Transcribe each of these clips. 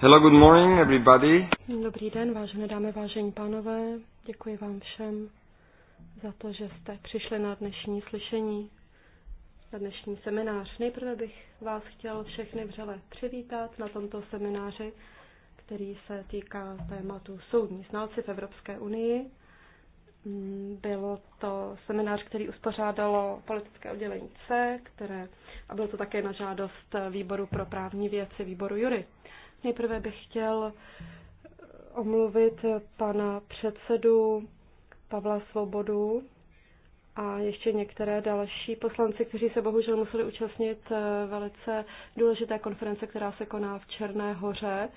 Hello, good morning, everybody. Dobrý den, vážené dámy, vážení pánové. Děkuji vám všem za to, že jste přišli na dnešní slyšení, na dnešní seminář. Nejprve bych vás chtěl všechny vřele přivítat na tomto semináři, který se týká tématu soudní znalci v Evropské unii. Mm, bylo to seminář, který uspořádalo politické oddělení C, které, a bylo to také na žádost výboru pro právní věci, výboru Jury. Nejprve bych chtěl eh, omluvit pana předsedu Pavla Svobodu a ještě některé další poslanci, kteří se bohužel museli účastnit eh, velice důležité konference, která se koná v Černé hoře.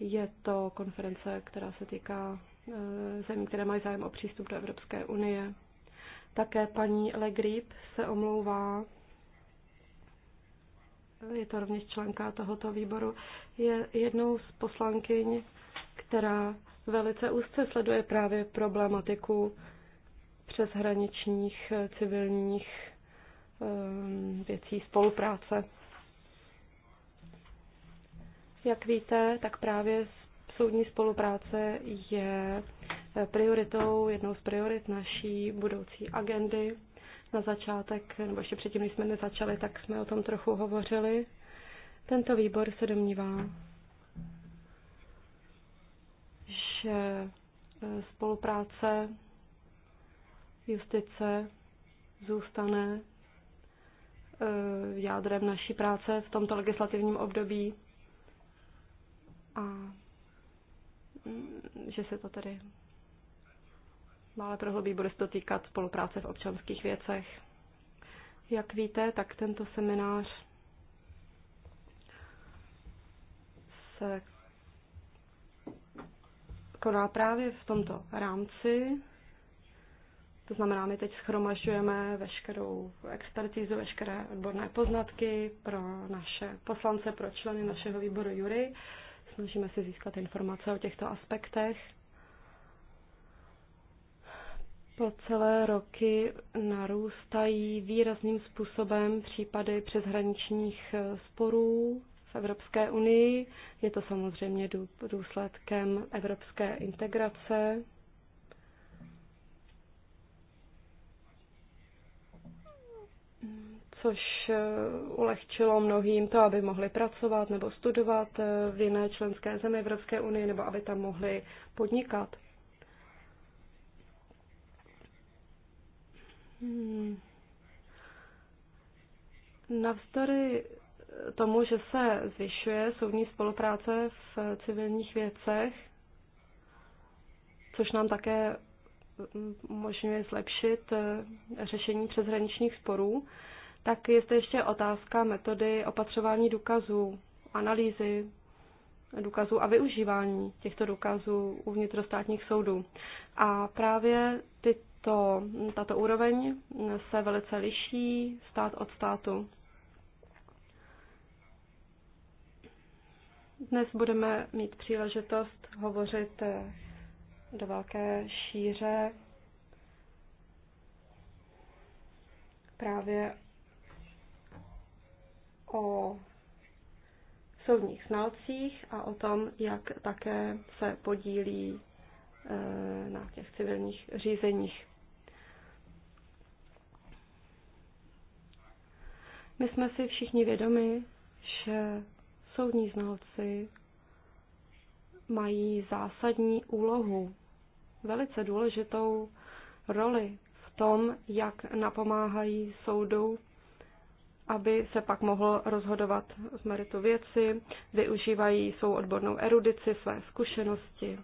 Je to konference, která se týká Eh, zemí, které mají zájem o přístup do Evropské unie. Také paní Legrip se omlouvá, je to rovněž členka tohoto výboru, je jednou z poslankyň, která velice úzce sleduje právě problematiku přeshraničních eh, civilních eh, věcí spolupráce. Jak víte, tak právě soudní spolupráce je eh, prioritou, jednou z priorit naší budoucí agendy. Na začátek, nebo ještě předtím, než jsme nezačali, tak jsme o tom trochu hovořili. Tento výbor se domnívá, že eh, spolupráce justice zůstane eh, jádrem naší práce v tomto legislativním období. A Mm, že se to tedy dále prohlubí, bude se to týkat spolupráce v občanských věcech. Jak víte, tak tento seminář se koná právě v tomto rámci. To znamená, my teď schromažďujeme veškerou expertízu, veškeré odborné poznatky pro naše poslance, pro členy našeho výboru Jury. Snažíme se získat informace o těchto aspektech. Po celé roky narůstají výrazným způsobem případy přeshraničních sporů v Evropské unii. Je to samozřejmě důsledkem evropské integrace. což eh, ulehčilo mnohým to, aby mohli pracovat nebo studovat eh, v jiné členské zemi Evropské unie nebo aby tam mohli podnikat. Hmm. Navzdory tomu, že se zvyšuje soudní spolupráce v civilních věcech, což nám také umožňuje zlepšit eh, řešení přeshraničních sporů, tak je zde ještě otázka metody opatřování důkazů, analýzy důkazů a využívání těchto důkazů uvnitř státních soudů. A právě tyto, tato úroveň se velice liší stát od státu. Dnes budeme mít příležitost hovořit do velké šíře právě o soudních znalcích a o tom, jak také se podílí e, na těch civilních řízeních. My jsme si všichni vědomi, že soudní znalci mají zásadní úlohu, velice důležitou roli v tom, jak napomáhají soudu aby se pak mohl rozhodovat z meritu věci, využívají svou odbornou erudici, své zkušenosti.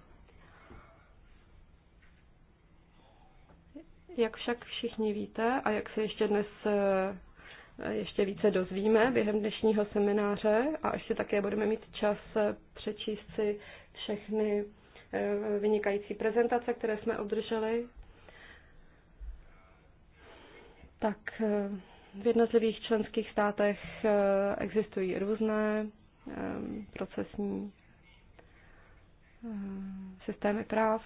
Jak však všichni víte a jak se ještě dnes eh, ještě více dozvíme během dnešního semináře a ještě také budeme mít čas eh, přečíst si všechny eh, vynikající prezentace, které jsme obdrželi, tak v jednotlivých členských státech eh, existují různé eh, procesní eh, systémy práv.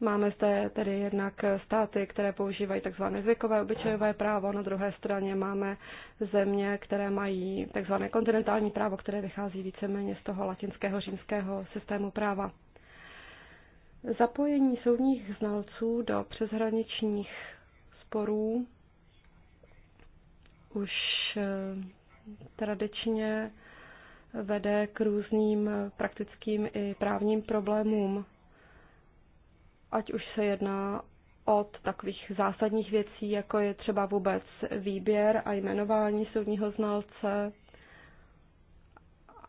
Máme zde tedy jednak státy, které používají tzv. zvykové obyčejové právo, na druhé straně máme země, které mají tzv. kontinentální právo, které vychází víceméně z toho latinského římského systému práva. Zapojení soudních znalců do přeshraničních sporů už eh, tradičně vede k různým praktickým i právním problémům, ať už se jedná od takových zásadních věcí, jako je třeba vůbec výběr a jmenování soudního znalce,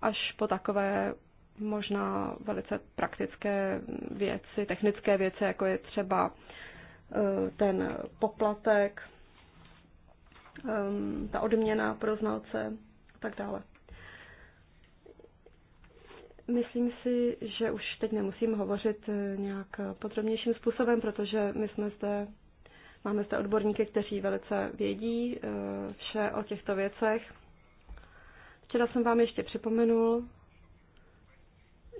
až po takové možná velice praktické věci, technické věci, jako je třeba eh, ten poplatek Ehm, ta odměna pro znalce a tak dále. Myslím si, že už teď nemusím hovořit eh, nějak podrobnějším způsobem, protože my jsme zde, máme zde odborníky, kteří velice vědí eh, vše o těchto věcech. Včera jsem vám ještě připomenul,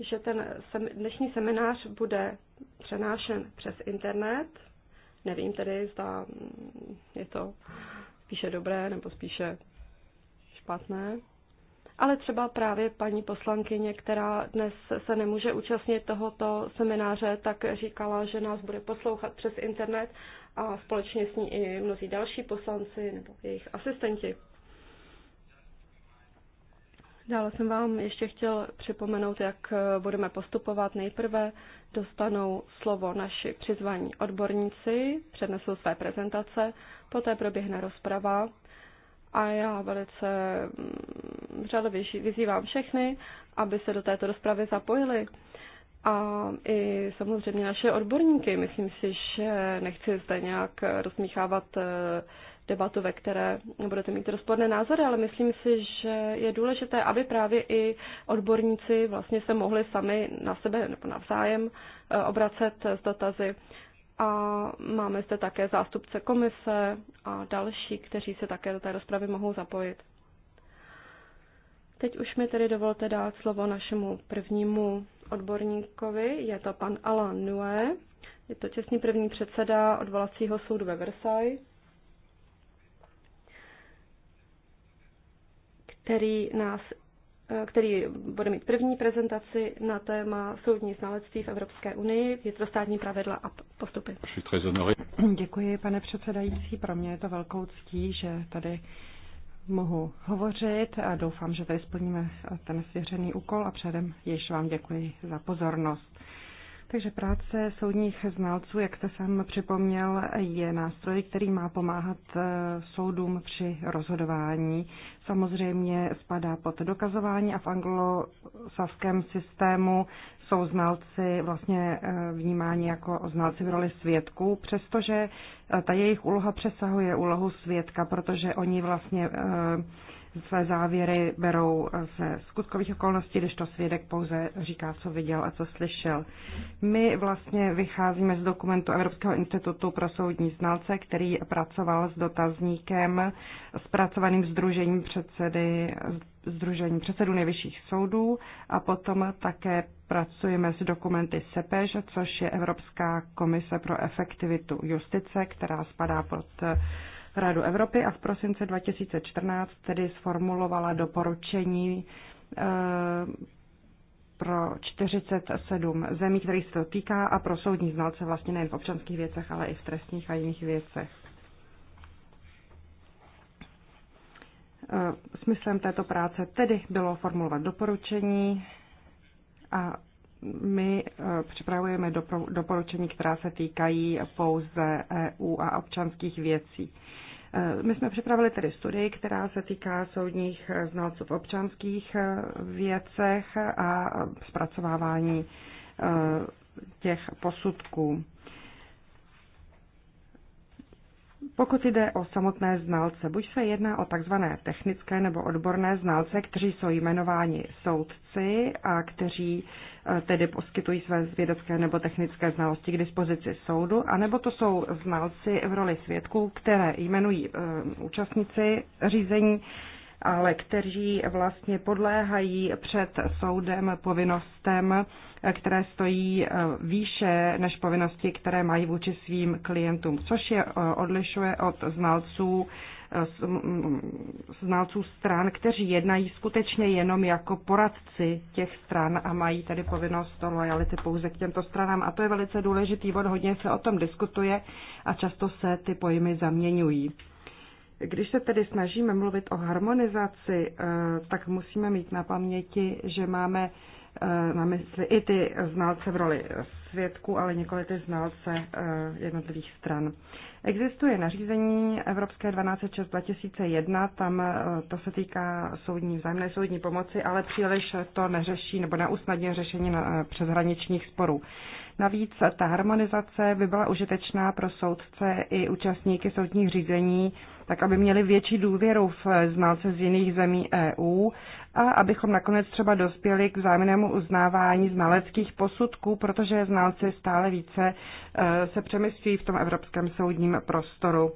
že ten dnešní seminář bude přenášen přes internet. Nevím tedy, zda mm, je to spíše dobré nebo spíše špatné. Ale třeba právě paní poslankyně, která dnes se nemůže účastnit tohoto semináře, tak říkala, že nás bude poslouchat přes internet a společně s ní i mnozí další poslanci nebo jejich asistenti. Dále jsem vám ještě chtěl připomenout, jak eh, budeme postupovat. Nejprve dostanou slovo naši přizvaní odborníci, přednesou své prezentace, poté proběhne rozprava a já velice mm, řadu vyzývám všechny, aby se do této rozpravy zapojili. A i samozřejmě naše odborníky. Myslím si, že nechci zde nějak eh, rozmíchávat eh, debatu, ve které budete mít rozporné názory, ale myslím si, že je důležité, aby právě i odborníci vlastně se mohli sami na sebe nebo navzájem eh, obracet s dotazy. A máme zde také zástupce komise a další, kteří se také do té rozpravy mohou zapojit. Teď už mi tedy dovolte dát slovo našemu prvnímu odborníkovi, je to pan Alain Nue, je to čestný první předseda odvolacího soudu ve Versailles. který nás eh, který bude mít první prezentaci na téma soudní znalectví v Evropské unii, vnitrostátní pravidla a postupy. Děkuji, pane předsedající. Pro mě je to velkou ctí, že tady mohu hovořit a doufám, že tady splníme ten svěřený úkol a předem již vám děkuji za pozornost. Takže práce soudních znalců, jak jste sám připomněl, je nástroj, který má pomáhat eh, soudům při rozhodování. Samozřejmě spadá pod dokazování a v anglosaském systému jsou znalci vlastně eh, vnímáni jako znalci v roli svědků, přestože eh, ta jejich úloha přesahuje úlohu svědka, protože oni vlastně své závěry berou eh, ze skutkových okolností, když to svědek pouze říká, co viděl a co slyšel. My vlastně vycházíme z dokumentu Evropského institutu pro soudní znalce, který pracoval s dotazníkem zpracovaným združením předsedy Združení předsedů nejvyšších soudů a potom také pracujeme s dokumenty SEPEŽ, což je Evropská komise pro efektivitu justice, která spadá pod eh, Radu Evropy a v prosince 2014 tedy sformulovala doporučení e, pro 47 zemí, kterých se to týká a pro soudní znalce vlastně nejen v občanských věcech, ale i v trestních a jiných věcech. E, smyslem této práce tedy bylo formulovat doporučení a my e, připravujeme doporučení, která se týkají pouze EU a občanských věcí. Eh, my jsme připravili tedy studii, která se týká soudních eh, znalců v občanských eh, věcech a zpracovávání těch posudků. Pokud jde o samotné znalce, buď se jedná o takzvané technické nebo odborné znalce, kteří jsou jmenováni soudci a kteří e, tedy poskytují své vědecké nebo technické znalosti k dispozici soudu, anebo to jsou znalci v roli svědků, které jmenují e, účastníci řízení ale kteří vlastně podléhají před soudem povinnostem, které stojí e, výše než povinnosti, které mají vůči svým klientům, což je e, odlišuje od znalců, e, znalců stran, kteří jednají skutečně jenom jako poradci těch stran a mají tedy povinnost lojality pouze k těmto stranám. A to je velice důležitý bod, hodně se o tom diskutuje a často se ty pojmy zaměňují. Když se tedy snažíme mluvit o harmonizaci, eh, tak musíme mít na paměti, že máme na eh, mysli i ty znalce v roli svědku, ale nikoli ty znalce eh, jednotlivých stran. Existuje nařízení Evropské 1206 2001, tam eh, to se týká soudní, vzájemné soudní pomoci, ale příliš to neřeší nebo neusnadňuje řešení eh, přeshraničních sporů. Navíc ta harmonizace by byla užitečná pro soudce i účastníky soudních řízení, tak aby měli větší důvěru v eh, znalce z jiných zemí EU a abychom nakonec třeba dospěli k vzájemnému uznávání znaleckých posudků, protože znalci stále více se přemyslí v tom evropském soudním prostoru.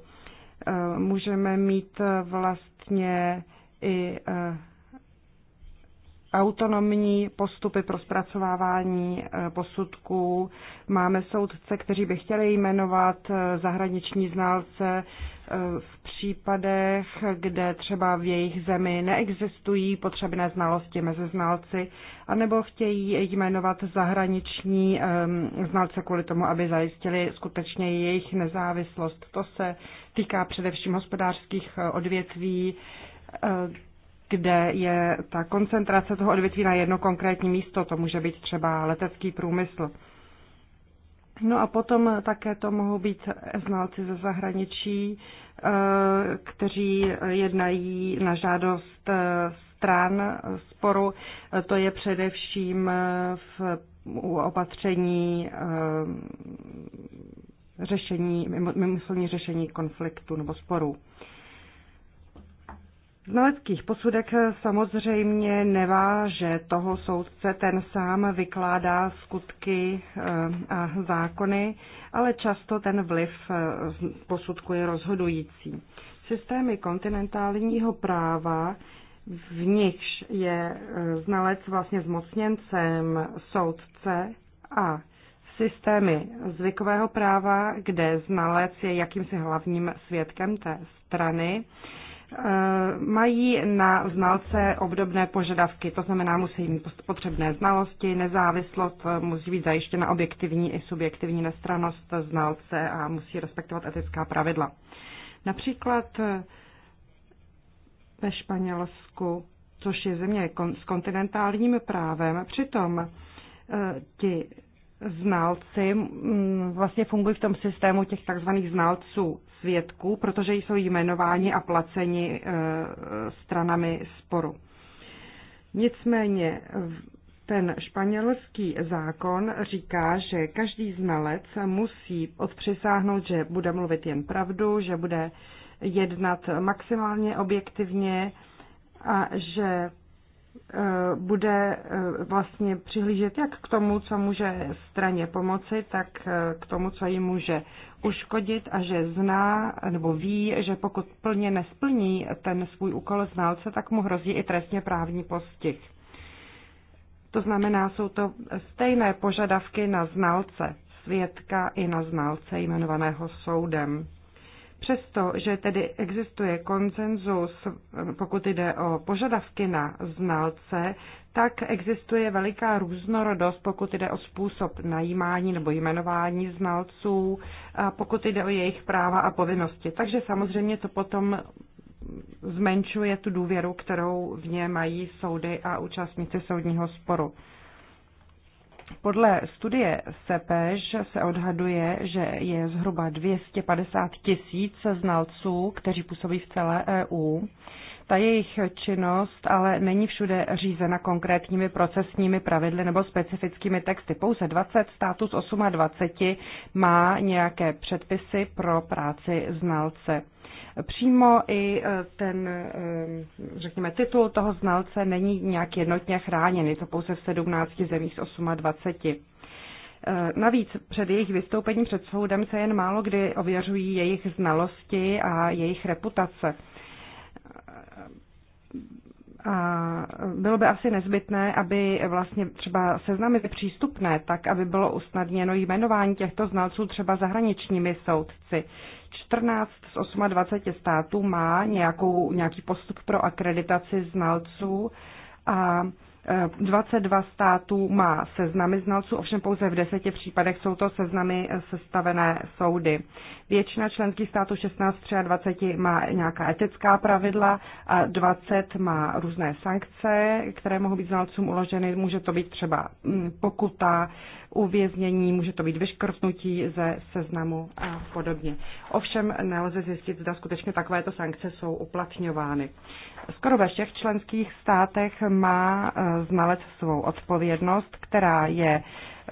Eh, můžeme mít eh, vlastně i eh, autonomní postupy pro zpracovávání eh, posudků. Máme soudce, kteří by chtěli jmenovat eh, zahraniční znalce eh, v případech, kde třeba v jejich zemi neexistují potřebné znalosti mezi znalci, anebo chtějí jmenovat zahraniční ehm, znalce kvůli tomu, aby zajistili skutečně jejich nezávislost. To se týká především hospodářských odvětví, kde je ta koncentrace toho odvětví na jedno konkrétní místo. To může být třeba letecký průmysl. No a potom také to mohou být znalci ze zahraničí, eh, kteří jednají na žádost eh, stran sporu. Eh, to je především v opatření řešení, mimyslní řešení konfliktu nebo sporů. Znaleckých posudek samozřejmě neváže toho soudce, ten sám vykládá skutky eh, a zákony, ale často ten vliv eh, posudku je rozhodující. Systémy kontinentálního práva, v nichž je eh, znalec vlastně zmocněncem soudce a systémy zvykového práva, kde znalec je jakýmsi hlavním svědkem té strany, Eh, mají na znalce obdobné požadavky, to znamená, musí mít potřebné znalosti, nezávislost, eh, musí být zajištěna objektivní i subjektivní nestranost znalce a musí respektovat etická pravidla. Například eh, ve Španělsku, což je země s kontinentálním právem, přitom ti znalci vlastně fungují v tom systému těch takzvaných znalců svědků, protože jsou jmenováni a placeni e, stranami sporu. Nicméně ten španělský zákon říká, že každý znalec musí odpřisáhnout, že bude mluvit jen pravdu, že bude jednat maximálně objektivně a že Eh, bude eh, vlastně přihlížet jak k tomu, co může straně pomoci, tak eh, k tomu, co jí může uškodit a že zná nebo ví, že pokud plně nesplní ten svůj úkol znalce, tak mu hrozí i trestně právní postih. To znamená, jsou to stejné požadavky na znalce, svědka i na znalce jmenovaného soudem. Přesto, že tedy existuje konsenzus, pokud jde o požadavky na znalce, tak existuje veliká různorodost, pokud jde o způsob najímání nebo jmenování znalců, a pokud jde o jejich práva a povinnosti. Takže samozřejmě to potom zmenšuje tu důvěru, kterou v ně mají soudy a účastníci soudního sporu. Podle studie SEPEŽ se odhaduje, že je zhruba 250 tisíc znalců, kteří působí v celé EU ta jejich činnost ale není všude řízena konkrétními procesními pravidly nebo specifickými texty. Pouze 20 států z 28 má nějaké předpisy pro práci znalce. Přímo i e, ten, e, řekněme, titul toho znalce není nějak jednotně chráněn, je to pouze v 17 zemích z 28. E, navíc před jejich vystoupením před soudem se jen málo kdy ověřují jejich znalosti a jejich reputace a bylo by asi nezbytné, aby vlastně třeba seznamy přístupné, tak aby bylo usnadněno jmenování těchto znalců třeba zahraničními soudci. 14 z 28 států má nějakou, nějaký postup pro akreditaci znalců a 22 eh, států má seznamy znalců, ovšem pouze v deseti případech jsou to seznamy sestavené soudy. Většina členských států 16 23 má nějaká etická pravidla a 20 má různé sankce, které mohou být znalcům uloženy. Může to být třeba mm, pokuta, uvěznění, může to být vyškrtnutí ze seznamu a podobně. Ovšem nelze zjistit, zda skutečně takovéto sankce jsou uplatňovány. Skoro ve všech členských státech má eh, znalec svou odpovědnost, která je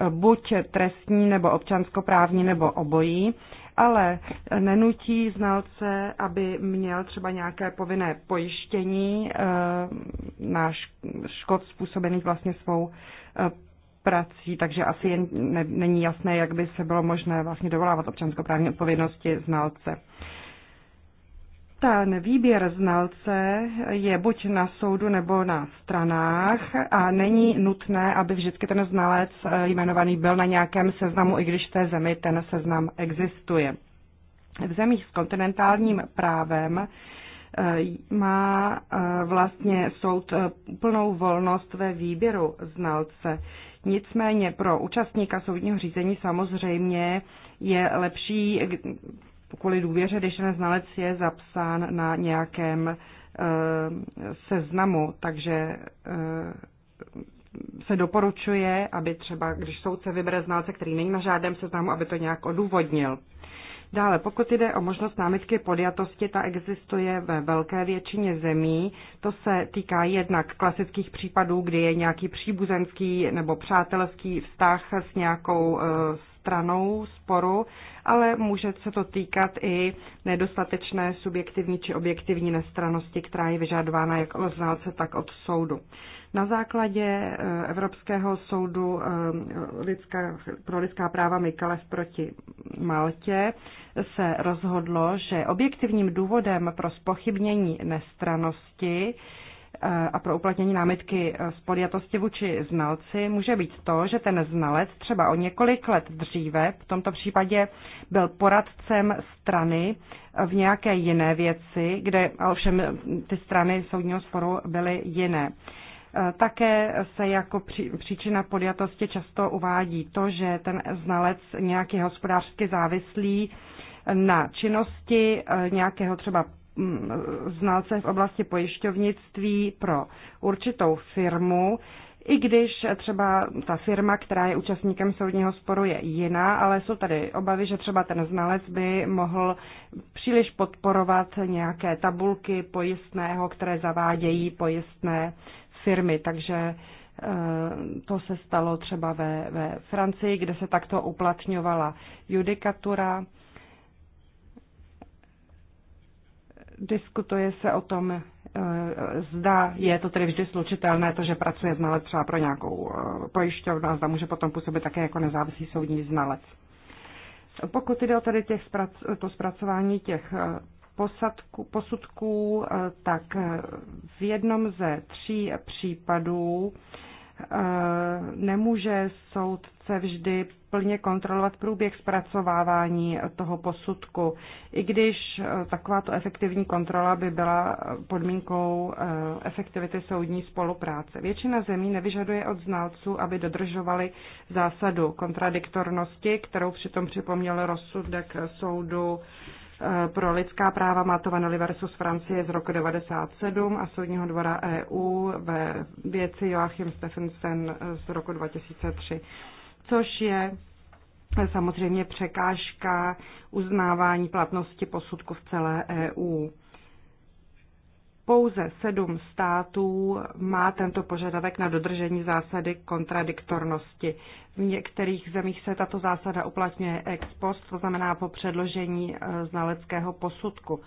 eh, buď trestní nebo občanskoprávní nebo obojí, ale nenutí znalce, aby měl třeba nějaké povinné pojištění eh, na škod způsobených vlastně svou prací, takže asi jen, ne, není jasné, jak by se bylo možné vlastně dovolávat občanskoprávní odpovědnosti znalce. Ten výběr znalce je buď na soudu nebo na stranách a není nutné, aby vždycky ten znalec eh, jmenovaný byl na nějakém seznamu, i když v té zemi ten seznam existuje. V zemích s kontinentálním právem eh, má eh, vlastně soud plnou volnost ve výběru znalce. Nicméně pro účastníka soudního řízení samozřejmě je lepší kvůli důvěře, když ten znalec je zapsán na nějakém eh, seznamu, takže eh, se doporučuje, aby třeba, když soudce vybere znalce, který není na žádném seznamu, aby to nějak odůvodnil. Dále, pokud jde o možnost námitky podjatosti, ta existuje ve velké většině zemí. To se týká jednak klasických případů, kdy je nějaký příbuzenský nebo přátelský vztah s nějakou e, stranou sporu, ale může se to týkat i nedostatečné subjektivní či objektivní nestranosti, která je vyžadována jak od znalce, tak od soudu. Na základě eh, Evropského soudu eh, lidská, pro lidská práva Mikalev proti Maltě se rozhodlo, že objektivním důvodem pro spochybnění nestranosti eh, a pro uplatnění námitky z podjatosti vůči znalci může být to, že ten znalec třeba o několik let dříve, v tomto případě byl poradcem strany v nějaké jiné věci, kde ovšem ty strany soudního sporu byly jiné. Eh, také se jako příčina podjatosti často uvádí to, že ten znalec nějaký hospodářsky závislý na činnosti eh, nějakého třeba mm, znalce v oblasti pojišťovnictví pro určitou firmu, i když třeba ta firma, která je účastníkem soudního sporu, je jiná, ale jsou tady obavy, že třeba ten znalec by mohl příliš podporovat nějaké tabulky pojistného, které zavádějí pojistné firmy. Takže eh, to se stalo třeba ve, ve Francii, kde se takto uplatňovala judikatura. Diskutuje se o tom, eh, zda je to tedy vždy slučitelné, to, že pracuje znalec třeba pro nějakou eh, pojišťovnu a zda může potom působit také jako nezávislý soudní znalec. Pokud jde o tady těch, to zpracování těch posadku, posudků, eh, tak v jednom ze tří případů eh, nemůže soudce vždy plně kontrolovat průběh zpracovávání toho posudku, i když eh, takováto efektivní kontrola by byla podmínkou efektivity soudní spolupráce. Většina zemí nevyžaduje od znalců, aby dodržovali zásadu kontradiktornosti, kterou přitom připomněl rozsudek soudu Eh, pro lidská práva Matovanoli versus Francie z roku 1997 a Soudního dvora EU ve věci Joachim Stephenson eh, z roku 2003, což je eh, samozřejmě překážka uznávání platnosti posudku v celé EU pouze sedm států má tento požadavek na dodržení zásady kontradiktornosti. V některých zemích se tato zásada uplatňuje ex post, to znamená po předložení eh, znaleckého posudku.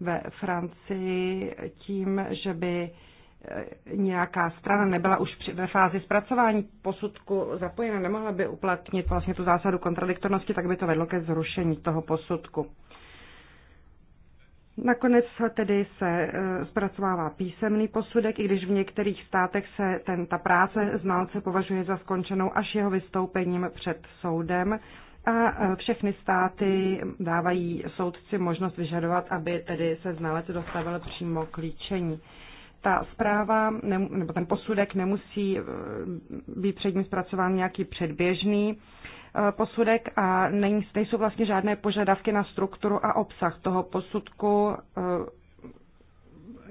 Ve Francii tím, že by eh, nějaká strana nebyla už ve fázi zpracování posudku zapojena, nemohla by uplatnit vlastně tu zásadu kontradiktornosti, tak by to vedlo ke zrušení toho posudku. Nakonec tedy se eh, zpracovává písemný posudek, i když v některých státech se ten, ta práce znalce považuje za skončenou až jeho vystoupením před soudem. A eh, všechny státy dávají soudci možnost vyžadovat, aby tedy se znalec dostavil přímo k líčení. Ta zpráva nebo ten posudek nemusí eh, být před ním zpracován nějaký předběžný Eh, posudek a nejsou vlastně žádné požadavky na strukturu a obsah toho posudku, eh,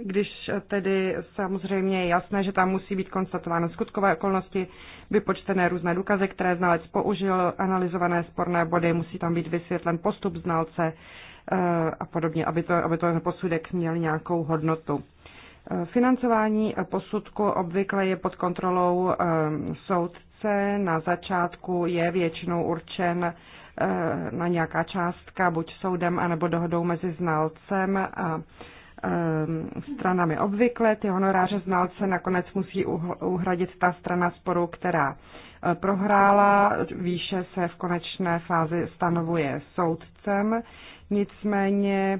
když tedy samozřejmě je jasné, že tam musí být konstatováno skutkové okolnosti, vypočtené různé důkazy, které znalec použil, analyzované sporné body, musí tam být vysvětlen postup znalce eh, a podobně, aby to, aby to posudek měl nějakou hodnotu. Financování posudku obvykle je pod kontrolou soudce reakce na začátku je většinou určen eh, na nějaká částka, buď soudem, anebo dohodou mezi znalcem a eh, stranami obvykle. Ty honoráře znalce nakonec musí uhradit ta strana sporu, která eh, prohrála. Výše se v konečné fázi stanovuje soudcem. Nicméně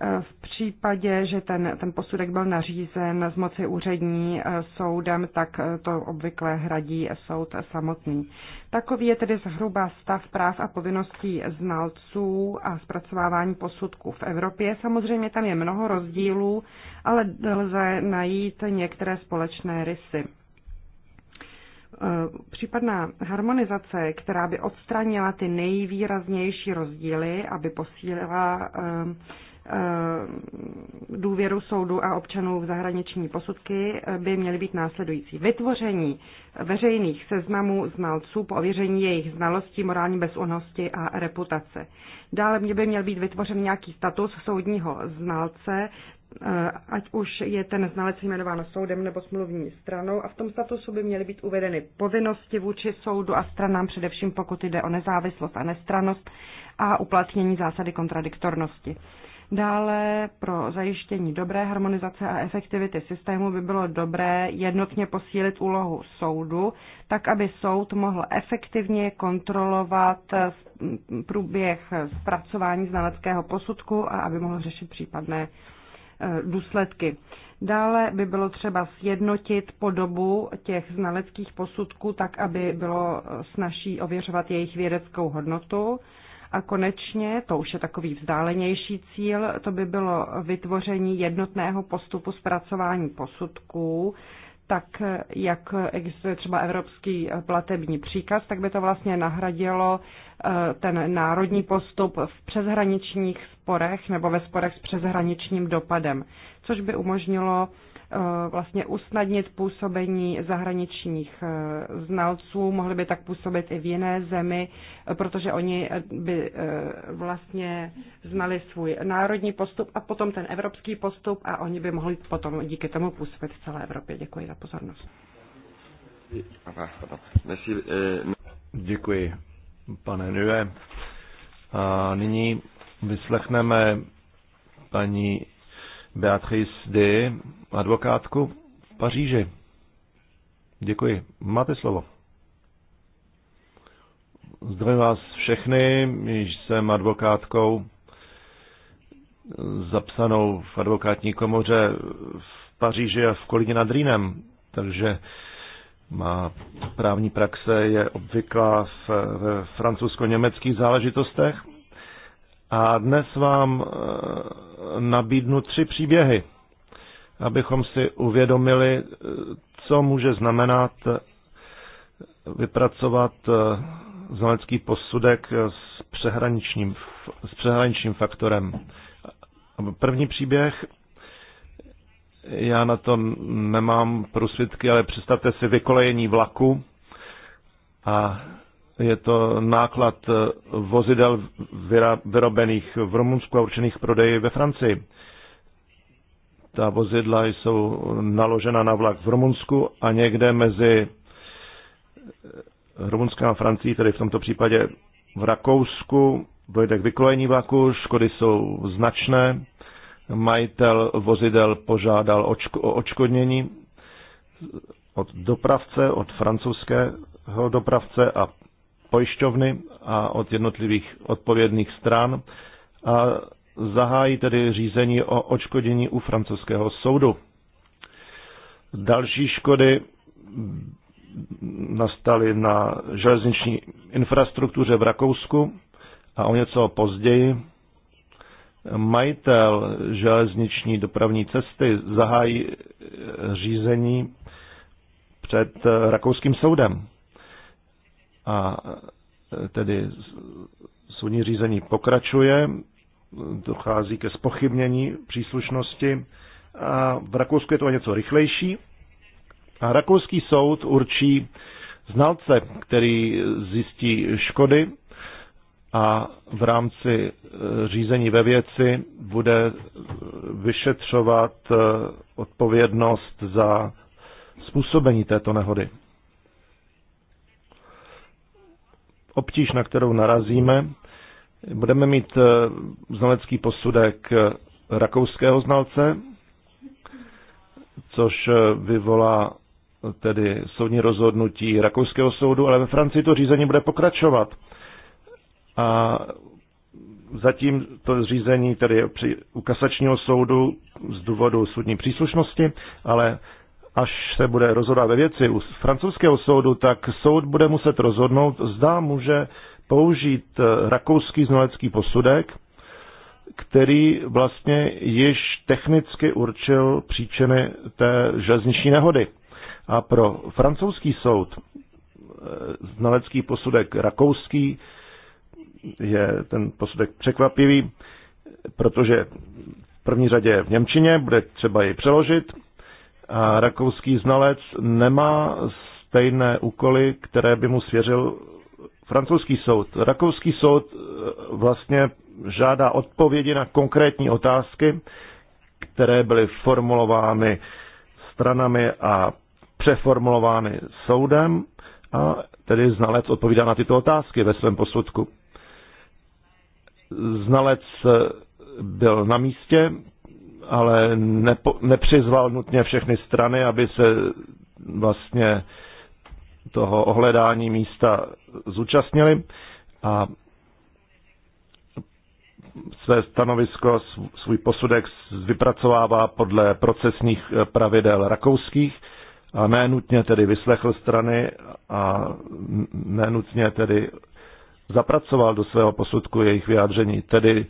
Eh, v případě, že ten, ten posudek byl nařízen z moci úřední eh, soudem, tak eh, to obvykle hradí soud samotný. Takový je tedy zhruba stav práv a povinností znalců a zpracovávání posudků v Evropě. Samozřejmě tam je mnoho rozdílů, ale lze najít některé společné rysy případná harmonizace, která by odstranila ty nejvýraznější rozdíly, aby posílila Eh, důvěru soudu a občanů v zahraniční posudky eh, by měly být následující. Vytvoření veřejných seznamů znalců po ověření jejich znalostí, morální bezúnosti a reputace. Dále mě by měl být vytvořen nějaký status soudního znalce, eh, ať už je ten znalec jmenován soudem nebo smluvní stranou a v tom statusu by měly být uvedeny povinnosti vůči soudu a stranám, především pokud jde o nezávislost a nestranost a uplatnění zásady kontradiktornosti. Dále pro zajištění dobré harmonizace a efektivity systému by bylo dobré jednotně posílit úlohu soudu, tak aby soud mohl efektivně kontrolovat průběh zpracování znaleckého posudku a aby mohl řešit případné eh, důsledky. Dále by bylo třeba sjednotit podobu těch znaleckých posudků tak, aby bylo eh, snažší ověřovat jejich vědeckou hodnotu. A konečně, to už je takový vzdálenější cíl, to by bylo vytvoření jednotného postupu zpracování posudků, tak jak existuje třeba evropský platební příkaz, tak by to vlastně nahradilo eh, ten národní postup v přeshraničních sporech nebo ve sporech s přeshraničním dopadem, což by umožnilo Eh, vlastně usnadnit působení zahraničních eh, znalců, mohli by tak působit i v jiné zemi, eh, protože oni by vlastně znali svůj národní postup a potom ten evropský postup a oni by mohli potom díky tomu působit v celé Evropě. Děkuji za pozornost. Děkuji, pane Nue. A nyní vyslechneme paní Beatrice D., advokátku v Paříži. Děkuji. Máte slovo. Zdravím vás všechny, již jsem advokátkou zapsanou v advokátní komoře v Paříži a v Kolíně nad Rýnem, takže má právní praxe je obvyklá v, v francouzsko-německých záležitostech a dnes vám eh, nabídnu tři příběhy, abychom si uvědomili, eh, co může znamenat eh, vypracovat znalecký posudek s přehraničním, s přehraničním faktorem. První příběh, já na to nemám prosvědky, ale představte si vykolejení vlaku a je to náklad eh, vozidel vyrobených v Rumunsku a určených prodeji ve Francii. Ta vozidla jsou naložena na vlak v Rumunsku a někde mezi eh, Rumunskem a Francií, tedy v tomto případě v Rakousku, dojde k vykolení vlaku, škody jsou značné, majitel vozidel požádal o očkodnění od dopravce, od francouzského dopravce a pojišťovny a od jednotlivých odpovědných stran a zahájí tedy řízení o očkodění u francouzského soudu. Další škody nastaly na železniční infrastruktuře v Rakousku a o něco později majitel železniční dopravní cesty zahájí řízení před rakouským soudem. A e, tedy soudní řízení pokračuje, dochází ke spochybnění příslušnosti a v Rakousku je to něco rychlejší. A rakouský soud určí znalce, který zjistí škody a v rámci e, řízení ve věci bude vyšetřovat e, odpovědnost za způsobení této nehody. obtíž, na kterou narazíme. Budeme mít eh, znalecký posudek rakouského znalce, což eh, vyvolá tedy soudní rozhodnutí rakouského soudu, ale ve Francii to řízení bude pokračovat. A zatím to řízení tedy u kasačního soudu z důvodu soudní příslušnosti, ale až se bude rozhodovat ve věci u francouzského soudu, tak soud bude muset rozhodnout, zda může použít eh, rakouský znalecký posudek, který vlastně již technicky určil příčiny té železniční nehody. A pro francouzský soud eh, znalecký posudek rakouský je ten posudek překvapivý, protože v první řadě v Němčině bude třeba ji přeložit a rakouský znalec nemá stejné úkoly, které by mu svěřil francouzský soud. Rakouský soud e, vlastně žádá odpovědi na konkrétní otázky, které byly formulovány stranami a přeformulovány soudem a tedy znalec odpovídá na tyto otázky ve svém posudku. Znalec e, byl na místě, ale nepo, nepřizval nutně všechny strany, aby se vlastně toho ohledání místa zúčastnili a své stanovisko, svůj posudek vypracovává podle procesních pravidel rakouských a nenutně tedy vyslechl strany a nenutně tedy zapracoval do svého posudku jejich vyjádření. Tedy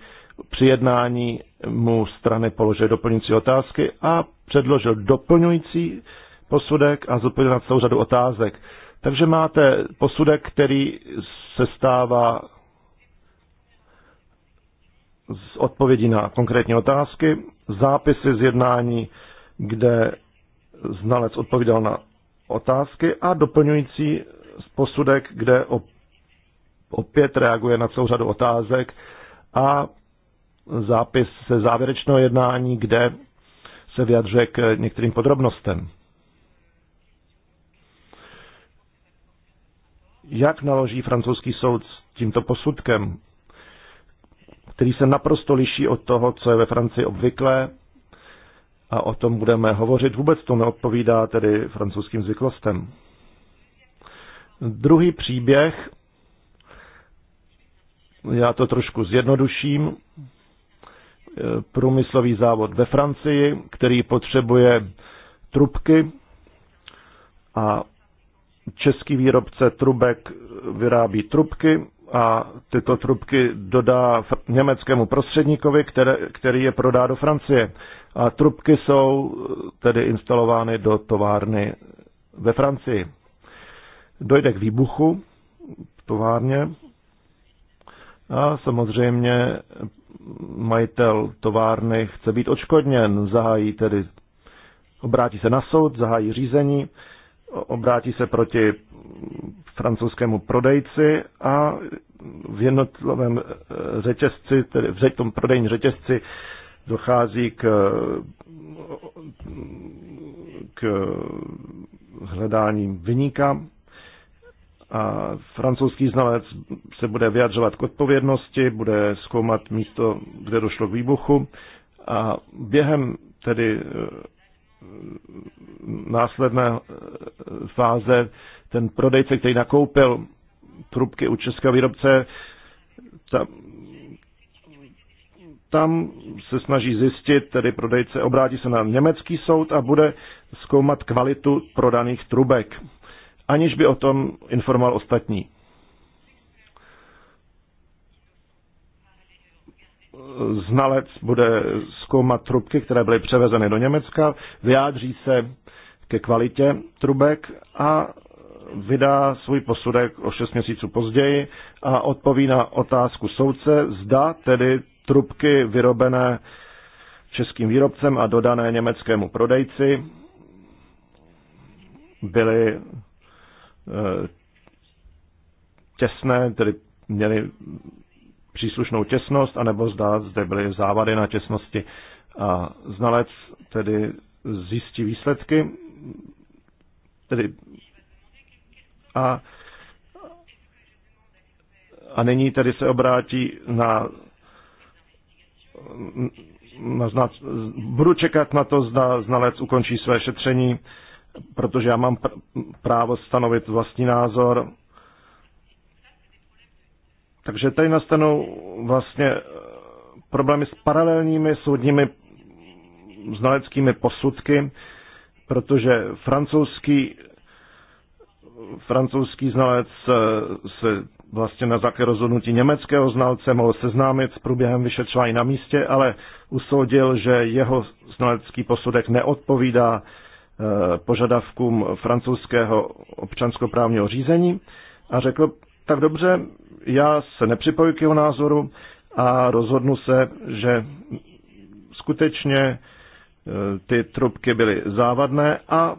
při jednání mu strany položili doplňující otázky a předložil doplňující posudek a zodpověděl na celou řadu otázek. Takže máte posudek, který se stává z odpovědí na konkrétní otázky, zápisy z jednání, kde znalec odpovídal na otázky a doplňující posudek, kde opět reaguje na celou řadu otázek a zápis se závěrečného jednání, kde se vyjadřuje k některým podrobnostem. Jak naloží francouzský soud s tímto posudkem, který se naprosto liší od toho, co je ve Francii obvyklé, a o tom budeme hovořit. Vůbec to neodpovídá tedy francouzským zvyklostem. Druhý příběh, já to trošku zjednoduším, průmyslový závod ve Francii, který potřebuje trubky a český výrobce trubek vyrábí trubky a tyto trubky dodá německému prostředníkovi, které, který je prodá do Francie. A trubky jsou eh, tedy instalovány do továrny ve Francii. Dojde k výbuchu v továrně a samozřejmě majitel továrny chce být odškodněn, zahájí tedy, obrátí se na soud, zahájí řízení, obrátí se proti francouzskému prodejci a v jednotlivém řetězci, tedy v tom prodejní řetězci, dochází k, k hledání vyníka a francouzský znalec se bude vyjadřovat k odpovědnosti, bude zkoumat místo, kde došlo k výbuchu a během tedy e, následné e, fáze ten prodejce, který nakoupil trubky u českého výrobce, tam, tam se snaží zjistit, tedy prodejce obrátí se na německý soud a bude zkoumat kvalitu prodaných trubek aniž by o tom informoval ostatní. Znalec bude zkoumat trubky, které byly převezeny do Německa, vyjádří se ke kvalitě trubek a vydá svůj posudek o 6 měsíců později a odpoví na otázku soudce, zda tedy trubky vyrobené českým výrobcem a dodané německému prodejci byly Eh, těsné, tedy měly příslušnou těsnost, anebo zda zde byly závady na těsnosti. A znalec tedy zjistí výsledky, tedy a, a nyní tedy se obrátí na, na, na budu čekat na to, zda znalec ukončí své šetření protože já mám právo stanovit vlastní názor. Takže tady nastanou vlastně eh, problémy s paralelními soudními znaleckými posudky, protože francouzský, francouzský znalec eh, se vlastně na základě rozhodnutí německého znalce mohl seznámit s průběhem vyšetřování na místě, ale usoudil, že jeho znalecký posudek neodpovídá Eh, požadavkům francouzského občanskoprávního řízení a řekl, tak dobře, já se nepřipoju k jeho názoru a rozhodnu se, že skutečně eh, ty trubky byly závadné a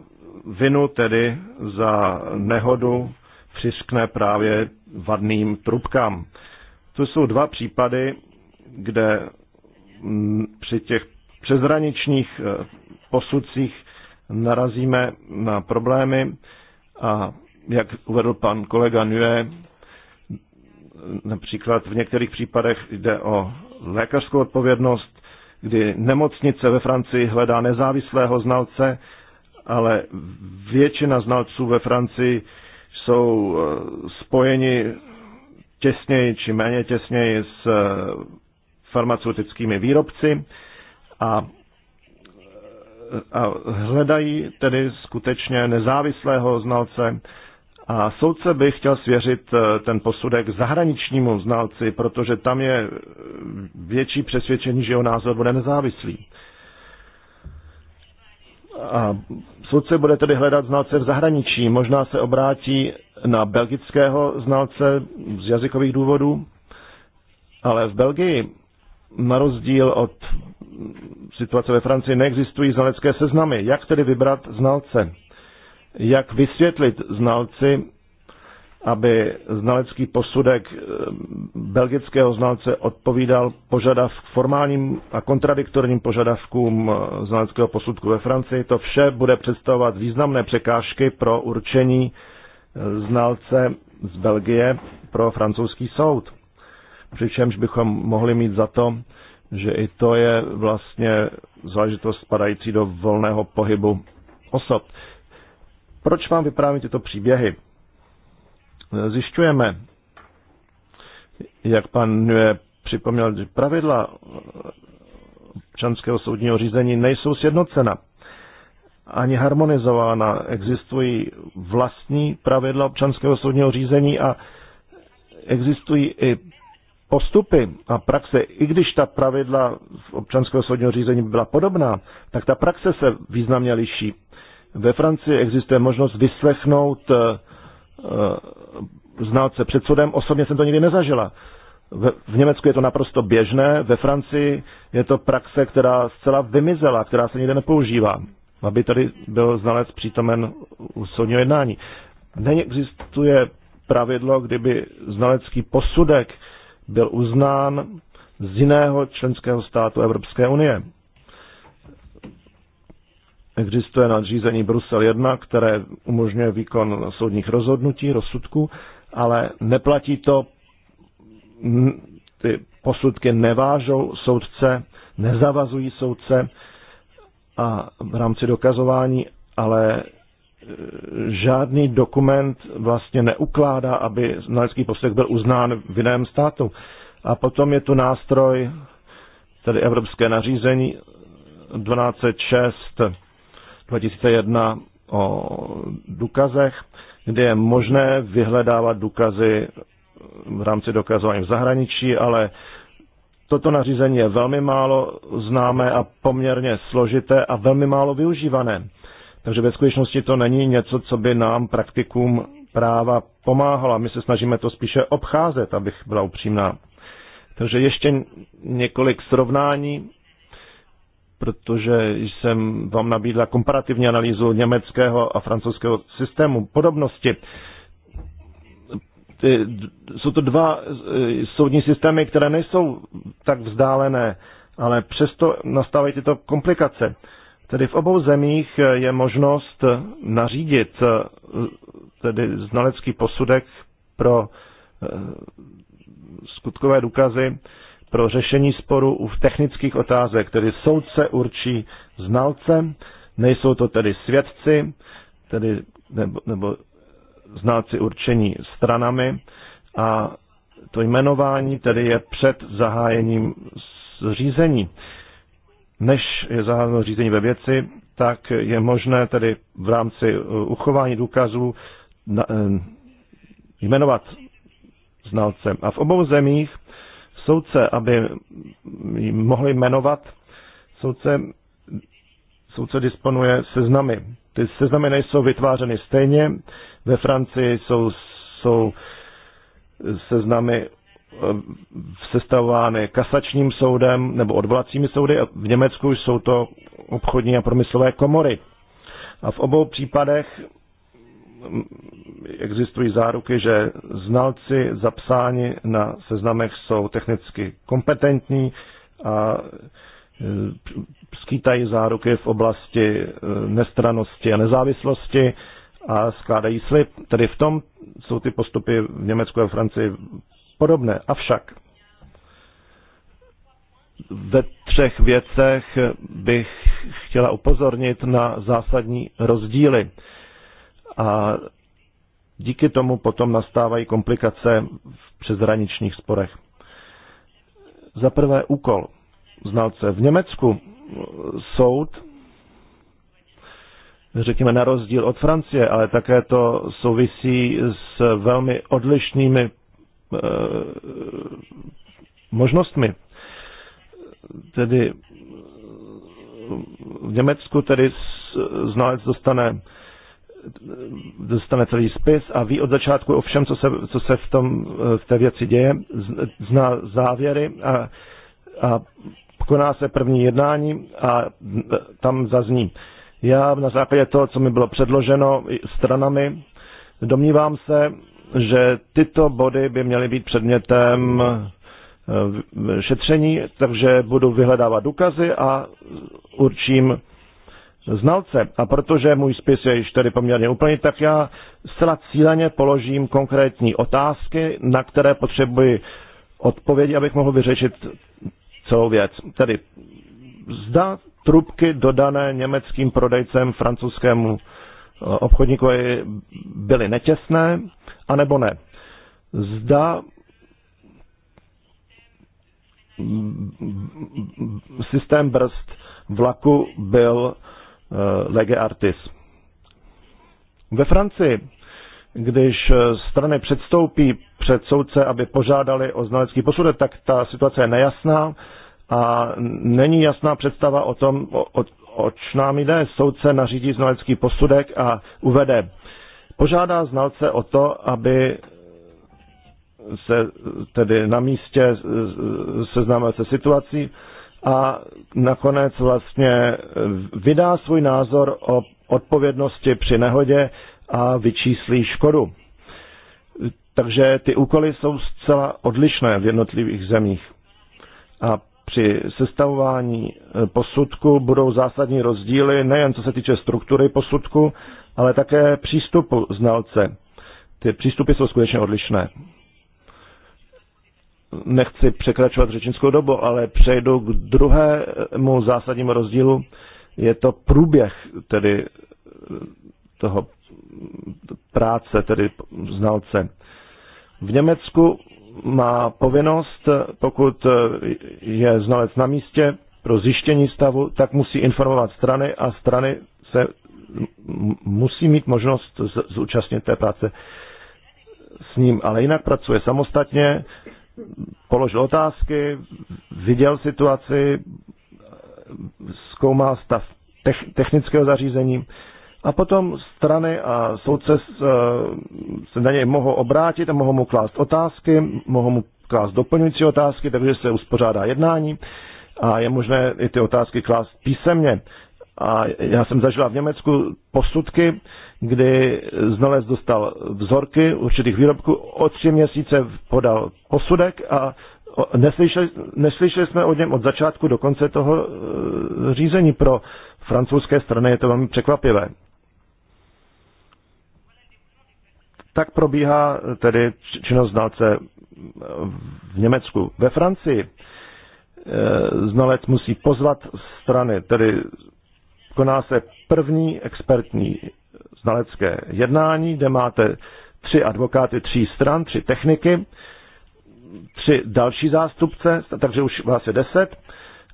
vinu tedy za nehodu přiskne právě vadným trubkám. To jsou dva případy, kde při těch přezraničních eh, posudcích narazíme na problémy a jak uvedl pan kolega Nue, například v některých případech jde o lékařskou odpovědnost, kdy nemocnice ve Francii hledá nezávislého znalce, ale většina znalců ve Francii jsou eh, spojeni těsněji či méně těsněji s eh, farmaceutickými výrobci a a hledají tedy skutečně nezávislého znalce. A soudce by chtěl svěřit eh, ten posudek zahraničnímu znalci, protože tam je větší přesvědčení, že jeho názor bude nezávislý. A soudce bude tedy hledat znalce v zahraničí. Možná se obrátí na belgického znalce z jazykových důvodů, ale v Belgii, na rozdíl od situace ve Francii, neexistují znalecké seznamy. Jak tedy vybrat znalce? Jak vysvětlit znalci, aby znalecký posudek eh, belgického znalce odpovídal požadav, formálním a kontradiktorním požadavkům eh, znaleckého posudku ve Francii. To vše bude představovat významné překážky pro určení eh, znalce z Belgie pro francouzský soud. Přičemž bychom mohli mít za to, že i to je vlastně záležitost spadající do volného pohybu osob. Proč vám vyprávím tyto příběhy? Zjišťujeme, jak pan Nue připomněl, že pravidla občanského soudního řízení nejsou sjednocena ani harmonizována. Existují vlastní pravidla občanského soudního řízení a existují i postupy a praxe, i když ta pravidla v občanského soudního řízení byla podobná, tak ta praxe se významně liší. Ve Francii existuje možnost vyslechnout eh, eh, znalce před soudem, osobně jsem to nikdy nezažila. V Německu je to naprosto běžné, ve Francii je to praxe, která zcela vymizela, která se nikde nepoužívá, aby tady byl znalec přítomen u soudního jednání. Neexistuje pravidlo, kdyby znalecký posudek byl uznán z jiného členského státu Evropské unie. Existuje nadřízení Brusel 1, které umožňuje výkon soudních rozhodnutí, rozsudků, ale neplatí to, ty posudky nevážou soudce, nezavazují soudce a v rámci dokazování, ale žádný dokument vlastně neukládá, aby znalecký posudek byl uznán v jiném státu. A potom je tu nástroj, tedy Evropské nařízení 1206 2001 o důkazech, kde je možné vyhledávat důkazy v rámci dokazování v zahraničí, ale toto nařízení je velmi málo známé a poměrně složité a velmi málo využívané. Takže ve skutečnosti to není něco, co by nám praktikům práva pomáhalo. My se snažíme to spíše obcházet, abych byla upřímná. Takže ještě několik srovnání, protože jsem vám nabídla komparativní analýzu německého a francouzského systému. Podobnosti. Jsou to dva eh, soudní systémy, které nejsou tak vzdálené, ale přesto nastávají tyto komplikace. Tedy v obou zemích je možnost nařídit eh, tedy znalecký posudek pro eh, skutkové důkazy pro řešení sporu u technických otázek, tedy soudce určí znalce, nejsou to tedy svědci, tedy nebo, nebo znalci určení stranami a to jmenování tedy je před zahájením řízení než je zahájeno řízení ve věci, tak je možné tedy v rámci eh, uchování důkazů eh, jmenovat znalce. A v obou zemích soudce, aby mohli jmenovat, soudce, soudce disponuje seznamy. Ty seznamy nejsou vytvářeny stejně. Ve Francii jsou, jsou seznamy sestavovány kasačním soudem nebo odvolacími soudy. a V Německu jsou to obchodní a promyslové komory. A v obou případech existují záruky, že znalci zapsáni na seznamech jsou technicky kompetentní a e, skýtají záruky v oblasti e, nestranosti a nezávislosti a skládají slib. Tedy v tom jsou ty postupy v Německu a Francii podobné. Avšak ve třech věcech bych chtěla upozornit na zásadní rozdíly. A díky tomu potom nastávají komplikace v přezraničních sporech. Za prvé úkol znalce. V Německu soud, řekněme na rozdíl od Francie, ale také to souvisí s velmi odlišnými Eh, možnostmi. Tedy v Německu tedy znalec dostane dostane celý spis a ví od začátku o všem, co se, co se v, tom, eh, v té věci děje, zná závěry a, a koná se první jednání a tam zazní. Já na základě toho, co mi bylo předloženo stranami, domnívám se, že tyto body by měly být předmětem eh, šetření, takže budu vyhledávat důkazy a určím znalce. A protože můj spis je již tedy poměrně úplný, tak já zcela cíleně položím konkrétní otázky, na které potřebuji odpovědi, abych mohl vyřešit celou věc. Tedy zda trubky dodané německým prodejcem francouzskému obchodníkovi byly netěsné, anebo ne. Zda systém brzd vlaku byl eh, lege artis. Ve Francii, když eh, strany předstoupí před soudce, aby požádali o znalecký posudek, tak ta situace je nejasná a není jasná představa o tom, o, o oč nám jde. Soudce nařídí znalecký posudek a uvede. Požádá znalce o to, aby se tedy na místě seznámil se situací a nakonec vlastně vydá svůj názor o odpovědnosti při nehodě a vyčíslí škodu. Takže ty úkoly jsou zcela odlišné v jednotlivých zemích. A při sestavování eh, posudku budou zásadní rozdíly nejen co se týče struktury posudku, ale také přístupu znalce. Ty přístupy jsou skutečně odlišné. Nechci překračovat řečnickou dobu, ale přejdu k druhému zásadnímu rozdílu. Je to průběh tedy eh, toho eh, práce, tedy znalce. V Německu má povinnost, pokud eh, je znalec na místě pro zjištění stavu, tak musí informovat strany a strany se musí mít možnost zúčastnit té práce s ním, ale jinak pracuje samostatně, položil otázky, viděl situaci, zkoumá stav technického zařízení a potom strany a soudce eh, se na něj mohou obrátit a mohou mu klást otázky, mohou mu klást doplňující otázky, takže se uspořádá jednání a je možné i ty otázky klást písemně. A já jsem zažila v Německu posudky, kdy znalec dostal vzorky určitých výrobků, o tři měsíce podal posudek a neslyšeli, neslyšeli jsme o něm od začátku do konce toho eh, řízení. Pro francouzské strany je to velmi překvapivé. tak probíhá eh, tedy činnost znalce eh, v Německu. Ve Francii eh, znalec musí pozvat strany, tedy koná se první expertní znalecké jednání, kde máte tři advokáty tří stran, tři techniky, tři další zástupce, takže už vás je deset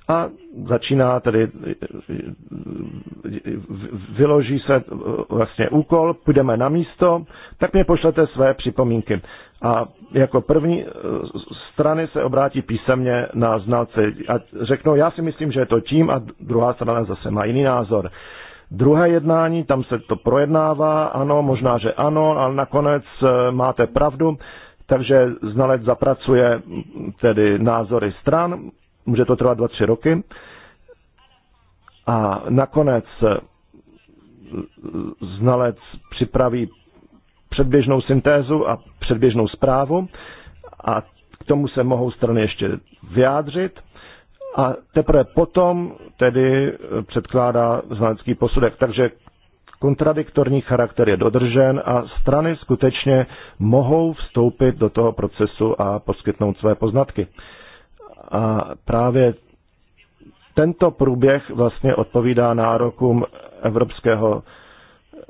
a začíná tedy, vyloží se vlastně úkol, půjdeme na místo, tak mě pošlete své připomínky. A jako první strany se obrátí písemně na znalce a řeknou, já si myslím, že je to tím a druhá strana zase má jiný názor. Druhé jednání, tam se to projednává, ano, možná, že ano, ale nakonec eh, máte pravdu, takže znalec zapracuje tedy názory stran může to trvat 2-3 roky. A nakonec eh, znalec připraví předběžnou syntézu a předběžnou zprávu a k tomu se mohou strany ještě vyjádřit a teprve potom tedy eh, předkládá znalecký posudek. Takže kontradiktorní charakter je dodržen a strany skutečně mohou vstoupit do toho procesu a poskytnout své poznatky. A právě tento průběh vlastně odpovídá nárokům Evropského eh,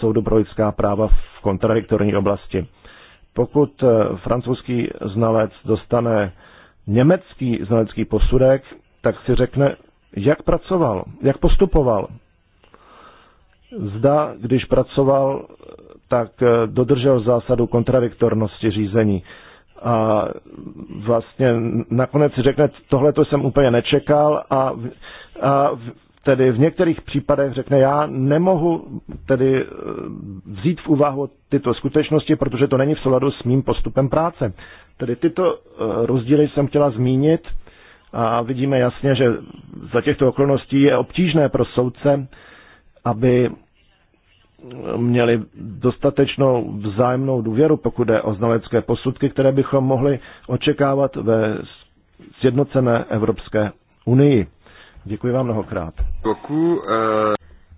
soudu pro lidská práva v kontradiktorní oblasti. Pokud eh, francouzský znalec dostane německý znalecký posudek, tak si řekne, jak pracoval, jak postupoval. Zda, když pracoval, tak eh, dodržel zásadu kontradiktornosti řízení a vlastně nakonec si řekne, tohle to jsem úplně nečekal a, a tedy v některých případech řekne, já nemohu tedy e, vzít v úvahu tyto skutečnosti, protože to není v souladu s mým postupem práce. Tedy tyto e, rozdíly jsem chtěla zmínit a vidíme jasně, že za těchto okolností je obtížné pro soudce, aby měli dostatečnou vzájemnou důvěru, pokud jde o znalecké posudky, které bychom mohli očekávat ve sjednocené Evropské unii. Děkuji vám mnohokrát.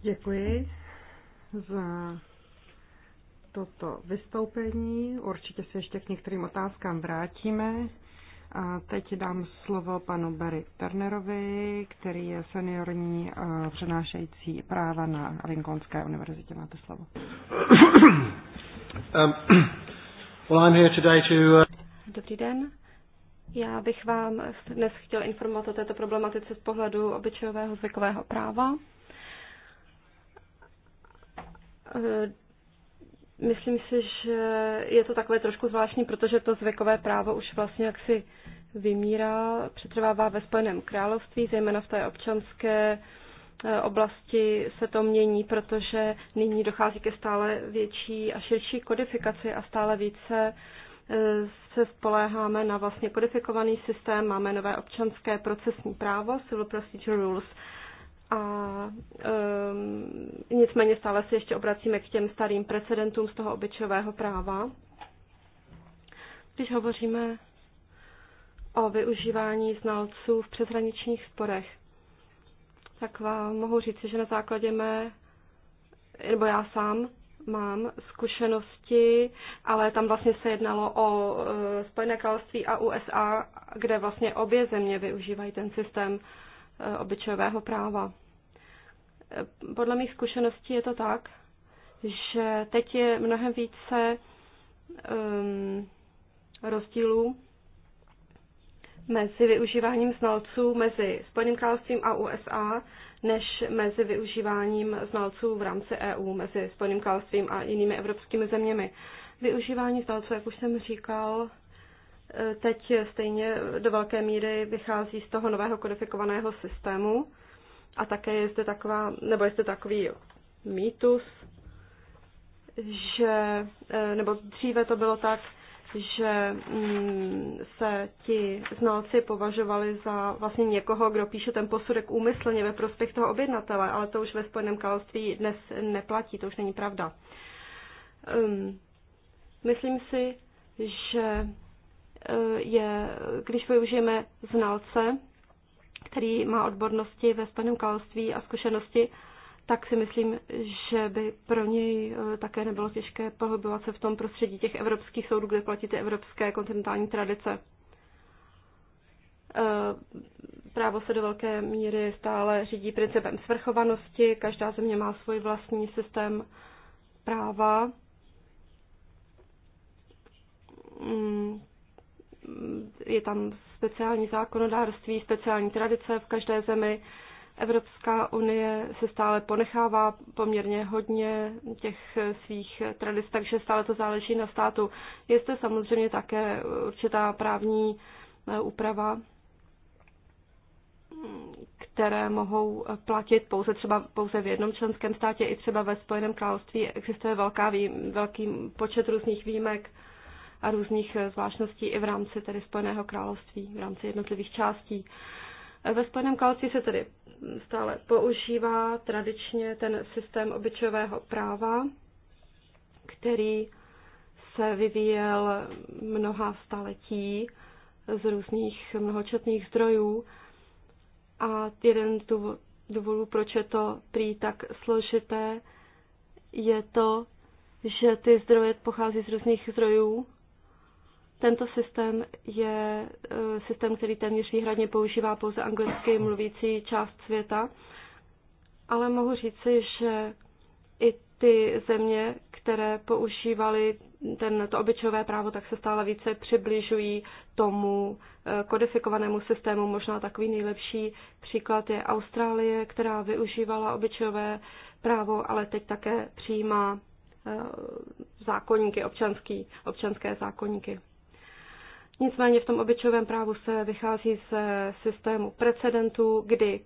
Děkuji eh. za toto vystoupení. Určitě se ještě k některým otázkám vrátíme. A teď dám slovo panu Barry Turnerovi, který je seniorní eh, přenášející práva na Lincolnské univerzitě. Máte slovo. Um, well, I'm here today to, uh, Dobrý den. Já bych vám dnes chtěl informovat o této problematice z pohledu obyčejového zvykového práva. Eh, Myslím si, že je to takové trošku zvláštní, protože to zvykové právo už vlastně jaksi vymírá, přetrvává ve Spojeném království, zejména v té občanské eh, oblasti se to mění, protože nyní dochází ke stále větší a širší kodifikaci a stále více eh, se spoléháme na vlastně kodifikovaný systém, máme nové občanské procesní právo, civil procedure rules, a um, nicméně stále se ještě obracíme k těm starým precedentům z toho obyčejového práva. Když hovoříme o využívání znalců v přeshraničních sporech, tak vám mohu říct, že na základě mé, nebo já sám mám zkušenosti, ale tam vlastně se jednalo o e, Spojené království a USA, kde vlastně obě země využívají ten systém Eh, obyčejového práva. Eh, podle mých zkušeností je to tak, že teď je mnohem více um, rozdílů mezi využíváním znalců mezi Spojeným královstvím a USA, než mezi využíváním znalců v rámci EU, mezi Spojeným královstvím a jinými evropskými zeměmi. Využívání znalců, jak už jsem říkal, teď stejně do velké míry vychází z toho nového kodifikovaného systému a také je zde taková, nebo je zde takový mýtus, že, eh, nebo dříve to bylo tak, že mm, se ti znalci považovali za vlastně někoho, kdo píše ten posudek úmyslně ve prospěch toho objednatele, ale to už ve Spojeném království dnes neplatí, to už není pravda. Ehm, myslím si, že Eh, je, když využijeme znalce, který má odbornosti ve Spojeném království a zkušenosti, tak si myslím, že by pro něj eh, také nebylo těžké pohybovat se v tom prostředí těch evropských soudů, kde platí ty evropské kontinentální tradice. Eh, právo se do velké míry stále řídí principem svrchovanosti, každá země má svůj vlastní systém práva. Mm, je tam speciální zákonodárství, speciální tradice v každé zemi. Evropská unie se stále ponechává poměrně hodně těch svých tradic, takže stále to záleží na státu. Je to samozřejmě také určitá právní eh, úprava, které mohou platit pouze třeba pouze v jednom členském státě, i třeba ve Spojeném království existuje velká, velký počet různých výjimek a různých eh, zvláštností i v rámci tedy Spojeného království, v rámci jednotlivých částí. Eh, ve Spojeném království se tedy stále používá tradičně ten systém obyčejového práva, který se vyvíjel mnoha staletí z různých mnohočetných zdrojů. A jeden z důvodů, proč je to prý tak složité, je to, že ty zdroje pochází z různých zdrojů tento systém je eh, systém, který téměř výhradně používá pouze anglicky mluvící část světa, ale mohu říci, že i ty země, které používaly ten, to obyčejové právo, tak se stále více přibližují tomu eh, kodifikovanému systému. Možná takový nejlepší příklad je Austrálie, která využívala obyčejové právo, ale teď také přijímá eh, zákonníky, občanský, občanské zákonníky. Nicméně v tom obyčejovém právu se vychází z systému precedentů, kdy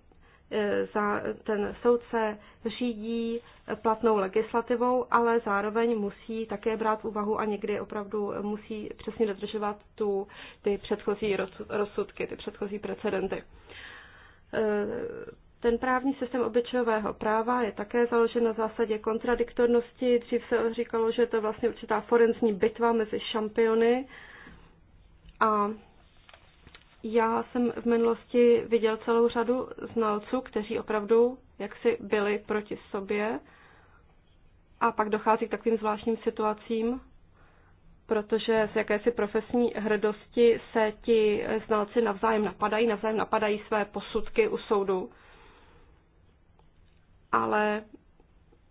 e, za ten soudce řídí platnou legislativou, ale zároveň musí také brát v úvahu a někdy opravdu musí přesně dodržovat tu, ty předchozí rozsudky, ty předchozí precedenty. E, ten právní systém obyčejového práva je také založen na zásadě kontradiktornosti. Dřív se říkalo, že to je vlastně určitá forenzní bitva mezi šampiony, a já jsem v minulosti viděl celou řadu znalců, kteří opravdu jaksi byli proti sobě a pak dochází k takovým zvláštním situacím, protože z jakési profesní hrdosti se ti znalci navzájem napadají, navzájem napadají své posudky u soudu. Ale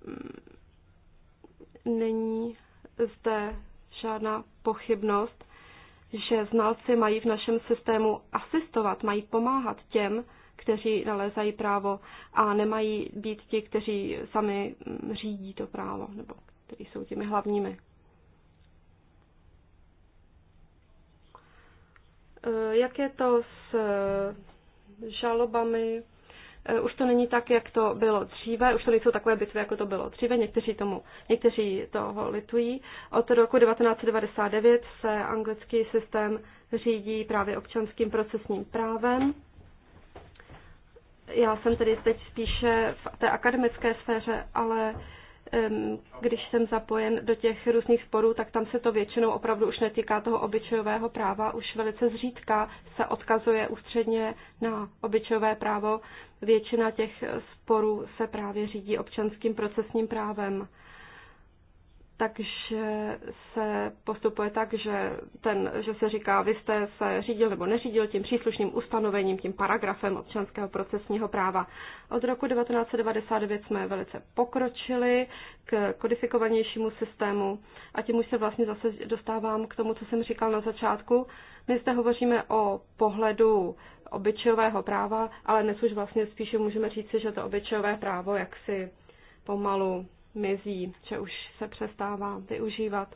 mm, není zde žádná pochybnost, že znalci mají v našem systému asistovat, mají pomáhat těm, kteří nalézají právo a nemají být ti, kteří sami mm, řídí to právo, nebo kteří jsou těmi hlavními. E, jak je to s žalobami Eh, už to není tak, jak to bylo dříve, už to nejsou takové bitvy, jako to bylo dříve, někteří, tomu, někteří toho litují. Od roku 1999 se anglický systém řídí právě občanským procesním právem. Já jsem tedy teď spíše v té akademické sféře, ale když jsem zapojen do těch různých sporů, tak tam se to většinou opravdu už netýká toho obyčejového práva, už velice zřídka se odkazuje ústředně na obyčejové právo. Většina těch sporů se právě řídí občanským procesním právem takže se postupuje tak, že, ten, že se říká, vy jste se řídil nebo neřídil tím příslušným ustanovením, tím paragrafem občanského procesního práva. Od roku 1999 jsme velice pokročili k kodifikovanějšímu systému a tím už se vlastně zase dostávám k tomu, co jsem říkal na začátku. My zde hovoříme o pohledu obyčejového práva, ale dnes už vlastně spíše můžeme říci, že to obyčejové právo jaksi pomalu mizí, že už se přestává využívat.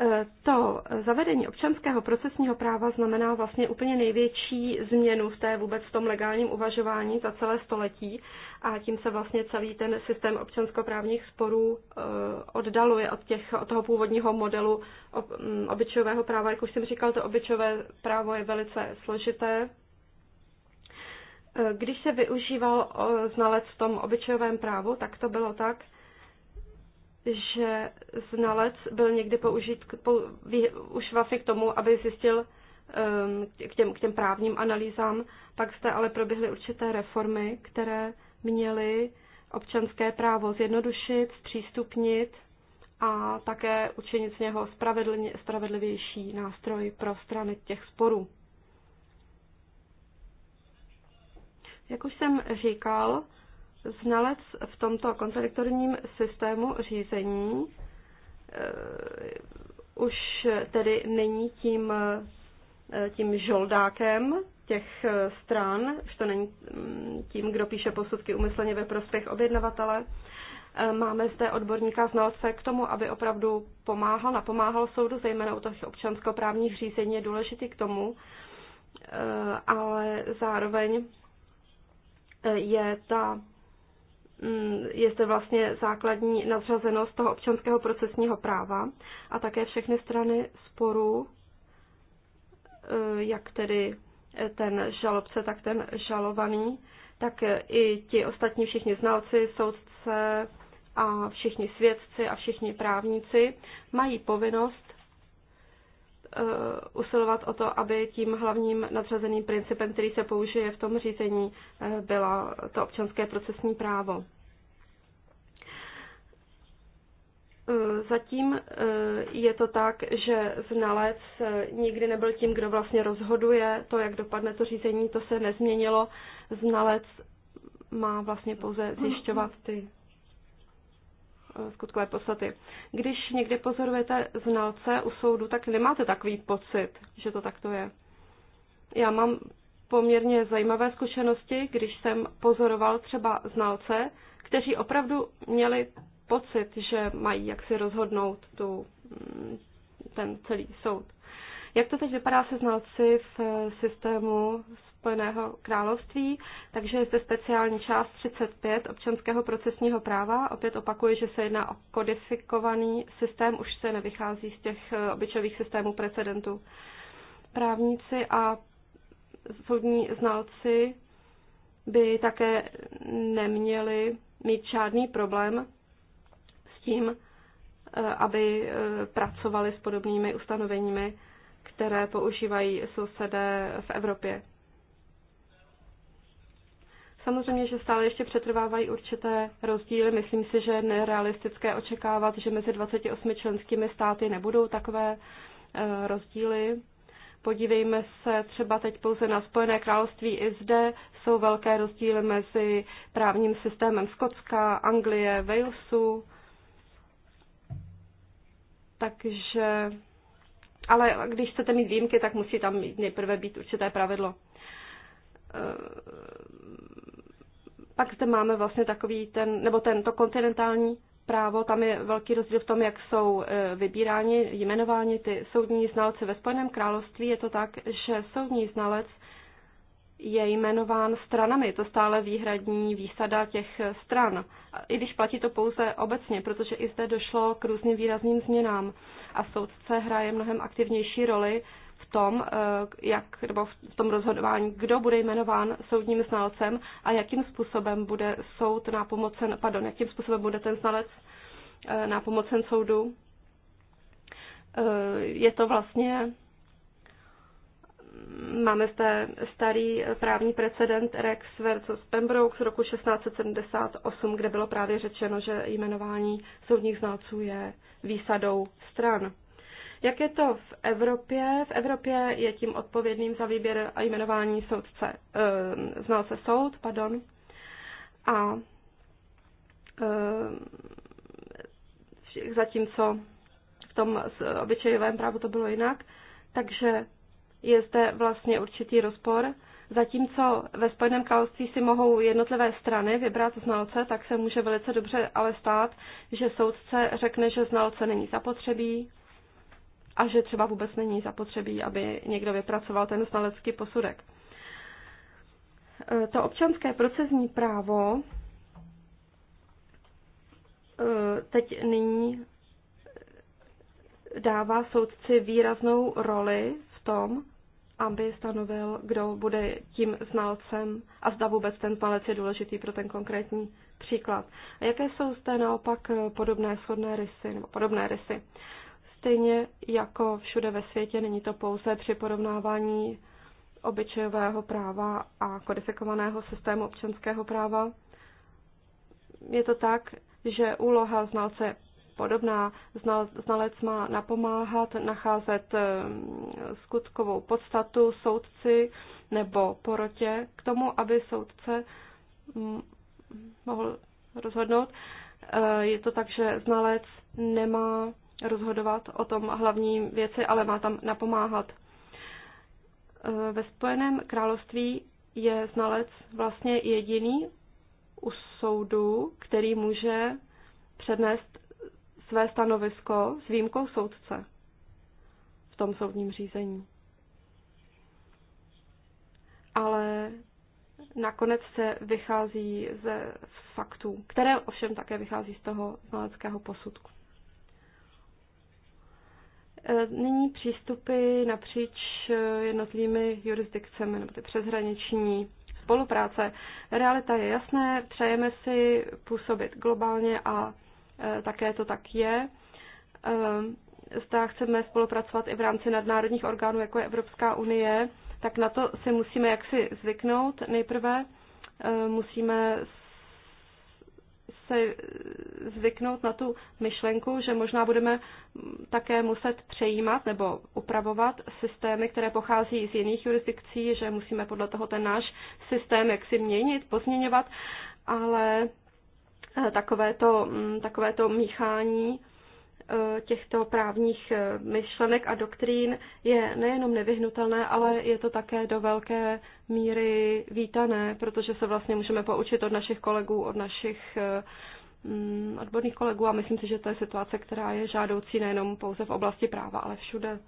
E, to zavedení občanského procesního práva znamená vlastně úplně největší změnu v té vůbec tom legálním uvažování za celé století a tím se vlastně celý ten systém občanskoprávních sporů e, oddaluje od, těch, od toho původního modelu obyčejového práva. Jak už jsem říkal, to obyčejové právo je velice složité, když se využíval znalec v tom obyčejovém právu, tak to bylo tak, že znalec byl někdy použit k, vý, už vlastně k tomu, aby zjistil um, k, těm, k těm právním analýzám. Pak jste ale proběhly určité reformy, které měly občanské právo zjednodušit, zpřístupnit a také učinit z něho spravedlivější nástroj pro strany těch sporů. Jak už jsem říkal, znalec v tomto kontradiktorním systému řízení eh, už tedy není tím, eh, tím žoldákem těch eh, stran, už to není mm, tím, kdo píše posudky umyslně ve prospěch objednavatele. Máme zde odborníka znalce k tomu, aby opravdu pomáhal, napomáhal soudu, zejména u těch občanskoprávních řízení je důležitý k tomu, ale zároveň je ta mm, je zde vlastně základní nadřazenost toho občanského procesního práva a také všechny strany sporů, eh, jak tedy ten žalobce, tak ten žalovaný, tak i ti ostatní všichni znalci, soudce a všichni svědci a všichni právníci mají povinnost Eh, usilovat o to, aby tím hlavním nadřazeným principem, který se použije v tom řízení, eh, bylo to občanské procesní právo. Eh, zatím je to tak, že znalec nikdy nebyl tím, kdo vlastně rozhoduje to, jak dopadne to řízení, to se nezměnilo. Znalec má vlastně pouze zjišťovat ty Eh, skutkové podstaty. Když někde pozorujete znalce u soudu, tak nemáte takový pocit, že to takto je. Já mám poměrně zajímavé zkušenosti, když jsem pozoroval třeba znalce, kteří opravdu měli pocit, že mají jak si rozhodnout tu, mm, ten celý soud. Jak to teď vypadá se znalci v eh, systému Spojeného království, takže je zde speciální část 35 občanského procesního práva. Opět opakuji, že se jedná o kodifikovaný systém, už se nevychází z těch eh, obyčejných systémů precedentů. Právníci a soudní znalci by také neměli mít žádný problém s tím, eh, aby eh, pracovali s podobnými ustanoveními, které používají sousedé v Evropě. Samozřejmě, že stále ještě přetrvávají určité rozdíly. Myslím si, že je nerealistické očekávat, že mezi 28 členskými státy nebudou takové e, rozdíly. Podívejme se třeba teď pouze na Spojené království. I zde jsou velké rozdíly mezi právním systémem Skotska, Anglie, Walesu. Takže, ale když chcete mít výjimky, tak musí tam nejprve být určité pravidlo. E, pak zde máme vlastně takový ten, nebo tento kontinentální právo, tam je velký rozdíl v tom, jak jsou e, vybíráni, jmenováni ty soudní znalci. Ve Spojeném království je to tak, že soudní znalec je jmenován stranami. Je to stále výhradní výsada těch stran. I když platí to pouze obecně, protože i zde došlo k různým výrazným změnám a soudce hraje mnohem aktivnější roli v tom, eh, jak, nebo v tom rozhodování, kdo bude jmenován soudním znalcem a jakým způsobem bude soud nápomocen, pardon, jakým způsobem bude ten znalec eh, nápomocen soudu. Eh, je to vlastně mm, máme zde starý právní precedent Rex versus Pembroke z roku 1678, kde bylo právě řečeno, že jmenování soudních znalců je výsadou stran. Jak je to v Evropě? V Evropě je tím odpovědným za výběr a jmenování soudce, e, ehm, znalce soud, pardon. A e, zatímco v tom obyčejovém právu to bylo jinak, takže je zde vlastně určitý rozpor. Zatímco ve Spojeném království si mohou jednotlivé strany vybrat znalce, tak se může velice dobře ale stát, že soudce řekne, že znalce není zapotřebí a že třeba vůbec není zapotřebí, aby někdo vypracoval ten znalecký posudek. E, to občanské procesní právo e, teď nyní dává soudci výraznou roli v tom, aby stanovil, kdo bude tím znalcem a zda vůbec ten znalec je důležitý pro ten konkrétní příklad. A jaké jsou zde naopak e, podobné shodné rysy nebo podobné rysy? Stejně jako všude ve světě, není to pouze při porovnávání obyčejového práva a kodifikovaného systému občanského práva. Je to tak, že úloha znalce je podobná. Znalec má napomáhat, nacházet eh, skutkovou podstatu soudci nebo porotě k tomu, aby soudce mm, mohl rozhodnout. Eh, je to tak, že znalec nemá rozhodovat o tom hlavní věci, ale má tam napomáhat. E, ve Spojeném království je znalec vlastně jediný u soudu, který může přednést své stanovisko s výjimkou soudce v tom soudním řízení. Ale nakonec se vychází ze faktů, které ovšem také vychází z toho znaleckého posudku. Eh, nyní přístupy napříč eh, jednotlivými jurisdikcemi nebo ty přeshraniční spolupráce. Realita je jasné, přejeme si působit globálně a eh, také to tak je. Zda chceme spolupracovat i v rámci nadnárodních orgánů, jako je Evropská unie, tak na to si musíme jaksi zvyknout nejprve. Musíme se zvyknout na tu myšlenku, že možná budeme také muset přejímat nebo upravovat systémy, které pochází z jiných jurisdikcí, že musíme podle toho ten náš systém jaksi měnit, pozměňovat, ale takové eh, to, takové to mm, míchání Eh, těchto právních eh, myšlenek a doktrín je nejenom nevyhnutelné, ale je to také do velké míry vítané, protože se vlastně můžeme poučit od našich kolegů, od našich eh, mm, odborných kolegů a myslím si, že to je situace, která je žádoucí nejenom pouze v oblasti práva, ale všude.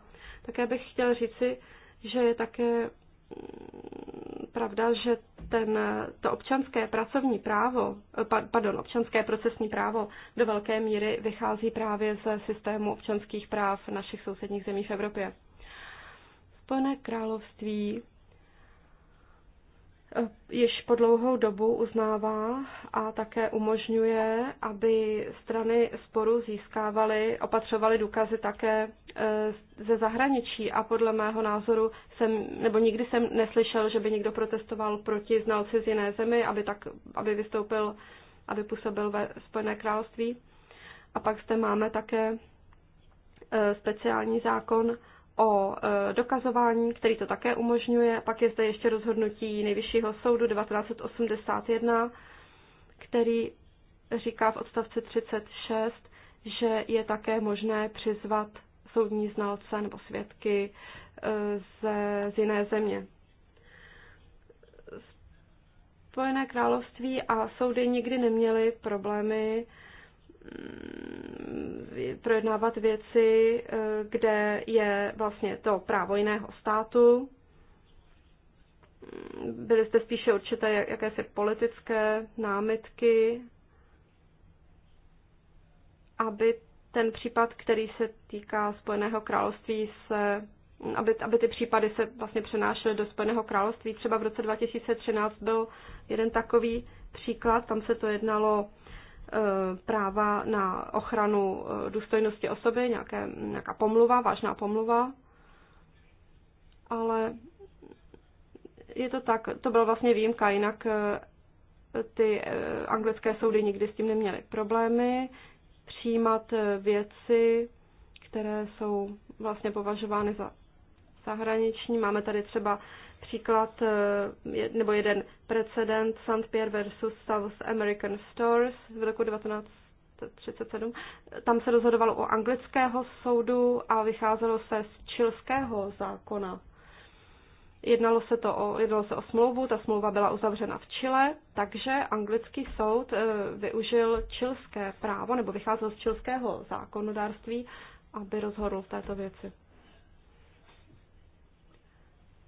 Také bych chtěl říci, že je také pravda, že ten, to občanské pracovní právo, pardon, občanské procesní právo do velké míry vychází právě ze systému občanských práv našich sousedních zemí v Evropě. Spojené království již po dlouhou dobu uznává a také umožňuje, aby strany sporu získávaly, opatřovaly důkazy také e, ze zahraničí a podle mého názoru jsem, nebo nikdy jsem neslyšel, že by někdo protestoval proti znalci z jiné zemi, aby, tak, aby vystoupil, aby působil ve Spojené království. A pak zde máme také e, speciální zákon o e, dokazování, který to také umožňuje. Pak je zde ještě rozhodnutí Nejvyššího soudu 1981, který říká v odstavci 36, že je také možné přizvat soudní znalce nebo svědky e, ze, z jiné země. Spojené království a soudy nikdy neměly problémy mm, projednávat věci, eh, kde je vlastně to právo jiného státu. Byly jste spíše určité jakési politické námitky, aby ten případ, který se týká Spojeného království, se, aby, aby ty případy se vlastně přenášely do Spojeného království. Třeba v roce 2013 byl jeden takový příklad, tam se to jednalo Eh, práva na ochranu eh, důstojnosti osoby, nějaké, nějaká pomluva, vážná pomluva. Ale je to tak, to byla vlastně výjimka, jinak eh, ty anglické soudy nikdy s tím neměly problémy přijímat věci, které jsou vlastně považovány za zahraniční. Máme tady třeba Příklad eh, nebo jeden precedent St. Pierre versus South American Stores v roku 1937. Tam se rozhodovalo o anglického soudu a vycházelo se z čilského zákona. Jednalo se, to o, jednalo se o smlouvu, ta smlouva byla uzavřena v Chile, takže anglický soud eh, využil čilské právo, nebo vycházel z čilského zákonodárství, aby rozhodl v této věci.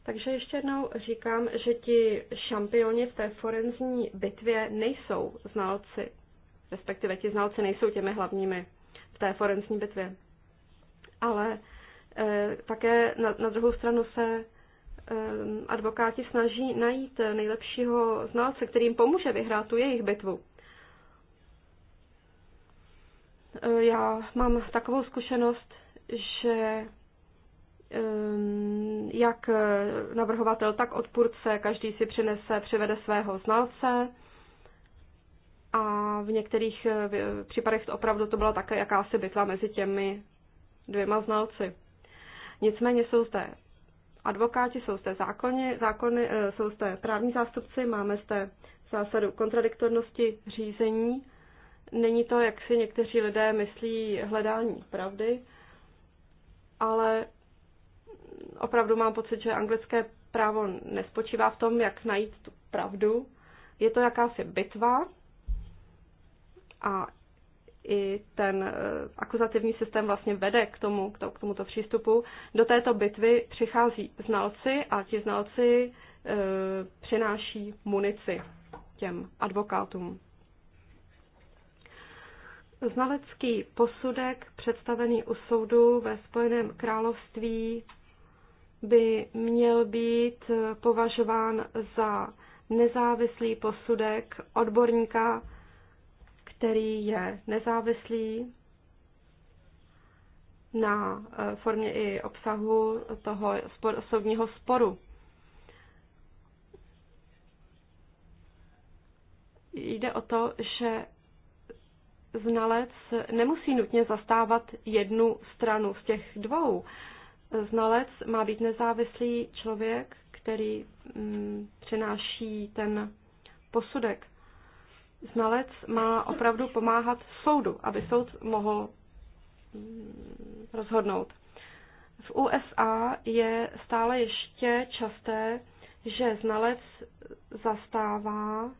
Takže ještě jednou říkám, že ti šampioni v té forenzní bitvě nejsou znalci, respektive ti znalci nejsou těmi hlavními v té forenzní bitvě. Ale e, také na, na druhou stranu se e, advokáti snaží najít nejlepšího znalce, který jim pomůže vyhrát tu jejich bitvu. E, já mám takovou zkušenost, že Ehm, jak navrhovatel, tak odpůrce, každý si přinese, přivede svého znalce a v některých eh, eh, případech to opravdu to byla také jakási bitva mezi těmi dvěma znalci. Nicméně jsou zde advokáti, jsou zde zákony, zákony eh, jsou zde právní zástupci, máme zde zásadu kontradiktornosti řízení. Není to, jak si někteří lidé myslí, hledání pravdy, ale opravdu mám pocit, že anglické právo nespočívá v tom, jak najít tu pravdu. Je to jakási bitva a i ten eh, akuzativní systém vlastně vede k, tomu, k, tomu k tomuto přístupu. Do této bitvy přichází znalci a ti znalci e, přináší munici těm advokátům. Znalecký posudek představený u soudu ve Spojeném království by měl být považován za nezávislý posudek odborníka, který je nezávislý na eh, formě i obsahu toho spor, osobního sporu. Jde o to, že znalec nemusí nutně zastávat jednu stranu z těch dvou znalec má být nezávislý člověk, který mm, přináší ten posudek. Znalec má opravdu pomáhat soudu, aby soud mohl mm, rozhodnout. V USA je stále ještě časté, že znalec zastává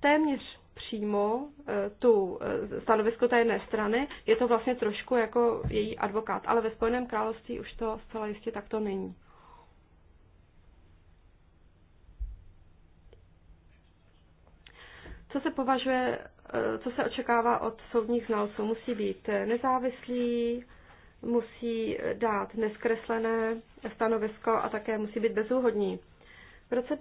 téměř přímo eh, tu eh, stanovisko té jedné strany, je to vlastně trošku jako její advokát. Ale ve Spojeném království už to zcela jistě takto není. Co se považuje, eh, co se očekává od soudních znalců? Musí být nezávislí, musí dát neskreslené stanovisko a také musí být bezúhodní. V roce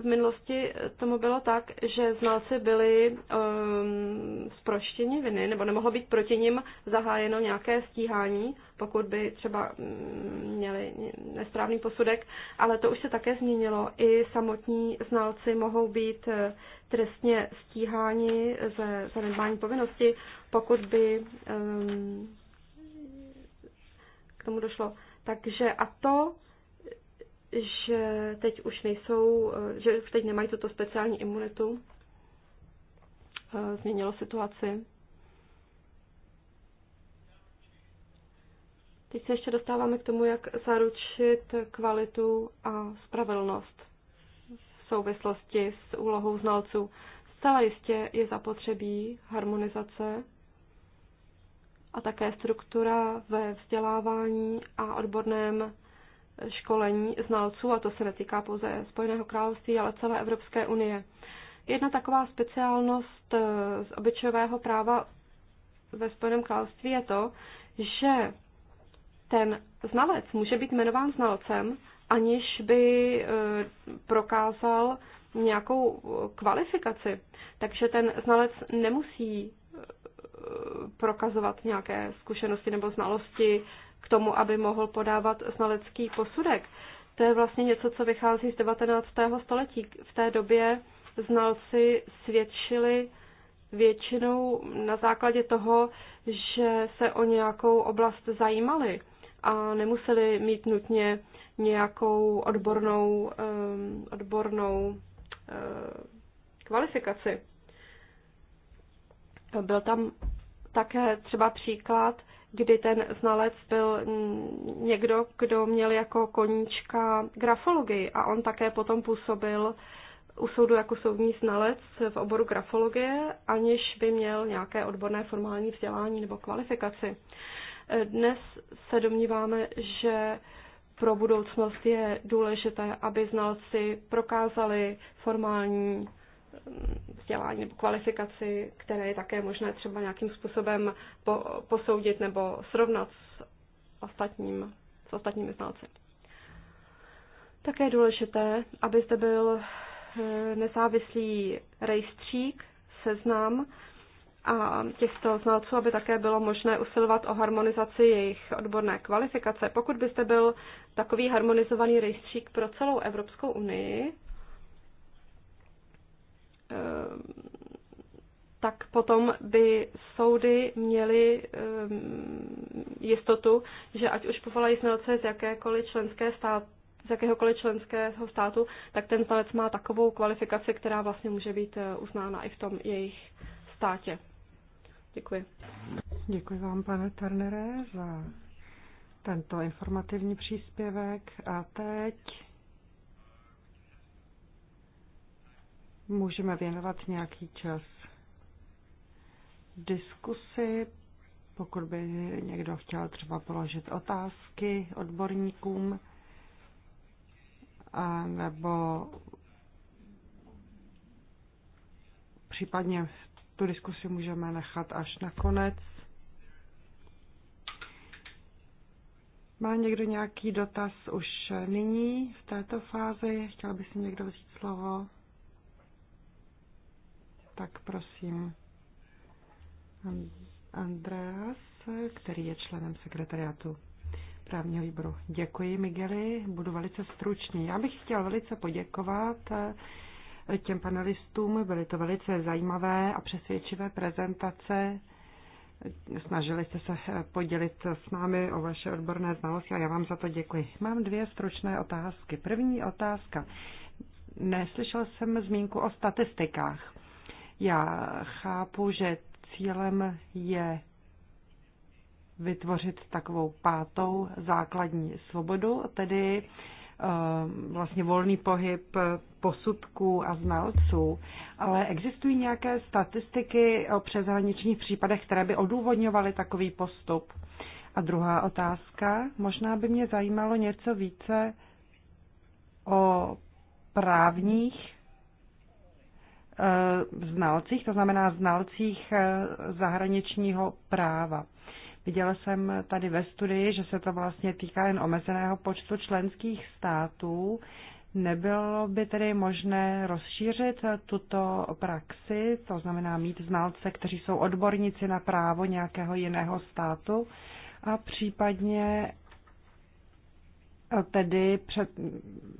v minulosti tomu bylo tak, že znalci byli um, zproštěni viny, nebo nemohlo být proti nim zahájeno nějaké stíhání, pokud by třeba mm, měli nesprávný posudek, ale to už se také změnilo. I samotní znalci mohou být eh, trestně stíháni ze zanedbání povinnosti, pokud by um, k tomu došlo. Takže a to že teď už nejsou, eh, že už teď nemají tuto speciální imunitu. Eh, změnilo situaci. Teď se ještě dostáváme k tomu, jak zaručit kvalitu a spravedlnost v souvislosti s úlohou znalců. Zcela jistě je zapotřebí harmonizace a také struktura ve vzdělávání a odborném školení znalců, a to se netýká pouze Spojeného království, ale celé Evropské unie. Jedna taková speciálnost eh, z obyčejového práva ve Spojeném království je to, že ten znalec může být jmenován znalcem, aniž by eh, prokázal nějakou eh, kvalifikaci. Takže ten znalec nemusí prokazovat nějaké zkušenosti nebo znalosti k tomu, aby mohl podávat znalecký posudek. To je vlastně něco, co vychází z 19. století. V té době znalci svědčili většinou na základě toho, že se o nějakou oblast zajímali a nemuseli mít nutně nějakou odbornou, ehm, odbornou ehm, kvalifikaci. Byl tam také třeba příklad kdy ten znalec byl někdo, kdo měl jako koníčka grafologii a on také potom působil u soudu jako soudní znalec v oboru grafologie, aniž by měl nějaké odborné formální vzdělání nebo kvalifikaci. Dnes se domníváme, že pro budoucnost je důležité, aby znalci prokázali formální Eh, vzdělání nebo kvalifikaci, které je také možné třeba nějakým způsobem po, posoudit nebo srovnat s, ostatním, s ostatními znalci. Také je důležité, aby zde byl eh, nezávislý rejstřík, seznam a těchto znalců, aby také bylo možné usilovat o harmonizaci jejich odborné kvalifikace. Pokud byste byl takový harmonizovaný rejstřík pro celou Evropskou unii, Eh, tak potom by soudy měly eh, jistotu, že ať už povolají znalce z jakékoliv členské stát, z jakéhokoliv členského státu, tak ten znalec má takovou kvalifikaci, která vlastně může být eh, uznána i v tom jejich státě. Děkuji. Děkuji vám, pane Turnere, za tento informativní příspěvek. A teď můžeme věnovat nějaký čas diskusi, pokud by někdo chtěl třeba položit otázky odborníkům, a nebo případně tu diskusi můžeme nechat až na konec. Má někdo nějaký dotaz už nyní v této fázi? Chtěl by si někdo vzít slovo? tak prosím Andreas, který je členem sekretariátu právního výboru. Děkuji, Migeli, budu velice stručný. Já bych chtěl velice poděkovat eh, těm panelistům, byly to velice zajímavé a přesvědčivé prezentace. Snažili jste se eh, podělit s námi o vaše odborné znalosti a já vám za to děkuji. Mám dvě stručné otázky. První otázka. Neslyšel jsem zmínku o statistikách. Já chápu, že cílem je vytvořit takovou pátou základní svobodu, tedy eh, vlastně volný pohyb posudků a znalců, ale existují nějaké statistiky o přeshraničních případech, které by odůvodňovaly takový postup. A druhá otázka, možná by mě zajímalo něco více o právních Eh, znalcích, to znamená znalcích eh, zahraničního práva. Viděla jsem tady ve studii, že se to vlastně týká jen omezeného počtu členských států. Nebylo by tedy možné rozšířit tuto praxi, to znamená mít znalce, kteří jsou odborníci na právo nějakého jiného státu a případně tedy před,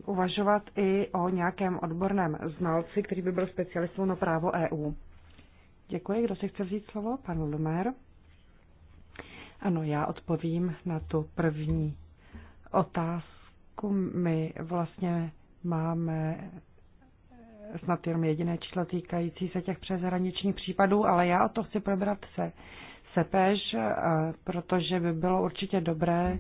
uvažovat i o nějakém odborném znalci, který by byl specialistou na právo EU. Děkuji. Kdo si chce vzít slovo? Pan Lumer. Ano, já odpovím na tu první otázku. My vlastně máme snad jenom jediné číslo týkající se těch přeshraničních případů, ale já o to chci probrat se sepež, eh, protože by bylo určitě dobré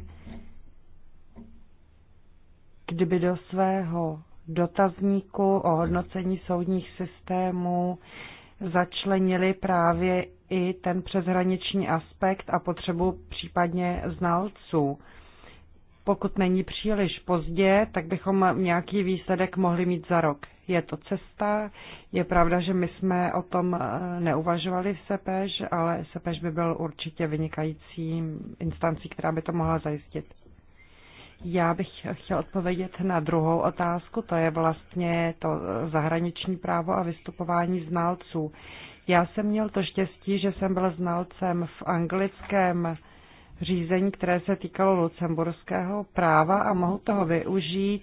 kdyby do svého dotazníku o hodnocení soudních systémů začlenili právě i ten přeshraniční aspekt a potřebu případně znalců. Pokud není příliš pozdě, tak bychom nějaký výsledek mohli mít za rok. Je to cesta, je pravda, že my jsme o tom eh, neuvažovali v SEPEŽ, ale SEPEŽ by byl určitě vynikající instancí, která by to mohla zajistit. Já bych chtěl odpovědět na druhou otázku, to je vlastně to zahraniční právo a vystupování znalců. Já jsem měl to štěstí, že jsem byl znalcem v anglickém řízení, které se týkalo lucemburského práva a mohu toho využít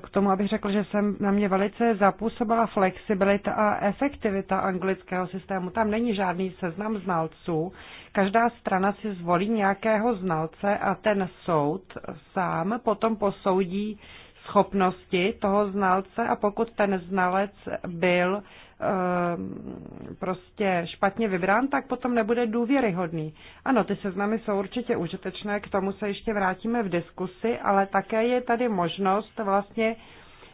k tomu, abych řekl, že jsem na mě velice zapůsobila flexibilita a efektivita anglického systému. Tam není žádný seznam znalců. Každá strana si zvolí nějakého znalce a ten soud sám potom posoudí schopnosti toho znalce a pokud ten znalec byl Ehm, prostě špatně vybrán, tak potom nebude důvěryhodný. Ano, ty seznamy jsou určitě užitečné, k tomu se ještě vrátíme v diskusi, ale také je tady možnost vlastně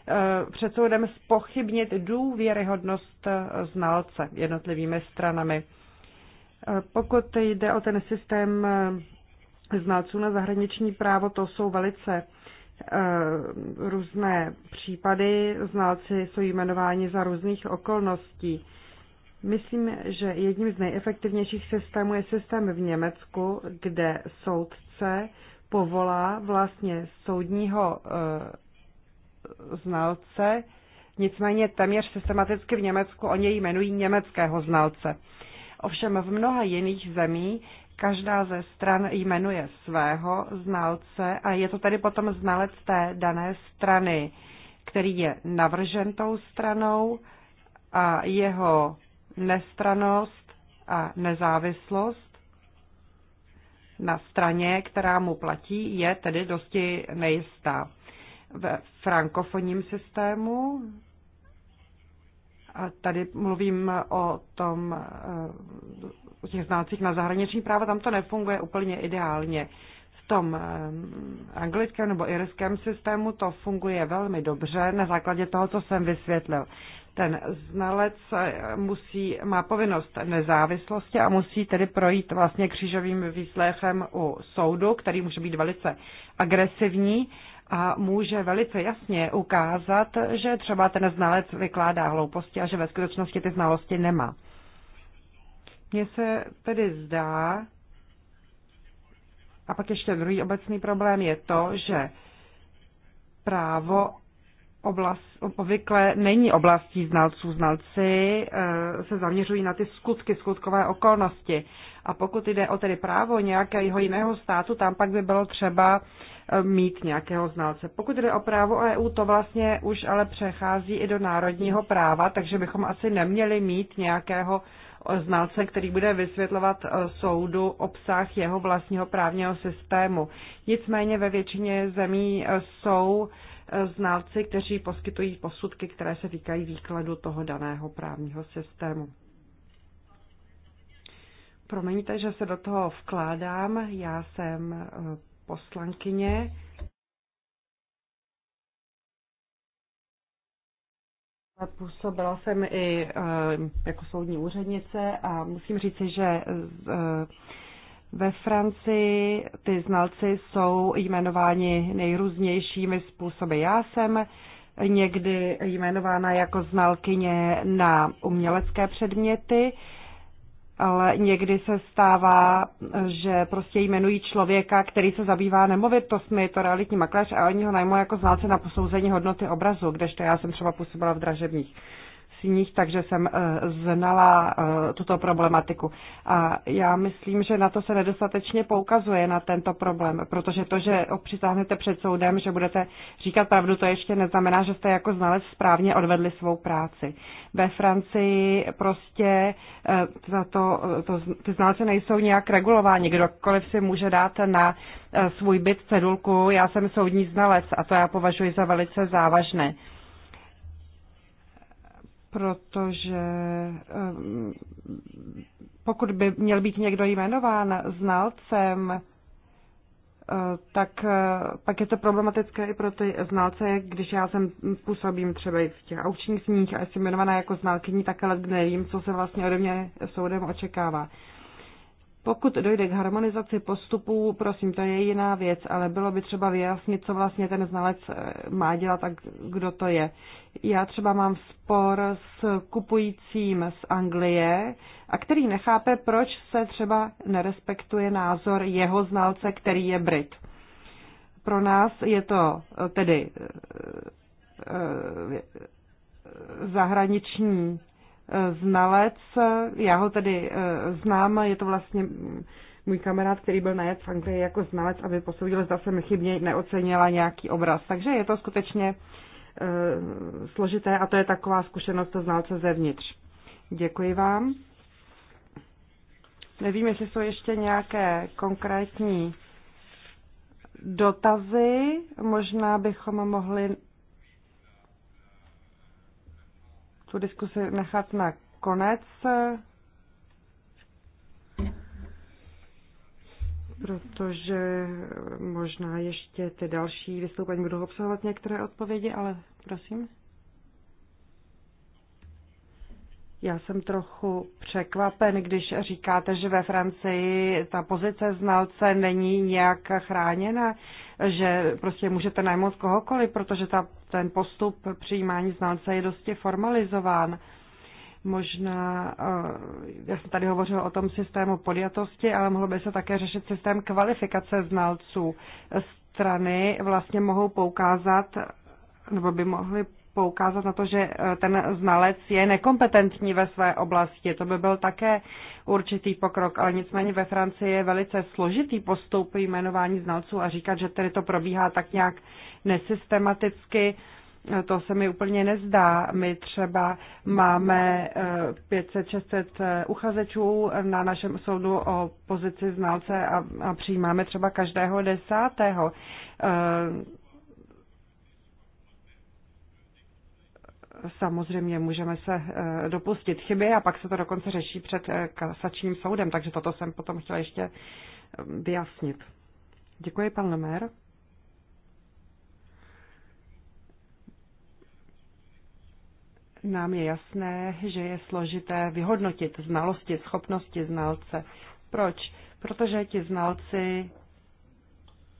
eh, před soudem spochybnit důvěryhodnost eh, znalce jednotlivými stranami. Eh, pokud jde o ten systém znalců na zahraniční právo, to jsou velice Eh, různé případy, znalci jsou jmenováni za různých okolností. Myslím, že jedním z nejefektivnějších systémů je systém v Německu, kde soudce povolá vlastně soudního e, znalce, nicméně téměř systematicky v Německu oni jmenují německého znalce. Ovšem v mnoha jiných zemí Každá ze stran jmenuje svého znalce a je to tedy potom znalec té dané strany, který je navržen tou stranou a jeho nestranost a nezávislost na straně, která mu platí, je tedy dosti nejistá. Ve frankofonním systému a tady mluvím o tom, eh, o těch znácích na zahraniční práva, tam to nefunguje úplně ideálně. V tom eh, anglickém nebo irském systému to funguje velmi dobře na základě toho, co jsem vysvětlil. Ten znalec eh, musí, má povinnost nezávislosti a musí tedy projít vlastně křížovým výslechem u soudu, který může být velice agresivní a může velice jasně ukázat, že třeba ten znalec vykládá hlouposti a že ve skutečnosti ty znalosti nemá. Mně se tedy zdá, a pak ještě druhý obecný problém je to, že právo oblast, obvykle není oblastí znalců. Znalci eh, se zaměřují na ty skutky, skutkové okolnosti. A pokud jde o tedy právo nějakého jiného státu, tam pak by bylo třeba mít nějakého znalce. Pokud jde o právo EU, to vlastně už ale přechází i do národního práva, takže bychom asi neměli mít nějakého znalce, který bude vysvětlovat e, soudu obsah jeho vlastního právního systému. Nicméně ve většině zemí e, jsou e, znalci, kteří poskytují posudky, které se týkají výkladu toho daného právního systému. Promiňte, že se do toho vkládám. Já jsem poslankyně. Působila jsem i eh, jako soudní úřednice a musím říci, že eh, ve Francii ty znalci jsou jmenováni nejrůznějšími způsoby. Já jsem někdy jmenována jako znalkyně na umělecké předměty, ale někdy se stává, že prostě jmenují člověka, který se zabývá nemovitostmi, je to realitní makléř a oni ho najmou jako znalce na posouzení hodnoty obrazu, kdežto já jsem třeba působila v dražebních sních, takže jsem eh, znala eh, tuto problematiku. A já myslím, že na to se nedostatečně poukazuje, na tento problém, protože to, že přitáhnete před soudem, že budete říkat pravdu, to ještě neznamená, že jste jako znalec správně odvedli svou práci. Ve Francii prostě eh, za to, to, ty znalci nejsou nějak regulováni. Kdokoliv si může dát na svůj byt cedulku, já jsem soudní znalec a to já považuji za velice závažné protože eh, pokud by měl být někdo jmenován znalcem, eh, tak eh, pak je to problematické i pro ty znalce, když já jsem působím třeba i v těch aukčních sních a jsem jmenovaná jako znalkyní, tak ale nevím, co se vlastně ode mě soudem očekává. Pokud dojde k harmonizaci postupů, prosím, to je jiná věc, ale bylo by třeba vyjasnit, co vlastně ten znalec eh, má dělat a kdo to je. Já třeba mám spor s kupujícím z Anglie, a který nechápe, proč se třeba nerespektuje názor jeho znalce, který je Brit. Pro nás je to eh, tedy eh, zahraniční znalec. Já ho tedy eh, znám, je to vlastně můj kamarád, který byl najet v Anglii jako znalec, aby posoudil, zda jsem chybně neocenila nějaký obraz. Takže je to skutečně eh, složité a to je taková zkušenost to znalce zevnitř. Děkuji vám. Nevím, jestli jsou ještě nějaké konkrétní dotazy. Možná bychom mohli tu diskusi nechat na konec, protože možná ještě ty další vystoupení budou obsahovat některé odpovědi, ale prosím. Já jsem trochu překvapen, když říkáte, že ve Francii ta pozice znalce není nějak chráněna, že prostě můžete najmout kohokoliv, protože ta ten postup přijímání znalce je dosti formalizován. Možná, eh, já jsem tady hovořil o tom systému podjatosti, ale mohlo by se také řešit systém kvalifikace znalců. Strany vlastně mohou poukázat nebo by mohly poukázat na to, že eh, ten znalec je nekompetentní ve své oblasti. To by byl také určitý pokrok, ale nicméně ve Francii je velice složitý postup jmenování znalců a říkat, že tedy to probíhá tak nějak nesystematicky, eh, to se mi úplně nezdá. My třeba máme 500-600 eh, uchazečů na našem soudu o pozici znalce a přijímáme třeba každého desátého samozřejmě můžeme se eh, dopustit chyby a pak se to dokonce řeší před eh, kasačním soudem, takže toto jsem potom chtěla ještě eh, vyjasnit. Děkuji, pan Lemer. Nám je jasné, že je složité vyhodnotit znalosti, schopnosti znalce. Proč? Protože ti znalci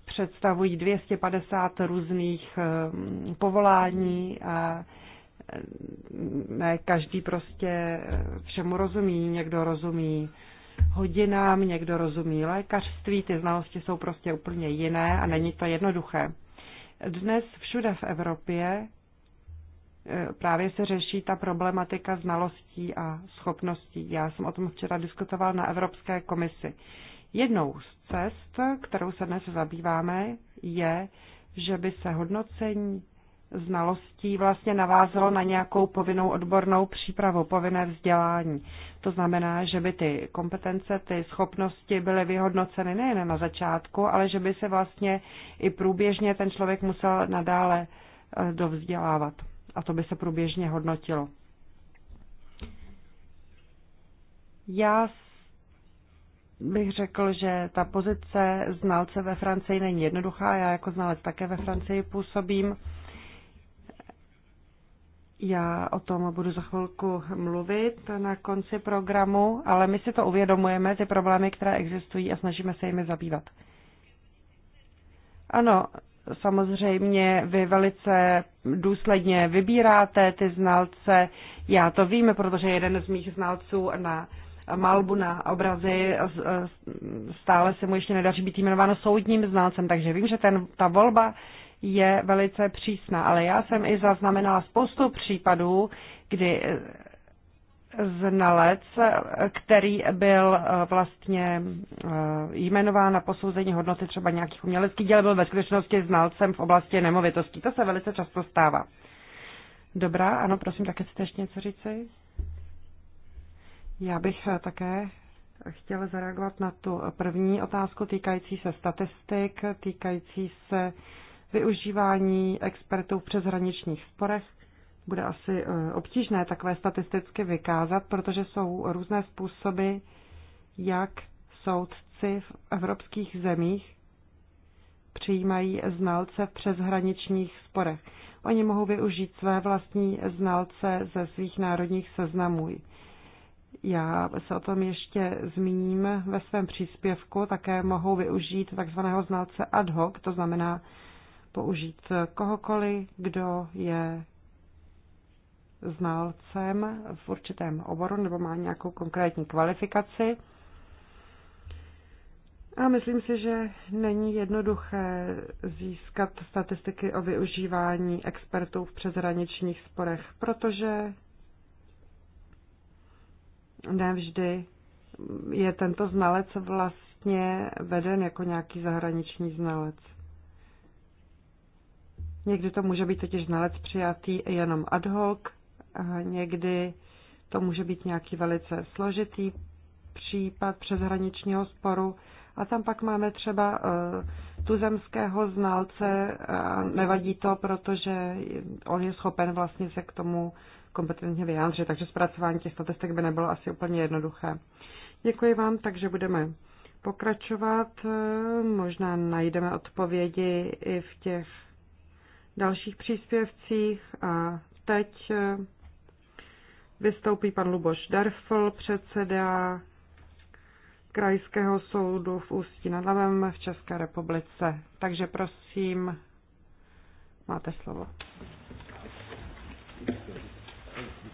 představují 250 různých povolání a ne každý prostě všemu rozumí, někdo rozumí hodinám, někdo rozumí lékařství, ty znalosti jsou prostě úplně jiné a není to jednoduché. Dnes všude v Evropě eh, právě se řeší ta problematika znalostí a schopností. Já jsem o tom včera diskutoval na Evropské komisi. Jednou z cest, kterou se dnes zabýváme, je, že by se hodnocení znalostí vlastně navázalo na nějakou povinnou odbornou přípravu, povinné vzdělání. To znamená, že by ty kompetence, ty schopnosti byly vyhodnoceny nejen na začátku, ale že by se vlastně i průběžně ten člověk musel nadále eh, dovzdělávat. A to by se průběžně hodnotilo. Já bych řekl, že ta pozice znalce ve Francii není jednoduchá. Já jako znalec také ve Francii působím já o tom budu za chvilku mluvit na konci programu, ale my si to uvědomujeme, ty problémy, které existují a snažíme se jimi zabývat. Ano, samozřejmě vy velice důsledně vybíráte ty znalce. Já to vím, protože jeden z mých znalců na malbu na obrazy stále se mu ještě nedaří být jmenován soudním znalcem, takže vím, že ten, ta volba je velice přísná. Ale já jsem i zaznamenala spoustu případů, kdy eh, znalec, který byl eh, vlastně eh, jmenován na posouzení hodnoty třeba nějakých uměleckých děl, byl ve skutečnosti znalcem v oblasti nemovitostí. To se velice často stává. Dobrá, ano, prosím, také chcete ještě něco říci? Já bych také chtěla zareagovat na tu první otázku týkající se statistik, týkající se využívání expertů v přeshraničních sporech bude asi eh, obtížné takové statisticky vykázat, protože jsou různé způsoby, jak soudci v evropských zemích přijímají znalce v přeshraničních sporech. Oni mohou využít své vlastní znalce ze svých národních seznamů. Já se o tom ještě zmíním ve svém příspěvku. Také mohou využít takzvaného znalce ad hoc, to znamená použít kohokoliv, kdo je znalcem v určitém oboru nebo má nějakou konkrétní kvalifikaci. A myslím si, že není jednoduché získat statistiky o využívání expertů v přeshraničních sporech, protože nevždy je tento znalec vlastně veden jako nějaký zahraniční znalec. Někdy to může být totiž znalec přijatý jenom ad hoc, a někdy to může být nějaký velice složitý případ přeshraničního sporu. A tam pak máme třeba e, tuzemského znalce, a nevadí to, protože on je schopen vlastně se k tomu kompetentně vyjádřit, takže zpracování těch statistik by nebylo asi úplně jednoduché. Děkuji vám, takže budeme pokračovat. E, možná najdeme odpovědi i v těch dalších příspěvcích a teď eh, vystoupí pan Luboš Derfl, předseda Krajského soudu v Ústí nad Labem v České republice. Takže prosím, máte slovo.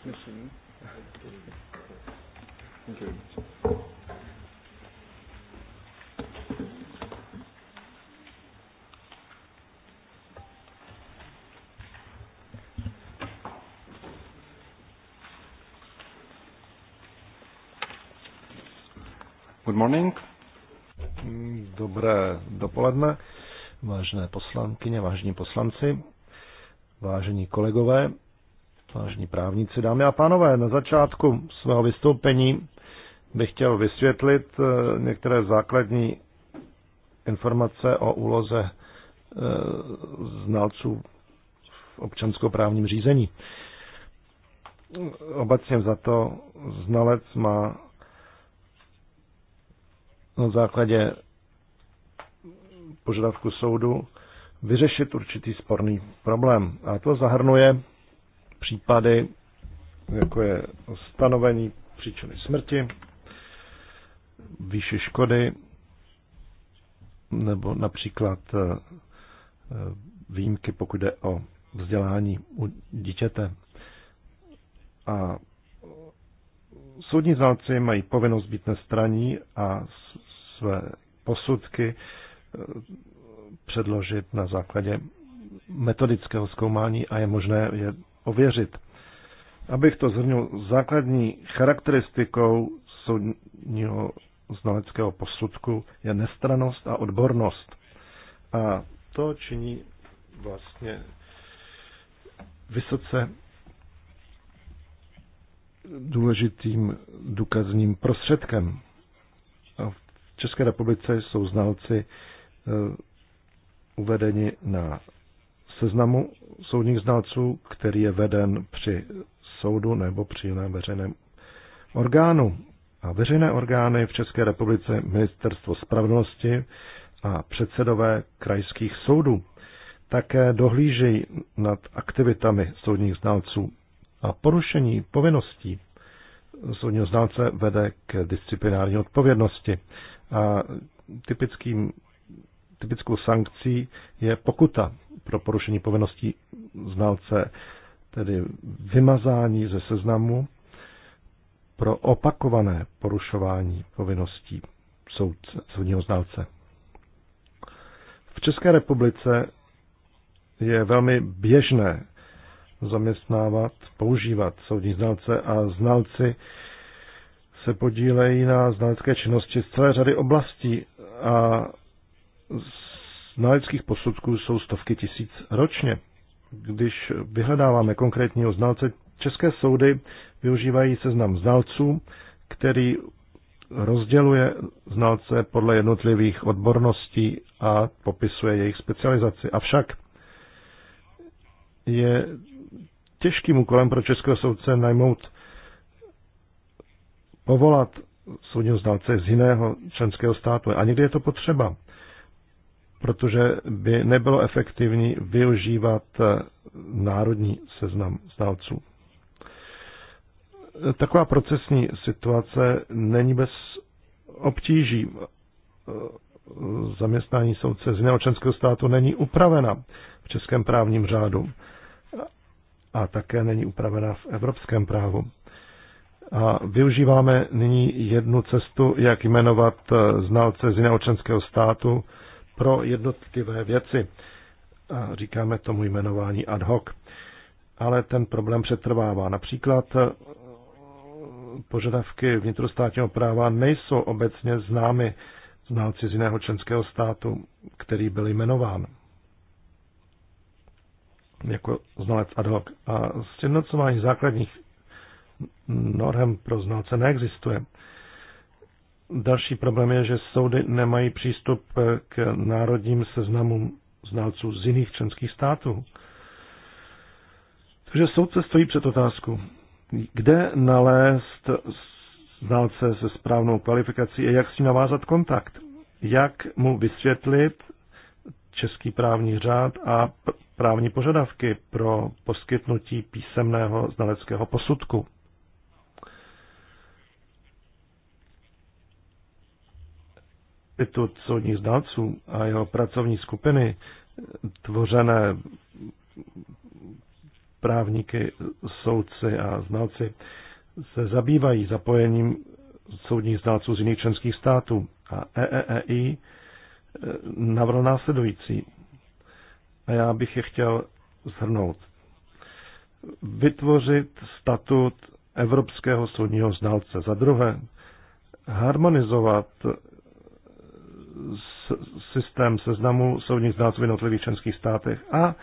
Thank you. Good morning. Dobré dopoledne, vážné poslankyně, vážení poslanci, vážení kolegové, vážení právníci, dámy a pánové. Na začátku svého vystoupení bych chtěl vysvětlit eh, některé základní informace o úloze eh, znalců v občanskoprávním řízení. Obecně za to znalec má na základě požadavku soudu vyřešit určitý sporný problém. A to zahrnuje případy, jako je stanovení příčiny smrti, výše škody, nebo například eh, výjimky, pokud jde o vzdělání u dítěte. A soudní znalci mají povinnost být nestraní a své posudky eh, předložit na základě metodického zkoumání a je možné je ověřit. Abych to zhrnul, základní charakteristikou soudního znaleckého posudku je nestranost a odbornost. A to činí vlastně vysoce důležitým důkazním prostředkem. České republice jsou znalci eh, uvedeni na seznamu soudních znalců, který je veden při soudu nebo při jiném veřejném orgánu. A veřejné orgány v České republice Ministerstvo spravedlnosti a předsedové krajských soudů také dohlížejí nad aktivitami soudních znalců a porušení povinností soudního znalce vede k disciplinární odpovědnosti. A typickým, typickou sankcí je pokuta pro porušení povinností znalce, tedy vymazání ze seznamu pro opakované porušování povinností soudce, soudního znalce. V České republice je velmi běžné zaměstnávat, používat soudní znalce a znalci se podílejí na znalecké činnosti z celé řady oblastí a znaleckých posudků jsou stovky tisíc ročně. Když vyhledáváme konkrétního znalce, české soudy využívají seznam znalců, který rozděluje znalce podle jednotlivých odborností a popisuje jejich specializaci. Avšak je těžkým úkolem pro českého soudce najmout povolat soudního znalce z jiného členského státu. A někdy je to potřeba, protože by nebylo efektivní využívat eh, národní seznam znalců. Taková procesní situace není bez obtíží. Zaměstnání soudce z jiného členského státu není upravena v českém právním řádu a také není upravena v evropském právu. A využíváme nyní jednu cestu, jak jmenovat eh, znalce z jiného členského státu pro jednotlivé věci. A říkáme tomu jmenování ad hoc. Ale ten problém přetrvává. Například eh, požadavky vnitrostátního práva nejsou obecně známy znalci z jiného členského státu, který byl jmenován jako znalec ad hoc. A sjednocování základních norem pro znalce neexistuje. Další problém je, že soudy nemají přístup k národním seznamům znalců z jiných členských států. Takže soudce stojí před otázku, kde nalézt znalce se správnou kvalifikací a jak si navázat kontakt. Jak mu vysvětlit český právní řád a právní požadavky pro poskytnutí písemného znaleckého posudku. Institut soudních znalců a jeho pracovní skupiny tvořené právníky, soudci a znalci se zabývají zapojením soudních znalců z jiných členských států. A EEEI e, navrhl následující. A já bych je chtěl zhrnout. Vytvořit statut Evropského soudního znalce. Za druhé, harmonizovat systém seznamu soudních znalců v jednotlivých členských státech a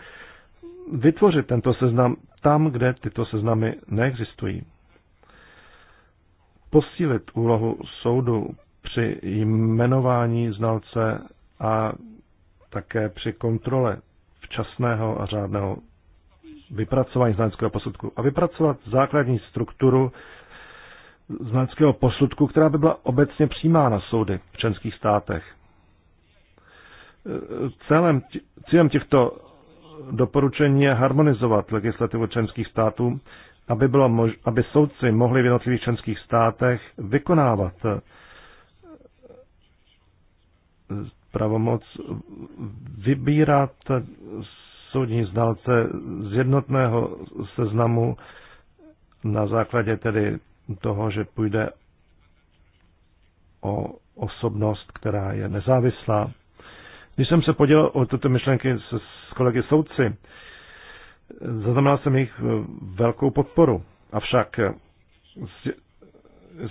vytvořit tento seznam tam, kde tyto seznamy neexistují. Posílit úlohu soudu při jmenování znalce a také při kontrole včasného a řádného vypracování znaleckého posudku a vypracovat základní strukturu znaleckého posudku, která by byla obecně přijímána soudy v členských státech. Celém, cílem těchto doporučení je harmonizovat legislativu členských států, aby, bylo mož, aby soudci mohli v jednotlivých členských státech vykonávat eh, pravomoc vybírat soudní znalce z jednotného seznamu na základě tedy toho, že půjde o osobnost, která je nezávislá když jsem se podělil o tyto myšlenky s, s kolegy soudci, zaznamenal jsem jejich eh, velkou podporu. Avšak eh,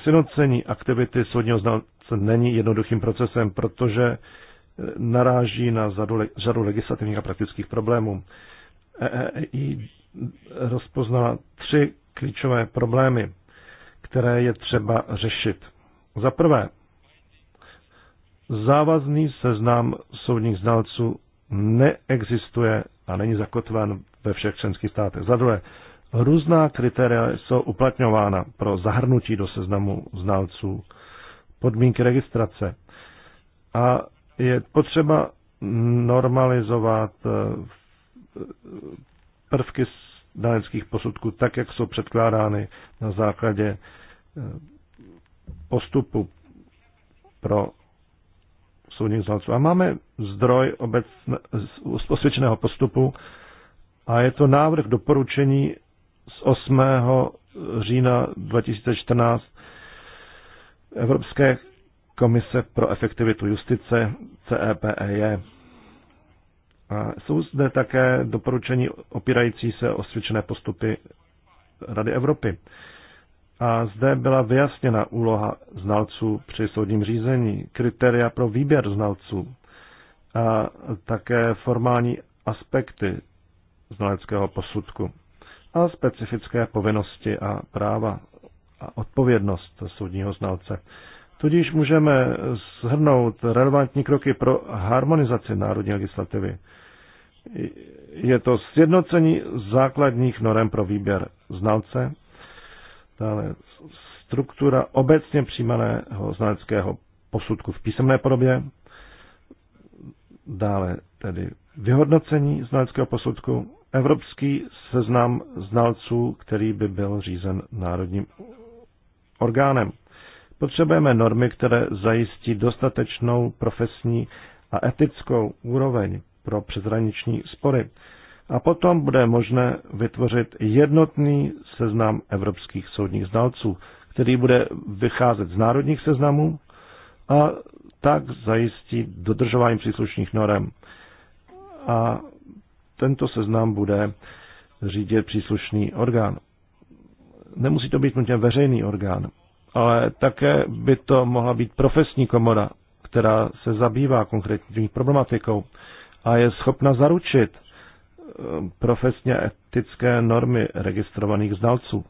sjednocení aktivity soudního znalce není jednoduchým procesem, protože eh, naráží na řadu legislativních a praktických problémů. EEI rozpoznala tři klíčové problémy, které je třeba řešit. Za prvé, závazný seznam soudních znalců neexistuje a není zakotven ve všech členských státech. Za druhé, různá kritéria jsou uplatňována pro zahrnutí do seznamu znalců podmínky registrace. A je potřeba normalizovat eh, prvky znaleckých posudků tak, jak jsou předkládány na základě eh, postupu pro soudních znalců. A máme zdroj obecne, osvědčeného postupu a je to návrh doporučení z 8. října 2014 Evropské komise pro efektivitu justice CEPEJ. A jsou zde také doporučení opírající se o postupy Rady Evropy. A zde byla vyjasněna úloha znalců při soudním řízení, kritéria pro výběr znalců a také formální aspekty znaleckého posudku a specifické povinnosti a práva a odpovědnost soudního znalce. Tudíž můžeme shrnout relevantní kroky pro harmonizaci národní legislativy. Je to sjednocení základních norem pro výběr znalce, Dále struktura obecně přijímaného znaleckého posudku v písemné podobě. Dále tedy vyhodnocení znaleckého posudku, evropský seznam znalců, který by byl řízen národním orgánem. Potřebujeme normy, které zajistí dostatečnou profesní a etickou úroveň pro přezraniční spory a potom bude možné vytvořit jednotný seznam evropských soudních znalců, který bude vycházet z národních seznamů a tak zajistí dodržování příslušných norem. A tento seznam bude řídit příslušný orgán. Nemusí to být nutně veřejný orgán, ale také by to mohla být profesní komora, která se zabývá konkrétní problematikou a je schopna zaručit, profesně etické normy registrovaných znalců.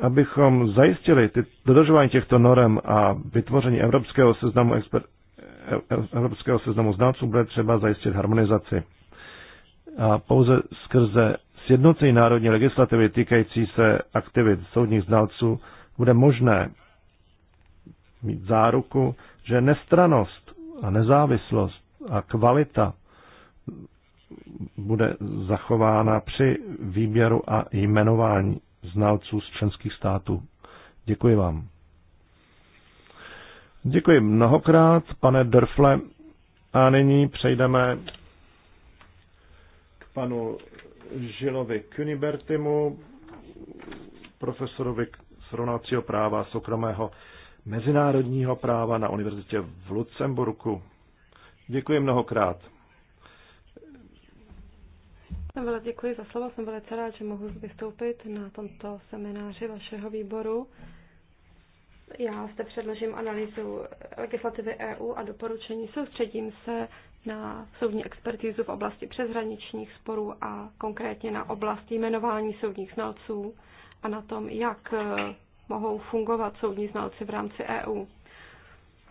Abychom zajistili ty, dodržování těchto norm a vytvoření evropského seznamu, exper, e- e- evropského seznamu znalců, bude třeba zajistit harmonizaci. A pouze skrze sjednocení národní legislativy týkající se aktivit soudních znalců bude možné mít záruku, že nestranost a nezávislost a kvalita bude zachována při výběru a jmenování znalců z členských států. Děkuji vám. Děkuji mnohokrát, pane Drfle. A nyní přejdeme k panu Žilovi Kunibertimu, profesorovi srovnacího práva soukromého mezinárodního práva na univerzitě v Lucemburku. Děkuji mnohokrát. Jsem děkuji za slovo, jsem velice rád, že mohu vystoupit na tomto semináři vašeho výboru. Já zde předložím analýzu legislativy EU a doporučení. Soustředím se na soudní expertizu v oblasti přeshraničních sporů a konkrétně na oblast jmenování soudních znalců a na tom, jak eh, mohou fungovat soudní znalci v rámci EU.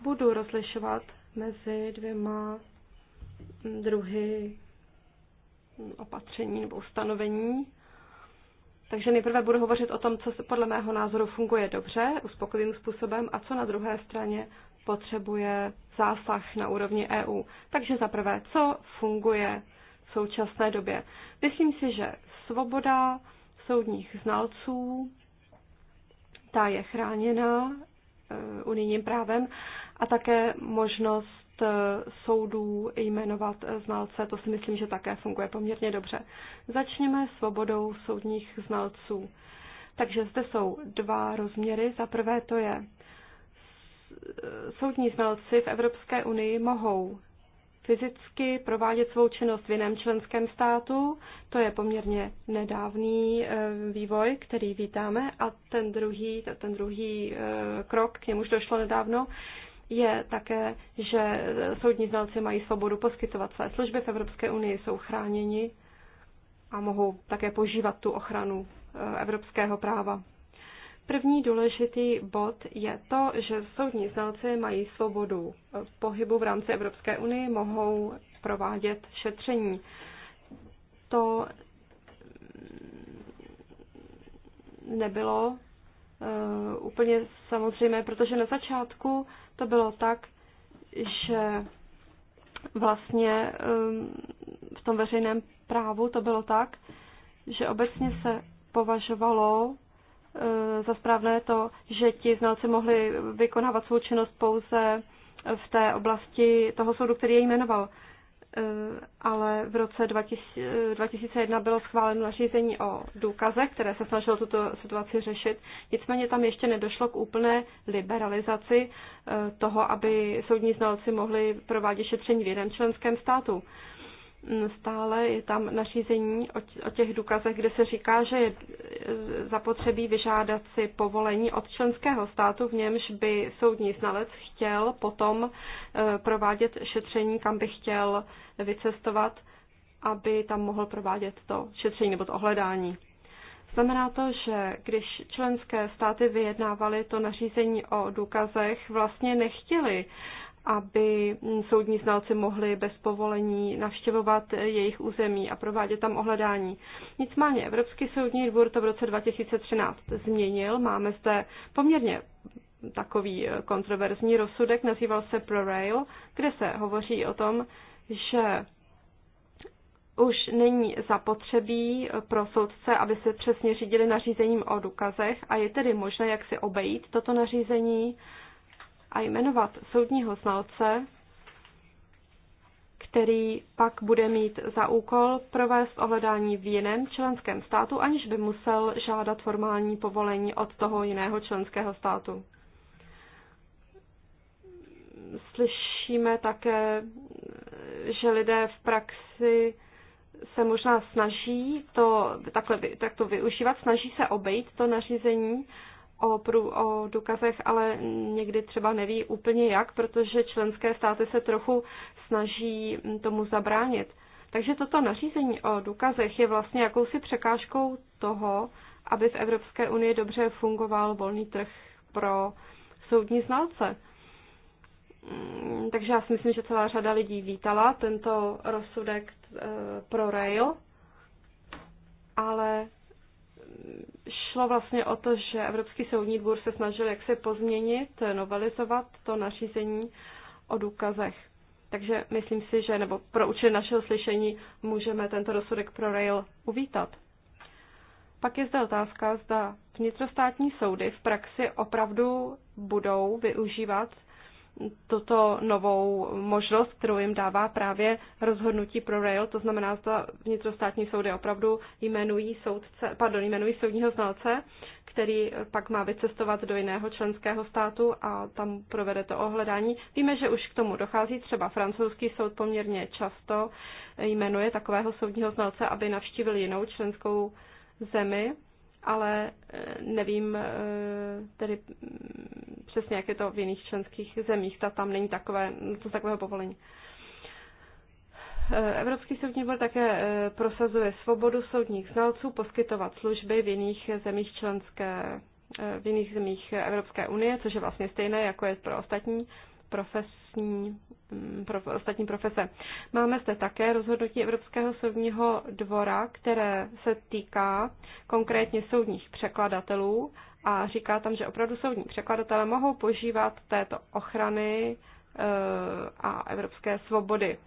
Budu rozlišovat mezi dvěma druhy opatření nebo ustanovení. Takže nejprve budu hovořit o tom, co se podle mého názoru funguje dobře, uspokojivým způsobem, a co na druhé straně potřebuje zásah na úrovni EU. Takže za prvé, co funguje v současné době? Myslím si, že svoboda soudních znalců, ta je chráněna eh, unijním právem a také možnost eh, soudů jmenovat eh, znalce, to si myslím, že také funguje poměrně dobře. Začněme svobodou soudních znalců. Takže zde jsou dva rozměry. Za prvé to je, eh, soudní znalci v Evropské unii mohou fyzicky provádět svou činnost v jiném členském státu. To je poměrně nedávný vývoj, který vítáme. A ten druhý, ten druhý krok, k němuž došlo nedávno, je také, že soudní znalci mají svobodu poskytovat své služby v Evropské unii, jsou chráněni a mohou také požívat tu ochranu eh, evropského práva. První důležitý bod je to, že soudní znalci mají svobodu v eh, pohybu v rámci Evropské unie, mohou provádět šetření. To nebylo uh, úplně samozřejmé, protože na začátku to bylo tak, že vlastně um, v tom veřejném právu to bylo tak, že obecně se považovalo uh, za správné to, že ti znalci mohli vykonávat svou činnost pouze v té oblasti toho soudu, který je jmenoval. Eh, ale v roce 2001 bylo schváleno nařízení o důkazech, které se snažilo tuto situaci řešit. Nicméně tam ještě nedošlo k úplné liberalizaci eh, toho, aby soudní znalci mohli provádět šetření v jednom členském státu stále je tam nařízení o těch důkazech, kde se říká, že je e, zapotřebí vyžádat si povolení od členského státu, v němž by soudní znalec chtěl potom e, provádět šetření, kam by chtěl vycestovat, aby tam mohl provádět to šetření nebo to ohledání. Znamená to, že když členské státy vyjednávaly to nařízení o důkazech, vlastně nechtěli uh, aby soudní znalci mohli bez povolení navštěvovat jejich území a provádět tam ohledání. Nicméně Evropský soudní dvůr to v roce 2013 změnil. Máme zde poměrně takový eh, kontroverzní rozsudek, nazýval se ProRail, kde se hovoří o tom, že už není zapotřebí eh, pro soudce, aby se přesně řídili nařízením o důkazech a je tedy možné, jak si obejít toto nařízení a jmenovat soudního znalce, který pak bude mít za úkol provést ohledání v jiném členském státu, aniž by musel žádat formální povolení od toho jiného členského státu. Slyšíme také, že lidé v praxi se možná snaží to takhle, to využívat, snaží se obejít to nařízení, o, prů, o důkazech, ale někdy třeba neví úplně jak, protože členské státy se trochu snaží mm, tomu zabránit. Takže toto nařízení o důkazech je vlastně jakousi překážkou toho, aby v Evropské unii dobře fungoval volný trh pro soudní znalce. Mm, takže já si myslím, že celá řada lidí vítala tento rozsudek eh, pro rail, ale šlo vlastně o to, že Evropský soudní dvůr se snažil jak se pozměnit, novelizovat to nařízení o důkazech. Takže myslím si, že nebo pro účely našeho slyšení můžeme tento rozsudek pro rail uvítat. Pak je zde otázka, zda vnitrostátní soudy v praxi opravdu budou využívat tuto novou možnost, kterou jim dává právě rozhodnutí pro rail, to znamená, že vnitrostátní soudy opravdu jmenují, soudce, pardon, jmenují soudního znalce, který pak má vycestovat do jiného členského státu a tam provede to ohledání. Víme, že už k tomu dochází, třeba francouzský soud poměrně často jmenuje takového soudního znalce, aby navštívil jinou členskou zemi ale eh, nevím eh, tedy mm, přesně, jak je to v jiných členských zemích, ta tam není takové, to takového povolení. Eh, Evropský soudní dvůr také prosazuje svobodu soudních znalců poskytovat služby v jiných zemích členské, v jiných zemích Evropské unie, což je vlastně stejné, jako je pro ostatní profesní, mm, pro, ostatní profese. Máme zde také rozhodnutí Evropského soudního dvora, které se týká konkrétně soudních překladatelů a říká tam, že opravdu soudní překladatelé mohou požívat této ochrany eh, a evropské svobody.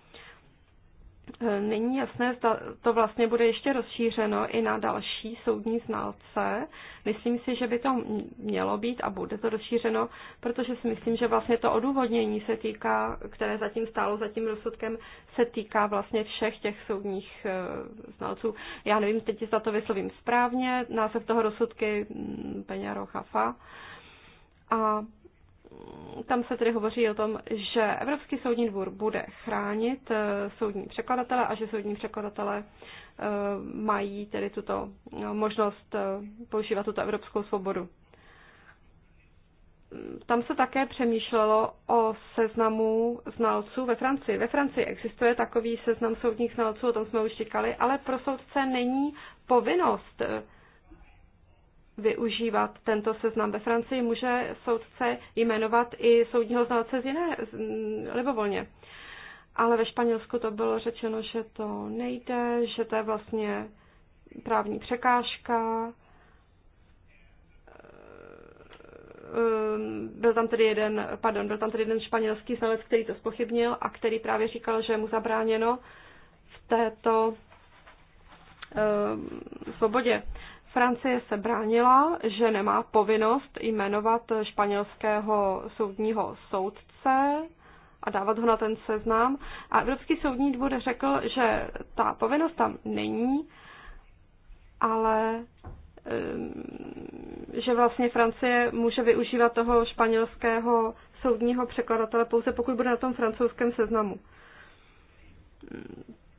E, není jasné, zda to vlastně bude ještě rozšířeno i na další soudní znalce. Myslím si, že by to mělo být a bude to rozšířeno, protože si myslím, že vlastně to odůvodnění se týká, které zatím stálo za tím rozsudkem, se týká vlastně všech těch soudních e, znalců. Já nevím, teď za to vyslovím správně, název toho rozsudky Peňa Rochafa. A tam se tedy hovoří o tom, že Evropský soudní dvůr bude chránit eh, soudní překladatele a že soudní překladatele eh, mají tedy tuto eh, možnost používat tuto evropskou svobodu. Tam se také přemýšlelo o seznamu znalců ve Francii. Ve Francii existuje takový seznam soudních znalců, o tom jsme už říkali, ale pro soudce není povinnost využívat tento seznam. Ve Francii může soudce jmenovat i soudního znalce z jiné, z, mm, libovolně. Ale ve Španělsku to bylo řečeno, že to nejde, že to je vlastně právní překážka. Ehm, byl tam tedy jeden, pardon, byl tam tedy jeden španělský znalec, který to spochybnil a který právě říkal, že mu zabráněno v této ehm, svobodě. Francie se bránila, že nemá povinnost jmenovat španělského soudního soudce a dávat ho na ten seznam. A Evropský soudní dvůr řekl, že ta povinnost tam není, ale ehm, že vlastně Francie může využívat toho španělského soudního překladatele pouze pokud bude na tom francouzském seznamu.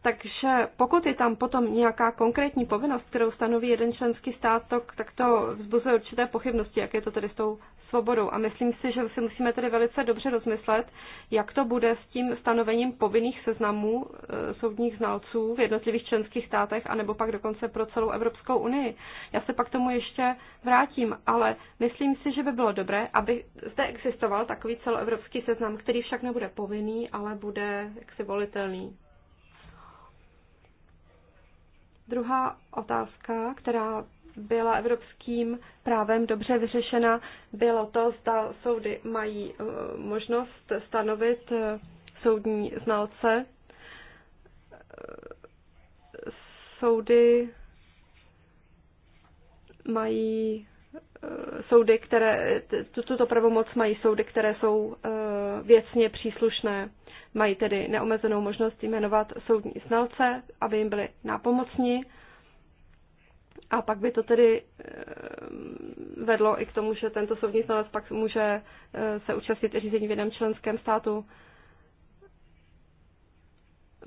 Takže pokud je tam potom nějaká konkrétní povinnost, kterou stanoví jeden členský stát, tak to vzbuzuje určité pochybnosti, jak je to tedy s tou svobodou. A myslím si, že si musíme tedy velice dobře rozmyslet, jak to bude s tím stanovením povinných seznamů eh, soudních znalců v jednotlivých členských státech, anebo pak dokonce pro celou Evropskou unii. Já se pak tomu ještě vrátím, ale myslím si, že by bylo dobré, aby zde existoval takový celoevropský seznam, který však nebude povinný, ale bude jaksi volitelný. Druhá otázka, která byla evropským právem dobře vyřešena, bylo to, zda soudy mají eh, možnost stanovit eh, soudní znalce. Eh, soudy mají soudy, které, tuto pravomoc mají soudy, které jsou věcně příslušné Mají tedy neomezenou možnost jmenovat soudní znalce, aby jim byli nápomocní. A pak by to tedy eh, vedlo i k tomu, že tento soudní znalec pak může eh, se účastnit i řízení v jednom členském státu.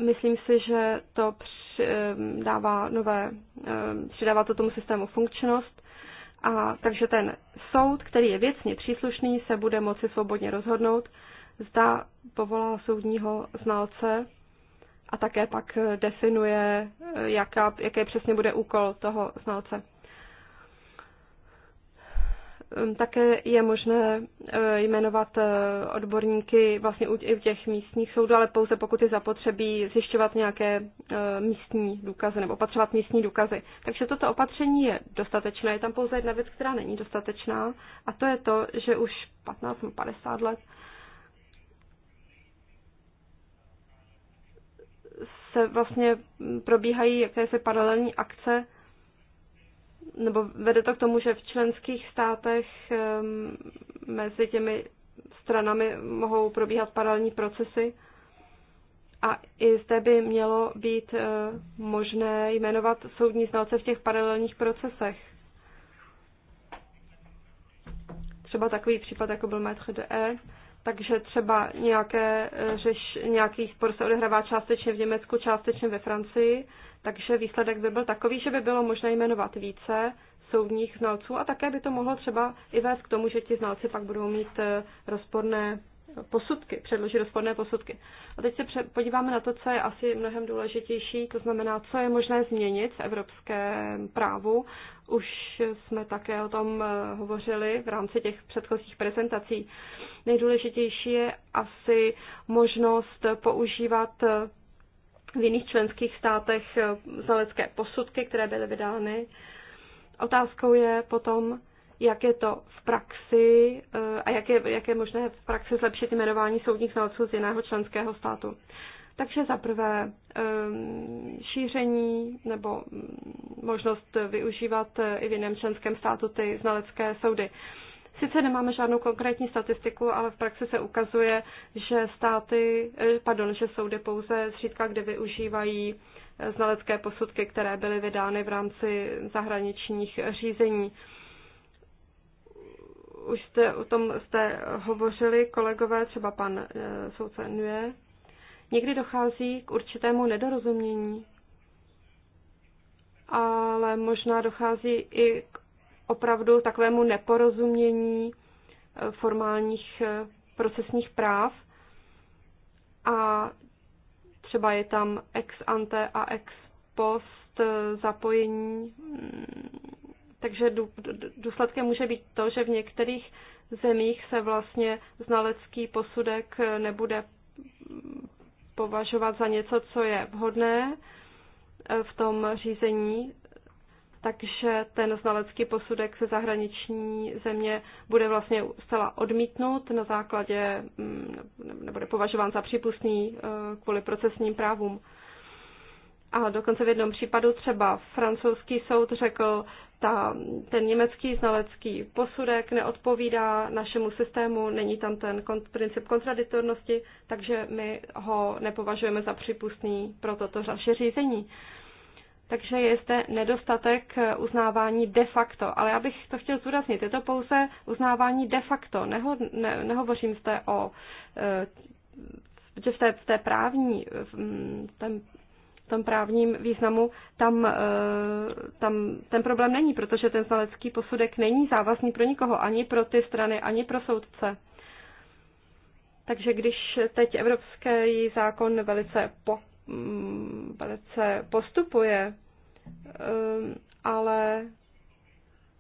Myslím si, že to eh, dává nové, přidává to tomu systému funkčnost. A takže ten soud, který je věcně příslušný, se bude moci svobodně rozhodnout, zda povolal soudního znalce a také pak definuje, jaká, jaký přesně bude úkol toho znalce. Ehm, také je možné eh, jmenovat eh, odborníky vlastně i v těch místních soudů, ale pouze pokud je zapotřebí zjišťovat nějaké eh, místní důkazy nebo opatřovat místní důkazy. Takže toto opatření je dostatečné. Je tam pouze jedna věc, která není dostatečná a to je to, že už 15 50 let se vlastně probíhají jakési paralelní akce, nebo vede to k tomu, že v členských státech ehm, mezi těmi stranami mohou probíhat paralelní procesy. A i zde by mělo být eh, možné jmenovat soudní znalce v těch paralelních procesech. Třeba takový případ, jako byl maître de E, takže třeba nějaké, eh, řeš, nějaký spor se odehrává částečně v Německu, částečně ve Francii, takže výsledek by byl takový, že by bylo možné jmenovat více soudních znalců a také by to mohlo třeba i vést k tomu, že ti znalci pak budou mít eh, rozporné posudky, předloží rozporné posudky. A teď se podíváme na to, co je asi mnohem důležitější, to znamená, co je možné změnit v evropském právu. Už jsme také o tom eh, hovořili v rámci těch předchozích prezentací. Nejdůležitější je asi možnost používat eh, v jiných členských státech eh, znalecké posudky, které byly vydány. Otázkou je potom, jak je to v praxi eh, a jak je, jak je možné v praxi zlepšit jmenování soudních znalců z jiného členského státu. Takže za prvé eh, šíření nebo mm, možnost využívat eh, i v jiném členském státu ty znalecké soudy. Sice nemáme žádnou konkrétní statistiku, ale v praxi se ukazuje, že státy, pardon, že soudy pouze zřídka, kde využívají znalecké posudky, které byly vydány v rámci zahraničních řízení už jste o tom jste hovořili kolegové, třeba pan uh, soudce Nue, někdy dochází k určitému nedorozumění, ale možná dochází i k opravdu takovému neporozumění eh, formálních eh, procesních práv a třeba je tam ex ante a ex post zapojení mm, takže důsledkem může být to, že v některých zemích se vlastně znalecký posudek nebude považovat za něco, co je vhodné eh, v tom řízení, takže ten znalecký posudek se zahraniční země bude vlastně zcela odmítnut na základě, mm, nebude považován za přípustný eh, kvůli procesním právům. A dokonce v jednom případu třeba francouzský soud řekl, ta, ten německý znalecký posudek neodpovídá našemu systému, není tam ten kon, princip kontradiktornosti, takže my ho nepovažujeme za připustný pro toto naše řízení. Takže je zde nedostatek uznávání de facto. Ale já bych to chtěl zdůraznit, je to pouze uznávání de facto. Neho, ne, nehovořím zde o že v té, v té právní, v, v, tom právním významu, tam, eh, tam ten problém není, protože ten znalecký posudek není závazný pro nikoho, ani pro ty strany, ani pro soudce. Takže když teď evropský zákon velice, po, mm, velice postupuje, eh, ale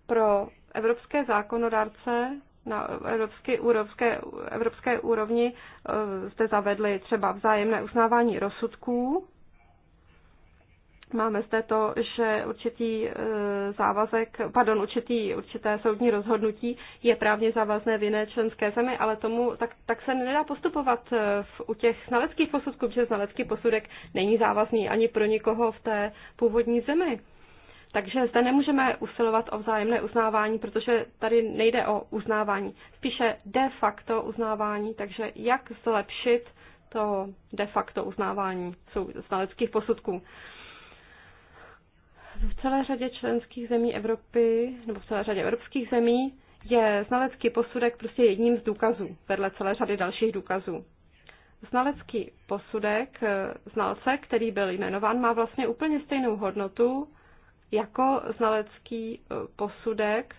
pro evropské zákonodárce na evropské, úrovské, evropské úrovni jste eh, zavedli třeba vzájemné uznávání rozsudků, Máme zde to, že určitý e, závazek, pardon, určitý, určité soudní rozhodnutí je právně závazné v jiné členské zemi, ale tomu tak, tak se nedá postupovat e, v, u těch znaleckých posudků, protože znalecký posudek není závazný ani pro nikoho v té původní zemi. Takže zde nemůžeme usilovat o vzájemné uznávání, protože tady nejde o uznávání, spíše de facto uznávání, takže jak zlepšit to de facto uznávání znaleckých posudků v celé řadě členských zemí Evropy, nebo v celé řadě evropských zemí, je znalecký posudek prostě jedním z důkazů, vedle celé řady dalších důkazů. Znalecký posudek eh, znalce, který byl jmenován, má vlastně úplně stejnou hodnotu jako znalecký eh, posudek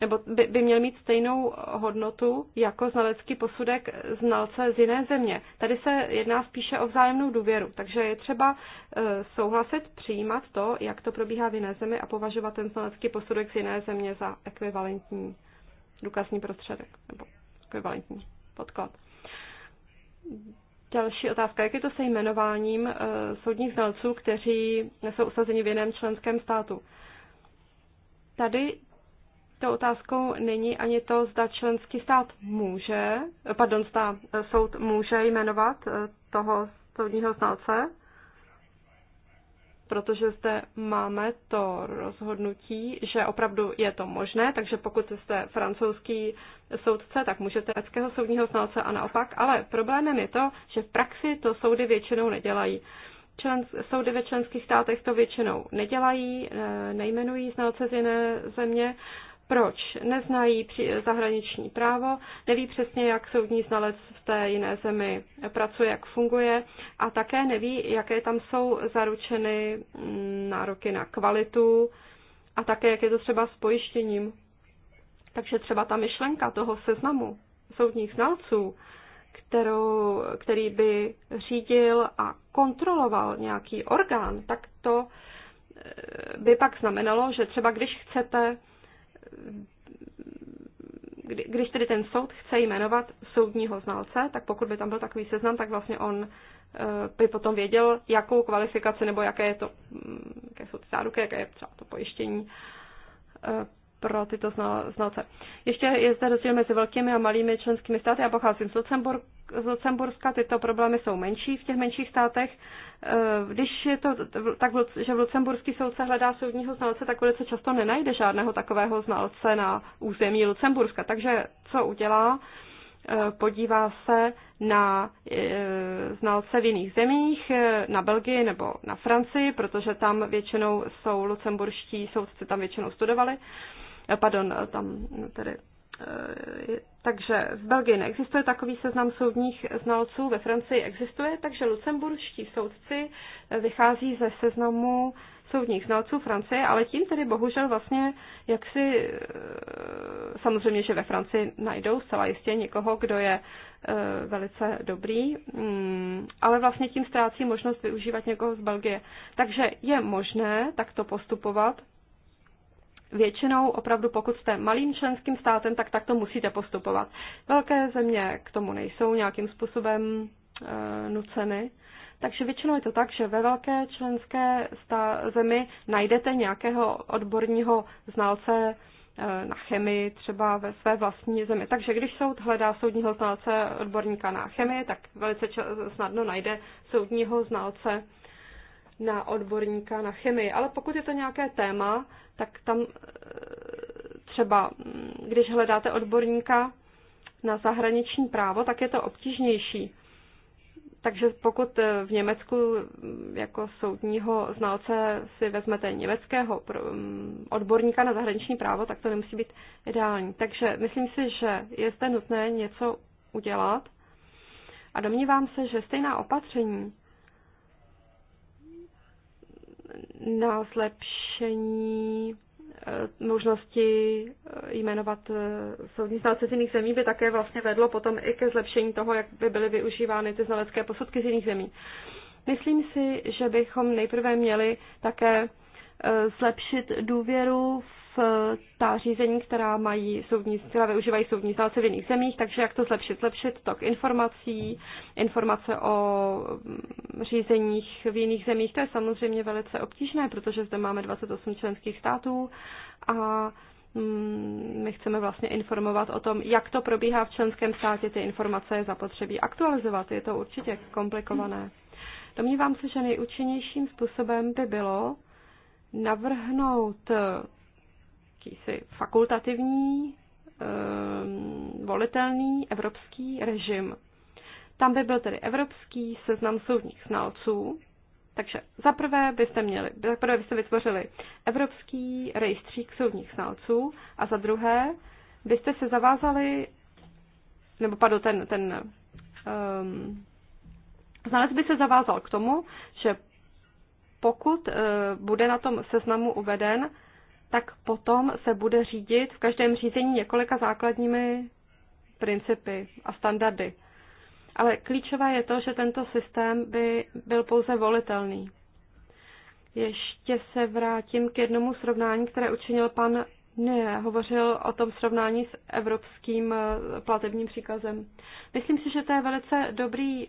nebo by, by měl mít stejnou hodnotu jako znalecký posudek znalce z jiné země. Tady se jedná spíše o vzájemnou důvěru, takže je třeba e, souhlasit, přijímat to, jak to probíhá v jiné zemi a považovat ten znalecký posudek z jiné země za ekvivalentní důkazní prostředek nebo ekvivalentní podklad. Další otázka, jak je to se jmenováním e, soudních znalců, kteří jsou usazeni v jiném členském státu? Tady Důležitou otázkou není ani to, zda členský stát může, pardon, zda soud může jmenovat eh, toho soudního znalce, protože zde máme to rozhodnutí, že opravdu je to možné, takže pokud jste francouzský soudce, tak můžete řeckého soudního znalce a naopak, ale problémem je to, že v praxi to soudy většinou nedělají. Člen, soudy ve členských státech to většinou nedělají, eh, nejmenují znalce z jiné země proč? Neznají zahraniční právo, neví přesně, jak soudní znalec v té jiné zemi pracuje, jak funguje a také neví, jaké tam jsou zaručeny mm, nároky na kvalitu a také, jak je to třeba s pojištěním. Takže třeba ta myšlenka toho seznamu soudních znalců, kterou, který by řídil a kontroloval nějaký orgán, tak to eh, by pak znamenalo, že třeba když chcete kdy, když tedy ten soud chce jmenovat soudního znalce, tak pokud by tam byl takový seznam, tak vlastně on eh, by potom věděl, jakou kvalifikaci nebo jaké, je to, mm, jaké jsou ty záruky, jaké je třeba to pojištění eh, pro tyto znalce. Ještě je zde rozdíl mezi velkými a malými členskými státy. Já pocházím z, Lucemburg, z Lucemburska, tyto problémy jsou menší v těch menších státech. Eh, když je to tak, že v Lucemburský soudce hledá soudního znalce, tak velice často nenajde žádného takového znalce na území Lucemburska. Takže co udělá? Eh, podívá se na eh, znalce v jiných zemích, na Belgii nebo na Francii, protože tam většinou jsou lucemburští soudci, tam většinou studovali. Pardon, tam no, tedy Eh, takže v Belgii neexistuje takový seznam soudních znalců, ve Francii existuje, takže lucemburští soudci eh, vychází ze seznamu soudních znalců Francie, ale tím tedy bohužel vlastně jak si eh, samozřejmě, že ve Francii najdou zcela jistě někoho, kdo je velice dobrý, mm, ale vlastně tím ztrácí možnost využívat někoho z Belgie. Takže je možné takto postupovat, většinou opravdu, pokud jste malým členským státem, tak tak to musíte postupovat. Velké země k tomu nejsou nějakým způsobem e, nuceny. Takže většinou je to tak, že ve velké členské zemi najdete nějakého odborního znalce eh, na chemii třeba ve své vlastní zemi. Takže když soud hledá soudního znalce odborníka na chemii, tak velice snadno najde soudního znalce na odborníka na chemii, ale pokud je to nějaké téma, tak tam eh, třeba, mm, když hledáte odborníka na zahraniční právo, tak je to obtížnější. Takže pokud eh, v Německu mm, jako soudního znalce si vezmete německého mm, odborníka na zahraniční právo, tak to nemusí být ideální. Takže myslím si, že je zde nutné něco udělat. A domnívám se, že stejná opatření, na zlepšení eh, možnosti eh, jmenovat eh, soudní znalce z jiných zemí by také vlastně vedlo potom i ke zlepšení toho, jak by byly využívány ty znalecké posudky z jiných zemí. Myslím si, že bychom nejprve měli také zlepšit důvěru v Eh, ta řízení, která mají soudní, která využívají soudní znalce v jiných zemích, takže jak to zlepšit? Zlepšit tok informací, informace o mm, řízeních v jiných zemích, to je samozřejmě velice obtížné, protože zde máme 28 členských států a mm, my chceme vlastně informovat o tom, jak to probíhá v členském státě, ty informace je zapotřebí aktualizovat, je to určitě komplikované. Domnívám se, že nejúčinnějším způsobem by bylo navrhnout jakýsi fakultativní, eh, volitelný evropský režim. Tam by byl tedy evropský seznam soudních znalců, takže zaprvé byste měli, zaprvé byste vytvořili evropský rejstřík soudních znalců a za druhé byste se zavázali, nebo padl ten, ten um, znalec by se zavázal k tomu, že pokud uh, bude na tom seznamu uveden tak potom se bude řídit v každém řízení několika základními principy a standardy. Ale klíčové je to, že tento systém by byl pouze volitelný. Ještě se vrátím k jednomu srovnání, které učinil pan ne, hovořil o tom srovnání s evropským eh, platebním příkazem. Myslím si, že to je velice dobrý eh,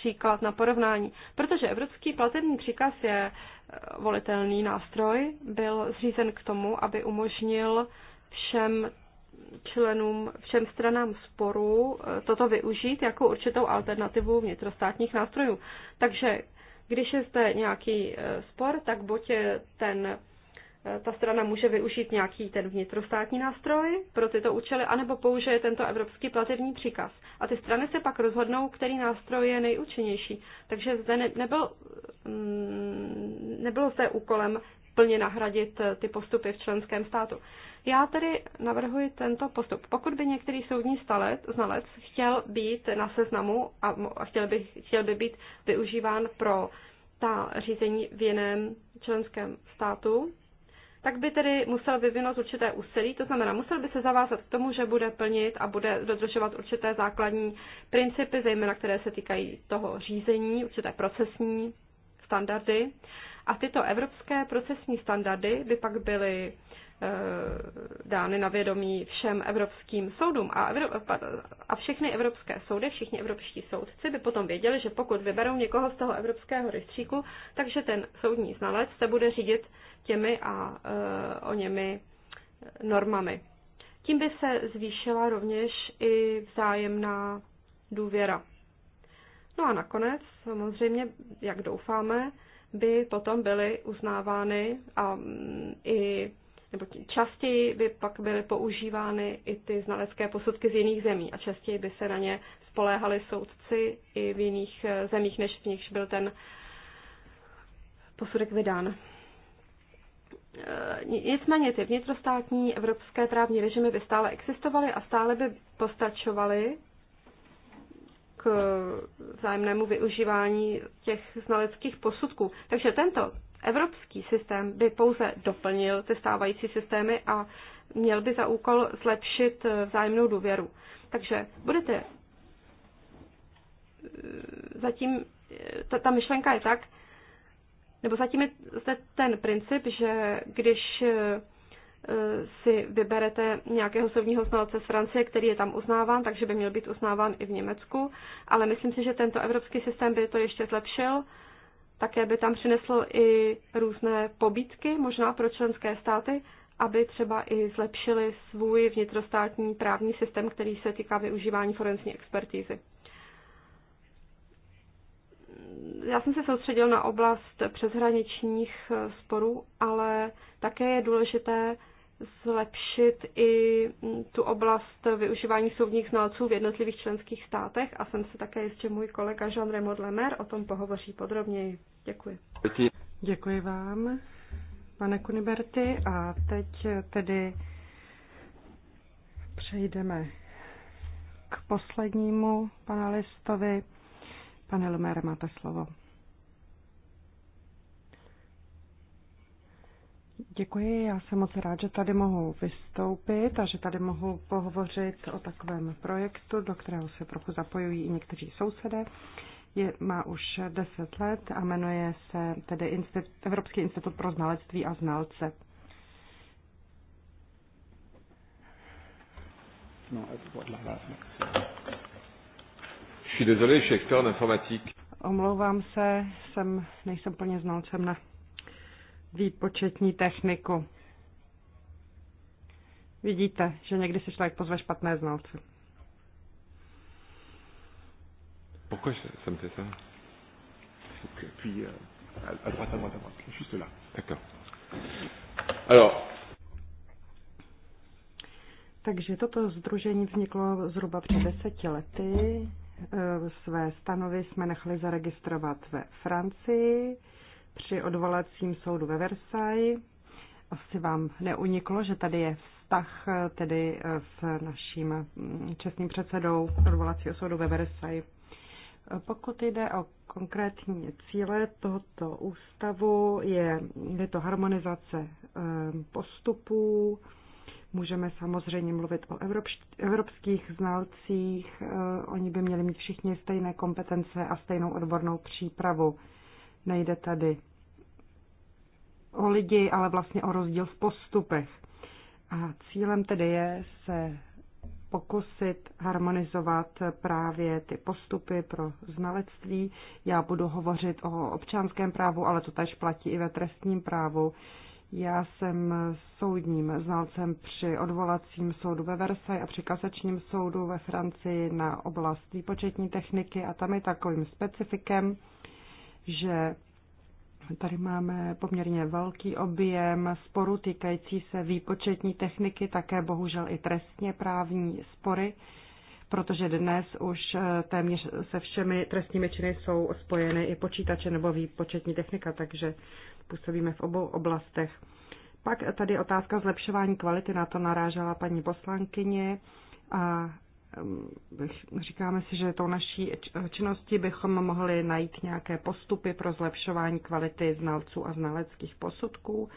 příklad na porovnání. Protože Evropský platební příkaz je eh, volitelný nástroj, byl zřízen k tomu, aby umožnil všem členům, všem stranám sporu eh, toto využít jako určitou alternativu vnitrostátních nástrojů. Takže když je zde nějaký eh, spor, tak buď ten Eh, ta strana může využít nějaký ten vnitrostátní nástroj pro tyto účely, anebo použije tento evropský platební příkaz. A ty strany se pak rozhodnou, který nástroj je nejúčinnější. Takže zde ne, nebyl, mm, nebylo zde úkolem plně nahradit eh, ty postupy v členském státu. Já tedy navrhuji tento postup. Pokud by některý soudní stalec, znalec chtěl být na seznamu a chtěl by, chtěl by být využíván pro ta řízení v jiném členském státu, tak by tedy musel vyvinout určité úsilí, to znamená, musel by se zavázat k tomu, že bude plnit a bude dodržovat určité základní principy, zejména které se týkají toho řízení, určité procesní standardy. A tyto evropské procesní standardy by pak byly Eh, dány na vědomí všem evropským soudům a, Evropa, a všechny evropské soudy, všichni evropští soudci by potom věděli, že pokud vyberou někoho z toho evropského rejstříku, takže ten soudní znalec se bude řídit těmi a eh, o němi eh, normami. Tím by se zvýšila rovněž i vzájemná důvěra. No a nakonec, samozřejmě, jak doufáme, by potom byly uznávány a mm, i nebo častěji by pak byly používány i ty znalecké posudky z jiných zemí a častěji by se na ně spoléhali soudci i v jiných eh, zemích, než v nichž byl ten posudek vydán. Eh, nicméně ty vnitrostátní evropské právní režimy by stále existovaly a stále by postačovaly k vzájemnému využívání těch znaleckých posudků. Takže tento Evropský systém by pouze doplnil ty stávající systémy a měl by za úkol zlepšit eh, vzájemnou důvěru. Takže budete eh, zatím, eh, ta, ta myšlenka je tak, nebo zatím je ten princip, že když si vyberete nějakého soudního znalce z Francie, který je tam uznáván, takže by měl být uznáván i v Německu, ale myslím si, že tento evropský systém by to ještě zlepšil také by tam přineslo i různé pobítky, možná pro členské státy, aby třeba i zlepšili svůj vnitrostátní právní systém, který se týká využívání forenzní expertízy. Já jsem se soustředil na oblast přeshraničních sporů, ale také je důležité zlepšit i tu oblast využívání soudních znalců v jednotlivých členských státech a jsem se také jistě můj kolega Jean Remod Lemer o tom pohovoří podrobněji. Děkuji. Děkuji vám, pane Kuniberty, A teď tedy přejdeme k poslednímu panelistovi. Pane Lemer, máte slovo. Děkuji, já jsem moc rád, že tady mohu vystoupit a že tady mohu pohovořit o takovém projektu, do kterého se trochu zapojují i někteří sousedé. Je, má už 10 let a jmenuje se tedy Institut, Evropský institut pro znalectví a znalce. No, Omlouvám se, jsem, nejsem plně znalcem na výpočetní techniku. Vidíte, že někdy si člověk pozve špatné znalce. Pourquoi ça me fait ça Puis, euh, à droite, à droite, à droite, juste là. D'accord. Alors. Takže toto združení vzniklo zhruba před deseti lety. Eh, své stanovy jsme nechali zaregistrovat ve Francii při odvolacím soudu ve Versailles. Asi vám neuniklo, že tady je vztah eh, tedy eh, s naším mm, čestným předsedou odvolacího soudu ve Versailles. Eh, pokud jde o konkrétní cíle tohoto ústavu, je, je to harmonizace postupů, Můžeme samozřejmě mluvit o evropských znalcích, oni by měli mít všichni stejné kompetence a stejnou odbornou přípravu. Nejde tady o lidi, ale vlastně o rozdíl v postupech. A cílem tedy je se pokusit harmonizovat právě ty postupy pro znalectví. Já budu hovořit o občanském právu, ale to tež platí i ve trestním právu. Já jsem soudním znalcem při odvolacím soudu ve Versailles a při kasačním soudu ve Francii na oblast výpočetní techniky a tam je takovým specifikem, že tady máme poměrně velký objem sporů týkající se výpočetní techniky, také bohužel i trestně právní spory, protože dnes už eh, téměř se všemi trestními činy jsou spojeny i počítače nebo výpočetní technika, takže působíme v obou oblastech. Pak tady otázka zlepšování kvality, na to narážela paní poslankyně a říkáme si, že tou naší činnosti bychom mohli najít nějaké postupy pro zlepšování kvality znalců a znaleckých posudků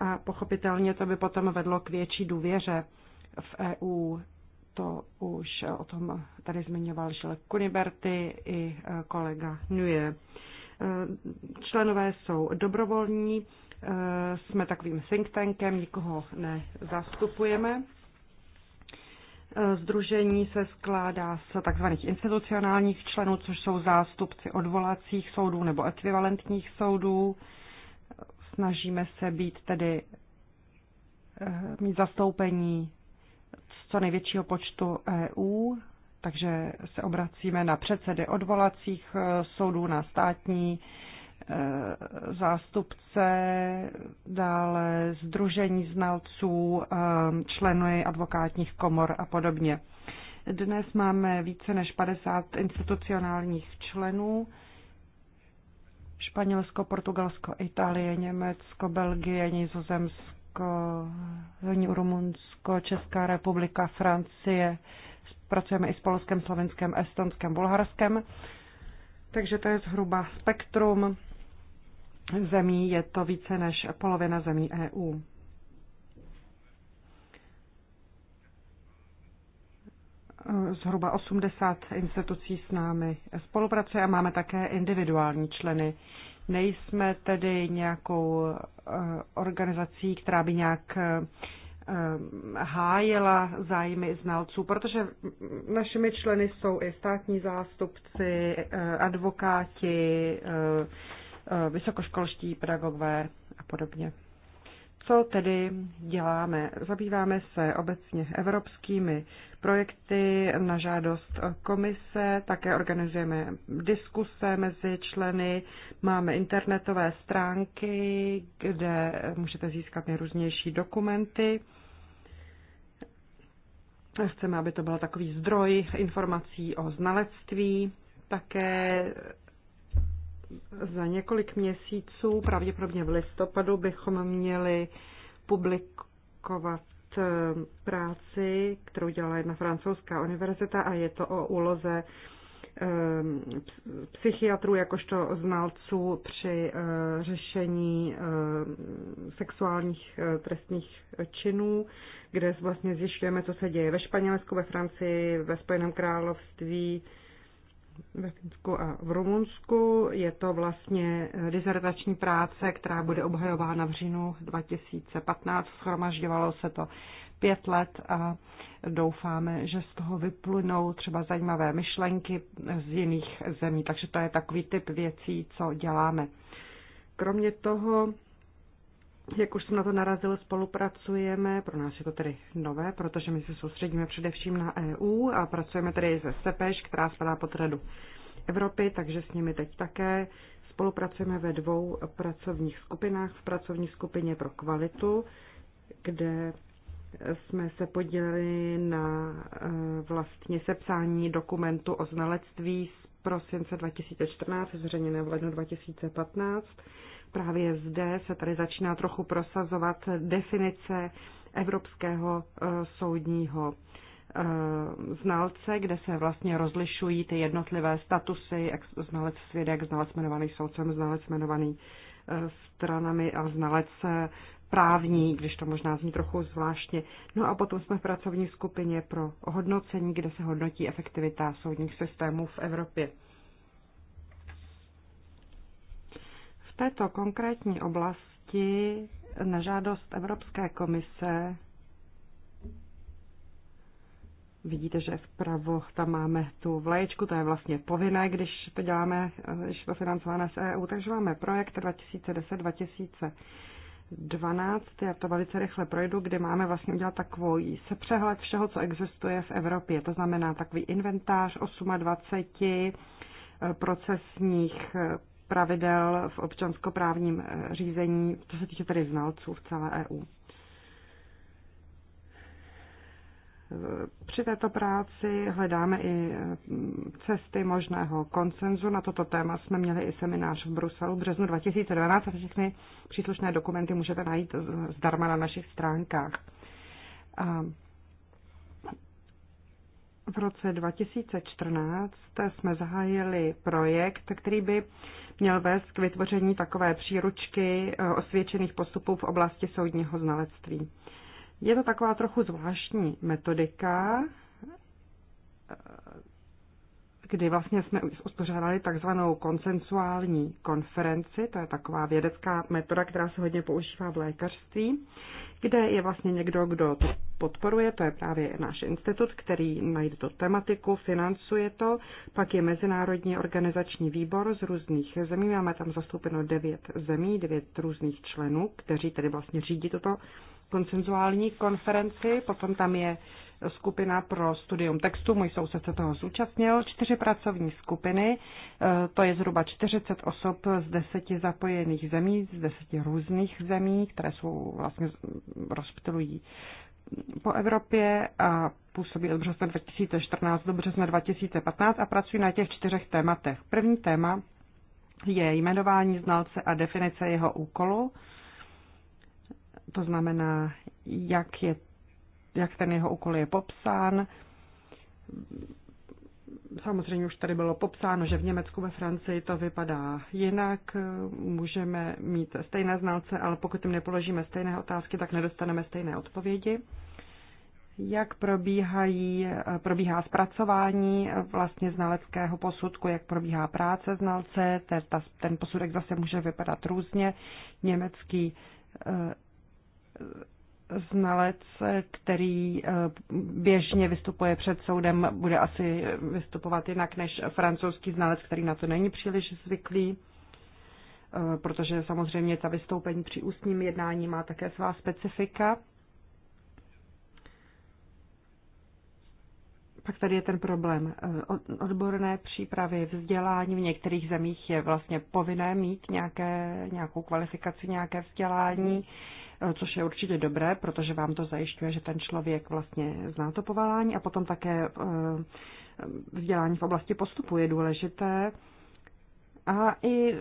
a pochopitelně to by potom vedlo k větší důvěře v EU. To už o tom tady zmiňoval Žilek Kuniberty i e, kolega Nuje. E, členové jsou dobrovolní, e, jsme takovým think tankem, nikoho nezastupujeme Eh, združení se skládá z tzv. institucionálních členů, což jsou zástupci odvolacích soudů nebo ekvivalentních soudů. Eh, snažíme se být tedy eh, mít zastoupení co největšího počtu EU, takže se obracíme na předsedy odvolacích soudů, na státní Eh, zástupce, dále združení znalců, eh, členy advokátních komor a podobně. Dnes máme více než 50 institucionálních členů. Španělsko, Portugalsko, Itálie, Německo, Belgie, Nizozemsko, Rumunsko, Česká republika, Francie. Pracujeme i s Polskem, Slovenskem, Estonskem, Bulharskem. Takže to je zhruba spektrum zemí je to více než polovina zemí EU. Zhruba 80 institucí s námi spolupracuje a máme také individuální členy. Nejsme tedy nějakou eh, organizací, která by nějak eh, eh, hájila zájmy znalců, protože našimi členy jsou i státní zástupci, advokáti, Eh, vysokoškolští pedagogové a podobně. Co tedy děláme? Zabýváme se obecně evropskými projekty na žádost komise, také organizujeme diskuse mezi členy, máme internetové stránky, kde můžete získat nejrůznější dokumenty. Chceme, aby to byl takový zdroj informací o znalectví, také za několik měsíců, pravděpodobně v listopadu, bychom měli publikovat eh, práci, kterou dělala jedna francouzská univerzita a je to o úloze eh, psychiatrů jakožto znalců při eh, řešení sexuálních trestních činů, kde vlastně zjišťujeme, co se děje ve Španělsku, ve Francii, ve Spojeném království, ve Finsku a v Rumunsku. Je to vlastně dizertační práce, která bude obhajována v říjnu 2015. Schromažďovalo se to pět let a doufáme, že z toho vyplynou třeba zajímavé myšlenky z jiných zemí. Takže to je takový typ věcí, co děláme. Kromě toho jak už jsem na to narazil, spolupracujeme, pro nás je to tedy nové, protože my se soustředíme především na EU a pracujeme tedy se SEPEŠ, která spadá pod Radu Evropy, takže s nimi teď také spolupracujeme ve dvou pracovních skupinách. V pracovní skupině pro kvalitu, kde jsme se podíleli na e, vlastně sepsání dokumentu o znalectví z prosince 2014, zřejmě v lednu 2015 právě zde se tady začíná trochu prosazovat definice Evropského eh, soudního eh, znalce, kde se vlastně rozlišují ty jednotlivé statusy, jak znalec svědek, znalec jmenovaný soudcem, znalec jmenovaný eh, stranami a znalec právní, když to možná zní trochu zvláštně. No a potom jsme v pracovní skupině pro hodnocení, kde se hodnotí efektivita soudních systémů v Evropě. V této konkrétní oblasti na žádost Evropské komise Vidíte, že vpravo tam máme tu vlaječku, to je vlastně povinné, když to děláme, když to financované z EU, takže máme projekt 2010-2012, já to velice rychle projdu, kde máme vlastně udělat takový sepřehled všeho, co existuje v Evropě, to znamená takový inventář 28 procesních pravidel v občanskoprávním eh, řízení, co se týče tedy znalců v celé EU. Eh, při této práci hledáme i eh, cesty možného koncenzu. Na toto téma jsme měli i seminář v Bruselu v březnu 2012 a všechny příslušné dokumenty můžete najít zdarma na našich stránkách. A v roce 2014 jsme zahájili projekt, který by měl vést k vytvoření takové příručky eh, osvědčených postupů v oblasti soudního znalectví. Je to taková trochu zvláštní metodika, kdy vlastně jsme uspořádali takzvanou konsensuální konferenci, to je taková vědecká metoda, která se hodně používá v lékařství, kde je vlastně někdo, kdo to podporuje, to je právě náš institut, který najde to tematiku, financuje to, pak je Mezinárodní organizační výbor z různých zemí, máme tam zastoupeno devět zemí, devět různých členů, kteří tedy vlastně řídí toto konsenzuální konferenci, potom tam je skupina pro studium textu, můj soused se toho zúčastnil, čtyři pracovní skupiny, e, to je zhruba 40 osob z deseti zapojených zemí, z deseti různých zemí, které jsou vlastně rozptilují po Evropě a působí od března 2014 do března 2015 a pracují na těch čtyřech tématech. První téma je jmenování znalce a definice jeho úkolu. To znamená, jak je jak ten jeho úkol je popsán. Samozřejmě už tady bylo popsáno, že v Německu, ve Francii to vypadá jinak. Můžeme mít stejné znalce, ale pokud jim nepoložíme stejné otázky, tak nedostaneme stejné odpovědi. Jak probíhají, probíhá zpracování vlastně znaleckého posudku, jak probíhá práce znalce, ten posudek zase může vypadat různě. Německý eh, znalec, který eh, běžně vystupuje před soudem, bude asi vystupovat jinak než francouzský znalec, který na to není příliš zvyklý, eh, protože samozřejmě ta vystoupení při ústním jednání má také svá specifika. pak tady je ten problém eh, odborné přípravy, vzdělání. V některých zemích je vlastně povinné mít nějaké, nějakou kvalifikaci, nějaké vzdělání, eh, což je určitě dobré, protože vám to zajišťuje, že ten člověk vlastně zná to povolání a potom také eh, vzdělání v oblasti postupu je důležité. A i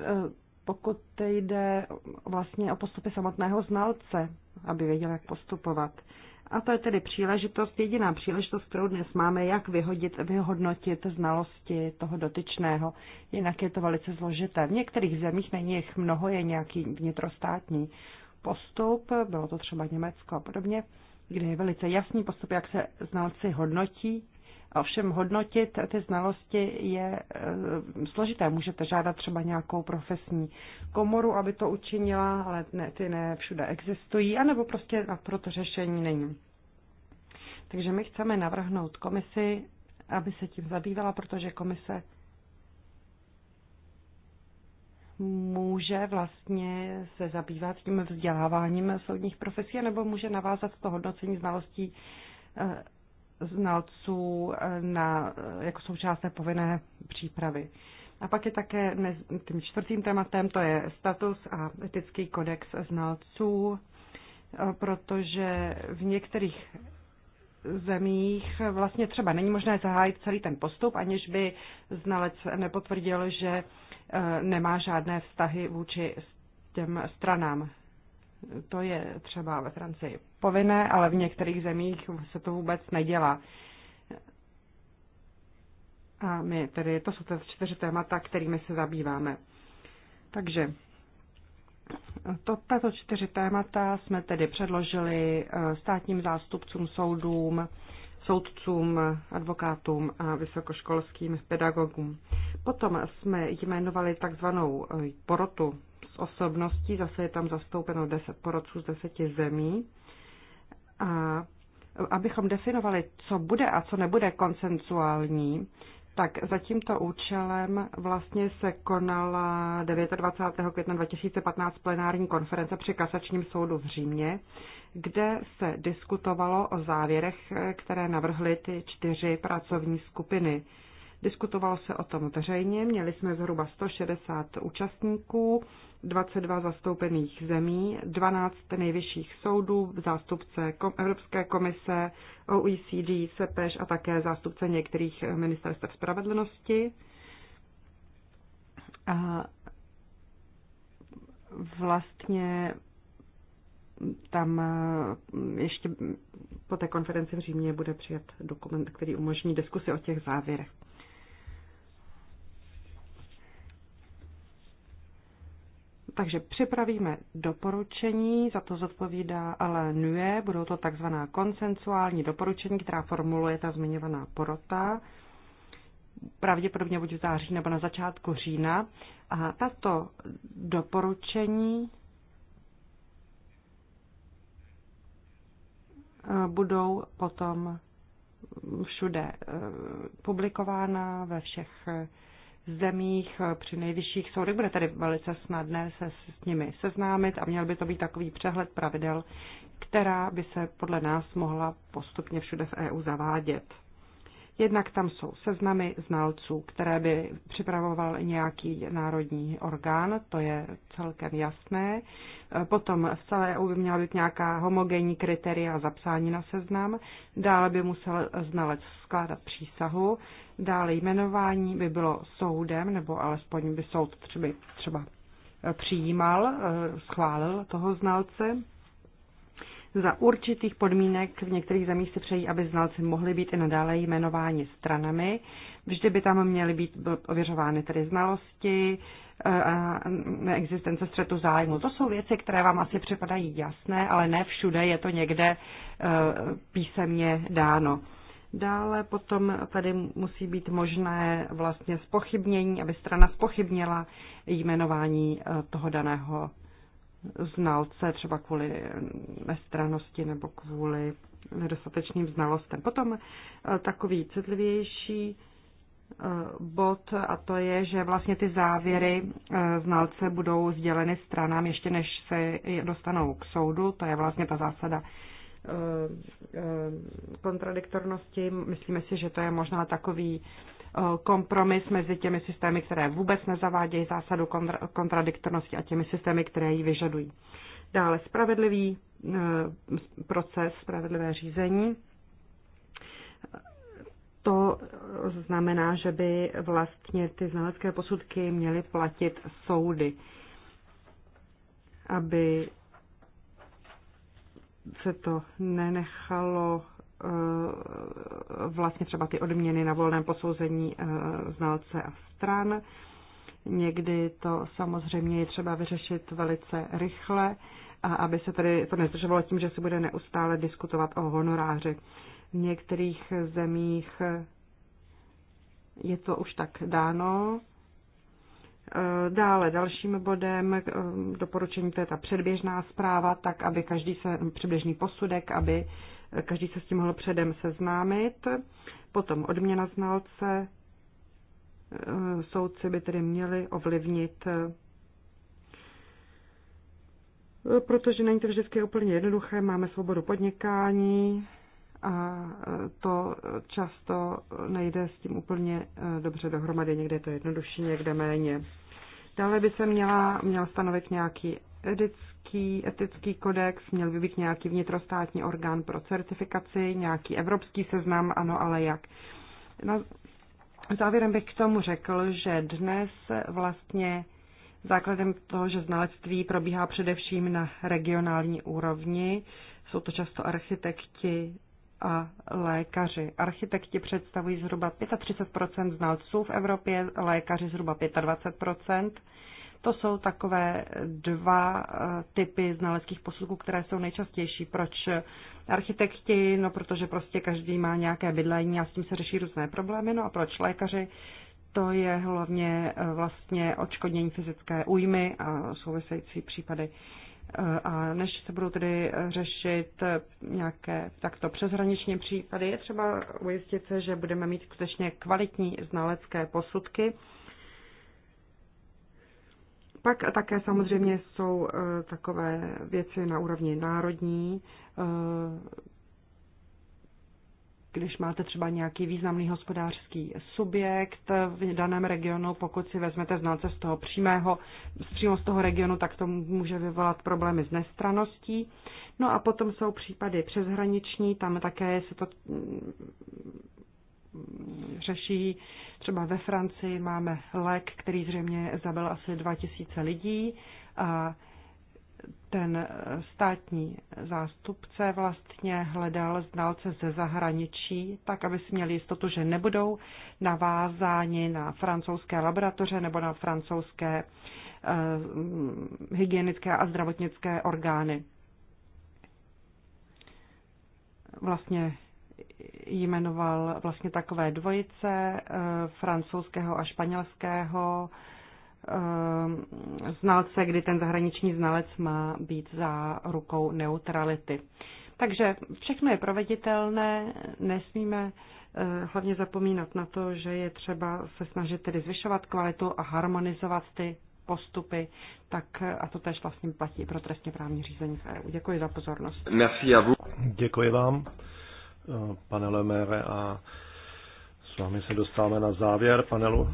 pokud jde vlastně o postupy samotného znalce, aby věděl, jak postupovat. A to je tedy příležitost, jediná příležitost, kterou dnes máme, jak vyhodit, vyhodnotit znalosti toho dotyčného. Jinak je to velice zložité. V některých zemích není jich mnoho, je nějaký vnitrostátní postup, bylo to třeba Německo a podobně, kde je velice jasný postup, jak se znalci hodnotí Ovšem hodnotit ty znalosti je eh, složité. Můžete žádat třeba nějakou profesní komoru, aby to učinila, ale ne, ty ne všude existují, anebo prostě na proto řešení není. Takže my chceme navrhnout komisi, aby se tím zabývala, protože komise může vlastně se zabývat tím vzděláváním soudních profesí, nebo může navázat to hodnocení znalostí eh, znalců eh, na, eh, jako součást té povinné přípravy. A pak je také tím čtvrtým tématem, to je status a etický kodex znalců, eh, protože v některých zemích vlastně třeba není možné zahájit celý ten postup, aniž by znalec nepotvrdil, že nemá žádné vztahy vůči těm stranám. To je třeba ve Francii povinné, ale v některých zemích se to vůbec nedělá. A my tedy, to jsou ty čtyři témata, kterými se zabýváme. Takže to, tato čtyři témata jsme tedy předložili eh, státním zástupcům, soudům, soudcům, advokátům a vysokoškolským pedagogům. Potom jsme jmenovali takzvanou eh, porotu z osobností, zase je tam zastoupeno 10 porodců z 10 zemí. A abychom definovali, co bude a co nebude konsensuální, tak za tímto účelem vlastně se konala 29. května 2015 plenární konference při kasačním soudu v Římě, kde se diskutovalo o závěrech, které navrhly ty čtyři pracovní skupiny. Diskutovalo se o tom veřejně, měli jsme zhruba 160 účastníků, 22 zastoupených zemí, 12 nejvyšších soudů, zástupce Evropské komise, OECD, SEPEŠ a také zástupce některých ministerstv spravedlnosti. A vlastně tam mm, ještě po té konferenci v Římě bude přijat dokument, který umožní diskusi o těch závěrech. Takže připravíme doporučení, za to zodpovídá ale NUE, budou to takzvaná konsensuální doporučení, která formuluje ta zmiňovaná porota, pravděpodobně buď v září nebo na začátku října. A tato doporučení eh, budou potom všude eh, publikována ve všech eh, zemích eh, při nejvyšších soudech. Bude tedy velice snadné se s nimi seznámit a měl by to být takový přehled pravidel, která by se podle nás mohla postupně všude v EU zavádět. Jednak tam jsou seznamy znalců, které by připravoval nějaký národní orgán, to je celkem jasné. Potom v celé EU by měla být nějaká homogenní kritéria zapsání na seznam. Dále by musel znalec skládat přísahu. Dále jmenování by bylo soudem, nebo alespoň by soud třeba, třeba přijímal, eh, schválil toho znalce. Za určitých podmínek v některých zemích se přejí, aby znalci mohli být i nadále jmenováni stranami. Vždy by tam měly být ověřovány tedy znalosti, eh, existence střetu zájmu. To jsou věci, které vám asi připadají jasné, ale ne všude je to někde eh, písemně dáno. Dále potom tady musí být možné vlastně spochybnění, aby strana spochybnila jmenování eh, toho daného znalce, třeba kvůli nestranosti nebo kvůli nedostatečným znalostem. Potom eh, takový citlivější eh, bod a to je, že vlastně ty závěry eh, znalce budou sděleny stranám ještě než se dostanou k soudu. To je vlastně ta zásada kontradiktornosti. Myslíme si, že to je možná takový kompromis mezi těmi systémy, které vůbec nezavádějí zásadu kontra- kontradiktornosti a těmi systémy, které ji vyžadují. Dále spravedlivý eh, proces, spravedlivé řízení. To znamená, že by vlastně ty znalecké posudky měly platit soudy, aby se to nenechalo Eh, vlastně třeba ty odměny na volném posouzení eh, znalce a stran. Někdy to samozřejmě je třeba vyřešit velice rychle, a aby se tady to nezdržovalo tím, že se bude neustále diskutovat o honoráři. V některých zemích je to už tak dáno. Eh, dále dalším bodem doporučení, to je ta předběžná zpráva, tak aby každý se, předběžný posudek, aby Každý se s tím mohl předem seznámit. Potom odměna znalce. Eh, soudci by tedy měli ovlivnit eh, protože není to vždycky úplně jednoduché, máme svobodu podnikání a eh, to často nejde s tím úplně dobře dohromady, někde je to jednodušší, někde méně. Dále by se měla, měl stanovit nějaký etický, etický kodex, měl by být nějaký vnitrostátní orgán pro certifikaci, nějaký evropský seznam, ano, ale jak. Na, závěrem bych k tomu řekl, že dnes vlastně základem toho, že znalectví probíhá především na regionální úrovni, jsou to často architekti a lékaři. Architekti představují zhruba 35 znalců v Evropě, lékaři zhruba 25 to jsou takové dva eh, typy znaleckých posudků, které jsou nejčastější. Proč architekti? No, protože prostě každý má nějaké bydlení a s tím se řeší různé problémy. No a proč lékaři? To je hlavně eh, vlastně odškodnění fyzické újmy a související případy. Eh, a než se budou tedy řešit nějaké takto přeshraniční případy, je třeba ujistit se, že budeme mít skutečně kvalitní znalecké posudky pak také samozřejmě jsou eh, takové věci na úrovni národní, eh, když máte třeba nějaký významný hospodářský subjekt v daném regionu, pokud si vezmete znalce z toho přímého, přímo z toho regionu, tak to může vyvolat problémy s nestraností. No a potom jsou případy přeshraniční, tam také se to řeší. Třeba ve Francii máme lék, který zřejmě zabil asi 2000 lidí a ten státní zástupce vlastně hledal znalce ze zahraničí, tak aby si měli jistotu, že nebudou navázáni na francouzské laboratoře nebo na francouzské uh, hygienické a zdravotnické orgány. Vlastně jmenoval vlastně takové dvojice eh, francouzského a španělského eh, znalce, kdy ten zahraniční znalec má být za rukou neutrality. Takže všechno je proveditelné, nesmíme eh, hlavně zapomínat na to, že je třeba se snažit tedy zvyšovat kvalitu a harmonizovat ty postupy, tak a to tež vlastně platí pro trestně právní řízení v EU. Děkuji za pozornost. Merci a vous. Děkuji vám pane Lemere, a s vámi se dostáváme na závěr panelu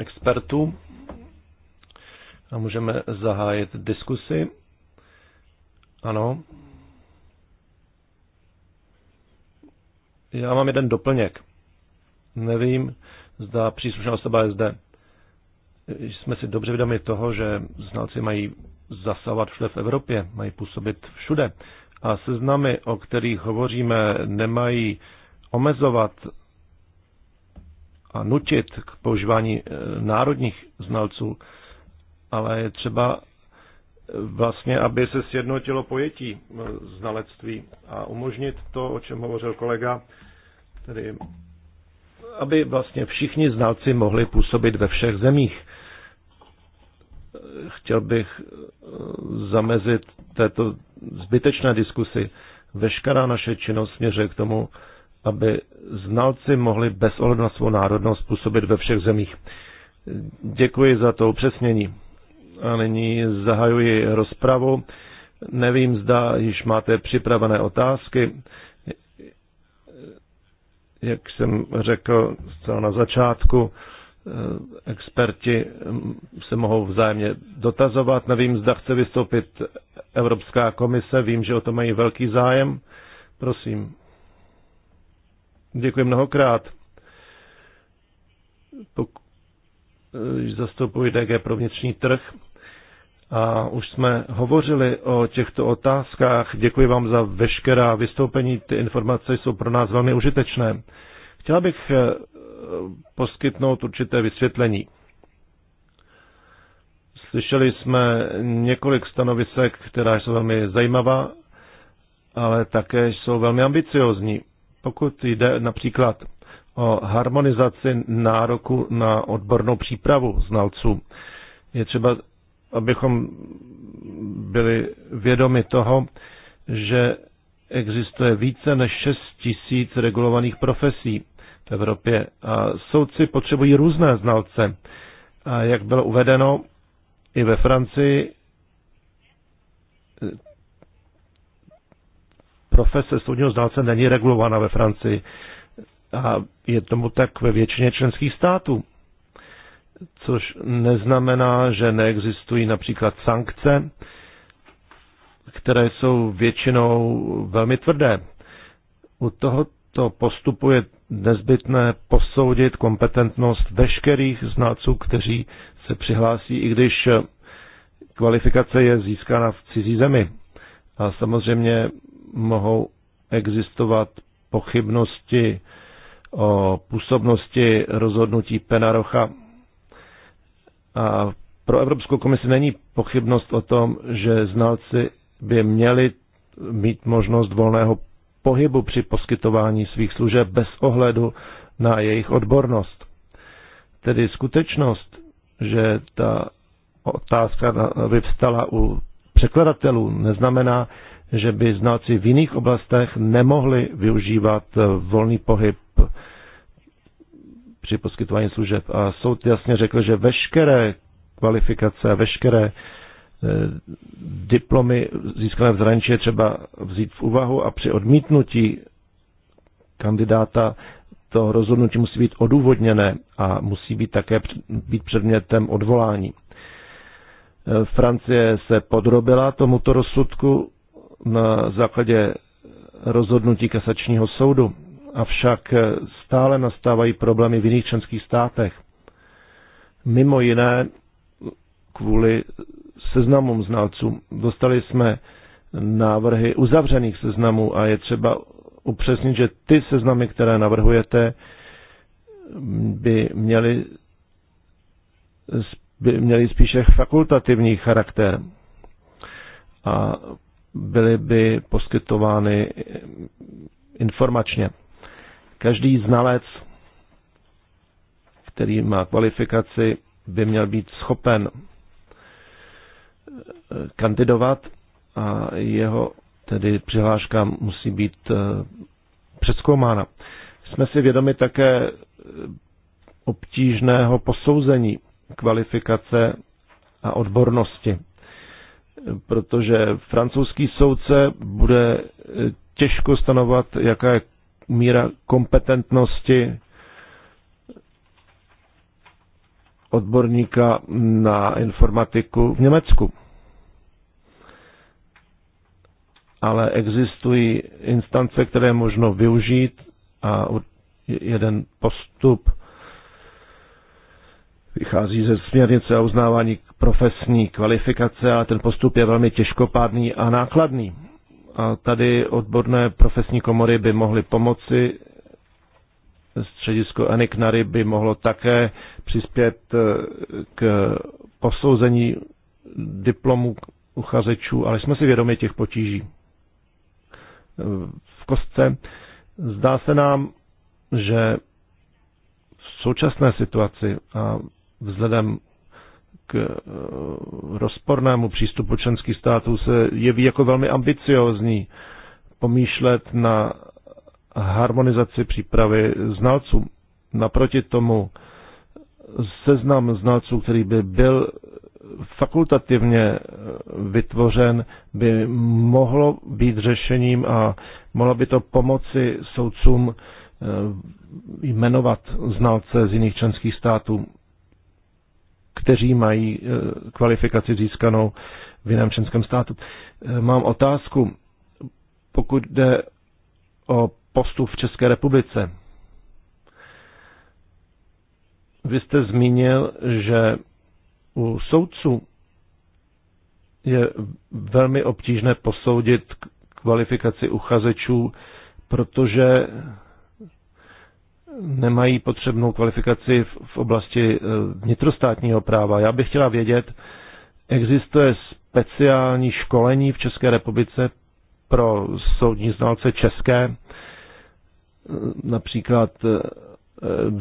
expertů a můžeme zahájit diskusi. Ano. Já mám jeden doplněk. Nevím, zda příslušná osoba je zde. Jsme si dobře vědomi toho, že znalci mají zasahovat všude v Evropě, mají působit všude a seznamy, o kterých hovoříme, nemají omezovat a nutit k používání eh, národních znalců, ale je třeba eh, vlastně, aby se sjednotilo pojetí eh, znalectví a umožnit to, o čem hovořil kolega, tedy aby vlastně všichni znalci mohli působit ve všech zemích chtěl bych eh, zamezit této zbytečné diskusi. Veškerá naše činnost směřuje k tomu, aby znalci mohli bez ohledu na svou národnost působit ve všech zemích. Děkuji za to upřesnění. A nyní zahajuji rozpravu. Nevím, zda již máte připravené otázky. Jak jsem řekl zcela na začátku, Eh, experti mm, se mohou vzájemně dotazovat. Nevím, zda chce vystoupit Evropská komise, vím, že o to mají velký zájem. Prosím. Děkuji mnohokrát. Pok- eh, zastupuji DG pro vnitřní trh a už jsme hovořili o těchto otázkách. Děkuji vám za veškerá vystoupení, ty informace jsou pro nás velmi užitečné. Chtěla bych eh, Eh, poskytnout určité vysvětlení. Slyšeli jsme několik stanovisek, která jsou velmi zajímavá, ale také jsou velmi ambiciozní. Pokud jde například o harmonizaci nároku na odbornou přípravu znalců, je třeba, abychom byli vědomi toho, že existuje více než 6 tisíc regulovaných profesí Evropě. A soudci potřebují různé znalce. A jak bylo uvedeno, i ve Francii profese soudního znalce není regulována ve Francii. A je tomu tak ve většině členských států. Což neznamená, že neexistují například sankce, které jsou většinou velmi tvrdé. U tohoto postupu je nezbytné posoudit kompetentnost veškerých znalců, kteří se přihlásí, i když kvalifikace je získána v cizí zemi. A samozřejmě mohou existovat pochybnosti o působnosti rozhodnutí Penarocha. A pro Evropskou komisi není pochybnost o tom, že znalci by měli mít možnost volného pohybu při poskytování svých služeb bez ohledu na jejich odbornost. Tedy skutečnost, že ta otázka vyvstala u překladatelů, neznamená, že by znalci v jiných oblastech nemohli využívat eh, volný pohyb při poskytování služeb. A soud jasně řekl, že veškeré kvalifikace a veškeré Eh, diplomy získané v zranči je třeba vzít v úvahu a při odmítnutí kandidáta to rozhodnutí musí být odůvodněné a musí být také být předmětem odvolání. Eh, Francie se podrobila tomuto rozsudku na základě rozhodnutí kasačního soudu, avšak eh, stále nastávají problémy v jiných členských státech. Mimo jiné kvůli seznamům znalců. Dostali jsme návrhy uzavřených seznamů a je třeba upřesnit, že ty seznamy, které navrhujete, by měly, by měly spíše fakultativní charakter a byly by poskytovány informačně. Každý znalec, který má kvalifikaci, by měl být schopen kandidovat a jeho tedy přihláška musí být eh, přeskoumána. Jsme si vědomi také eh, obtížného posouzení kvalifikace a odbornosti, protože francouzský soudce bude eh, těžko stanovat, jaká je míra kompetentnosti odborníka na informatiku v Německu. ale existují instance, které je možno využít a jeden postup vychází ze směrnice o uznávání profesní kvalifikace, ale ten postup je velmi těžkopádný a nákladný. A tady odborné profesní komory by mohly pomoci, středisko Eniknary by mohlo také přispět eh, k posouzení diplomů uchazečů, ale jsme si vědomi těch potíží v kostce. Zdá se nám, že v současné situaci a vzhledem k eh, rozpornému přístupu členských států se jeví jako velmi ambiciozní pomýšlet na harmonizaci přípravy znalců. Naproti tomu seznam znalců, který by byl fakultativně eh, vytvořen, by mohlo být řešením a mohlo by to pomoci soudcům eh, jmenovat znalce z jiných členských států, kteří mají eh, kvalifikaci získanou v jiném členském státu. Mám otázku, pokud jde o postup v České republice. Vy jste zmínil, že u soudců je velmi obtížné posoudit kvalifikaci uchazečů, protože nemají potřebnou kvalifikaci v oblasti eh, vnitrostátního práva. Já bych chtěla vědět, existuje speciální školení v České republice pro soudní znalce české, eh, například eh,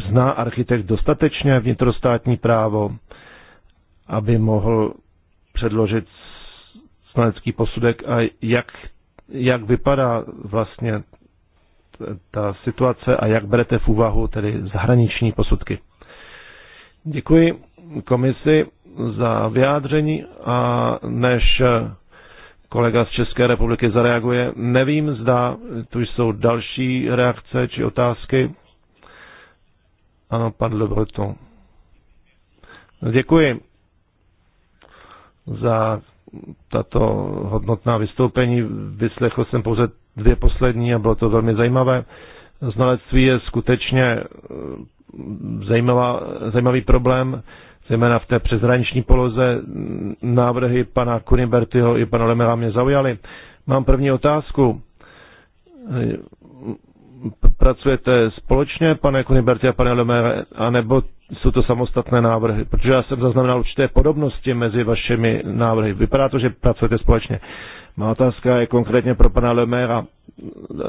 zná architekt dostatečně vnitrostátní právo, aby mohl předložit znalecký posudek a jak, jak vypadá vlastně ta situace a jak berete v úvahu tedy zahraniční posudky. Děkuji komisi za vyjádření a než kolega z České republiky zareaguje, nevím, zda tu jsou další reakce či otázky. Ano, padlo to. Breton. Děkuji za tato hodnotná vystoupení. Vyslechl jsem pouze dvě poslední a bylo to velmi zajímavé. Znalectví je skutečně eh, zajímavá, zajímavý problém, zejména v té přezraniční poloze. Návrhy pana Kunibertyho i pana Lemela mě zaujaly. Mám první otázku. Eh, pracujete společně, pane Kuniberti a pane Lemere, anebo jsou to samostatné návrhy, protože já jsem zaznamenal určité podobnosti mezi vašimi návrhy. Vypadá to, že pracujete společně. Má otázka je konkrétně pro pana Lemera.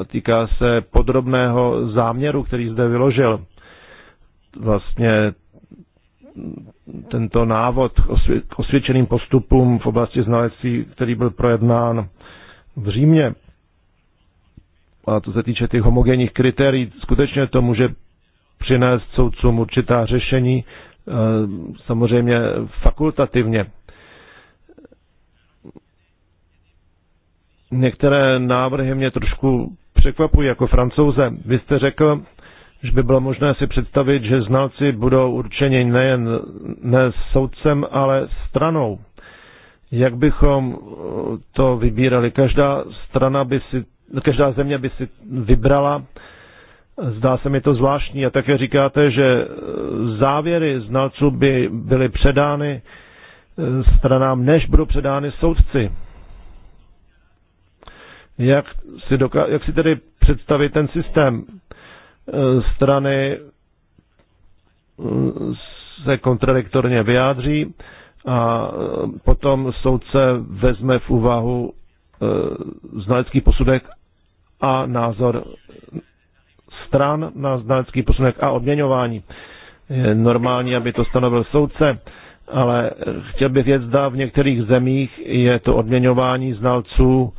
Týká se podrobného záměru, který zde vyložil. Vlastně tento návod k osvědčeným postupům v oblasti znalecí, který byl projednán v Římě. A co se týče těch homogenních kritérií, skutečně to může přinést soudcům určitá řešení, eh, samozřejmě fakultativně. Některé návrhy mě trošku překvapují jako francouze. Vy jste řekl, že by bylo možné si představit, že znalci budou určeni nejen ne soudcem, ale stranou. Jak bychom eh, to vybírali? Každá strana by si, každá země by si vybrala Zdá se mi to zvláštní a také říkáte, že závěry znalců by byly předány e, stranám, než budou předány soudci. Jak si, jak si tedy představit ten systém? E, strany e, se kontradiktorně vyjádří a potom soudce vezme v úvahu znalecký posudek a názor stran na znalecký posunek a odměňování. Je normální, aby to stanovil soudce, ale chtěl bych vědět, zda v některých zemích je to odměňování znalců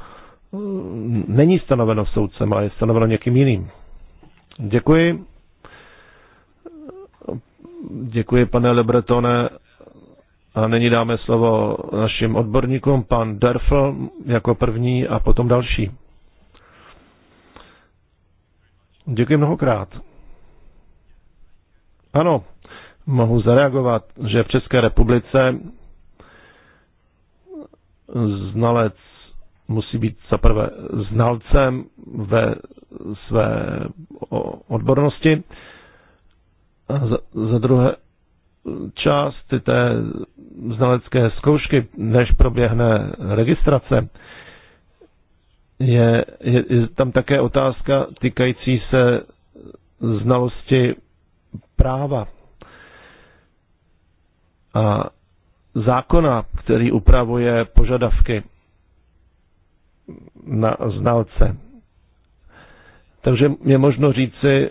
mm, není stanoveno soudcem, ale je stanoveno někým jiným. Děkuji. Děkuji, pane Lebretone. A nyní dáme slovo našim odborníkům, pan Derfl jako první a potom další. Děkuji mnohokrát. Ano, mohu zareagovat, že v České republice znalec musí být zaprvé znalcem ve své odbornosti, a za, za druhé část té znalecké zkoušky, než proběhne registrace, je, je, je tam také otázka týkající se znalosti práva a zákona, který upravuje požadavky na znalce. Takže je možno říci,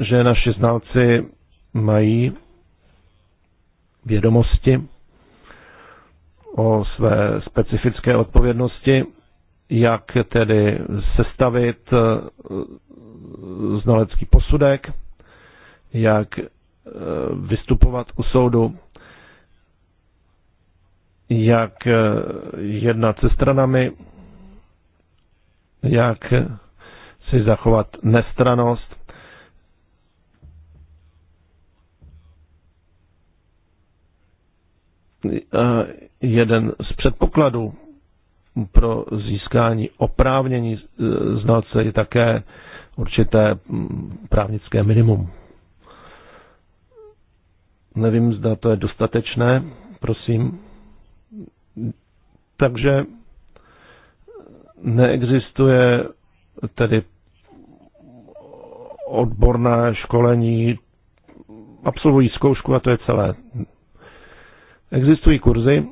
že naši znalci mají vědomosti o své specifické odpovědnosti jak tedy sestavit eh, znalecký posudek, jak eh, vystupovat u soudu, jak eh, jednat se stranami, jak si zachovat nestranost. Jeden z předpokladů pro získání oprávnění e, znalce je také určité právnické minimum. Nevím, zda to je dostatečné, prosím. Takže neexistuje tedy odborné školení, absolvují zkoušku a to je celé. Existují kurzy,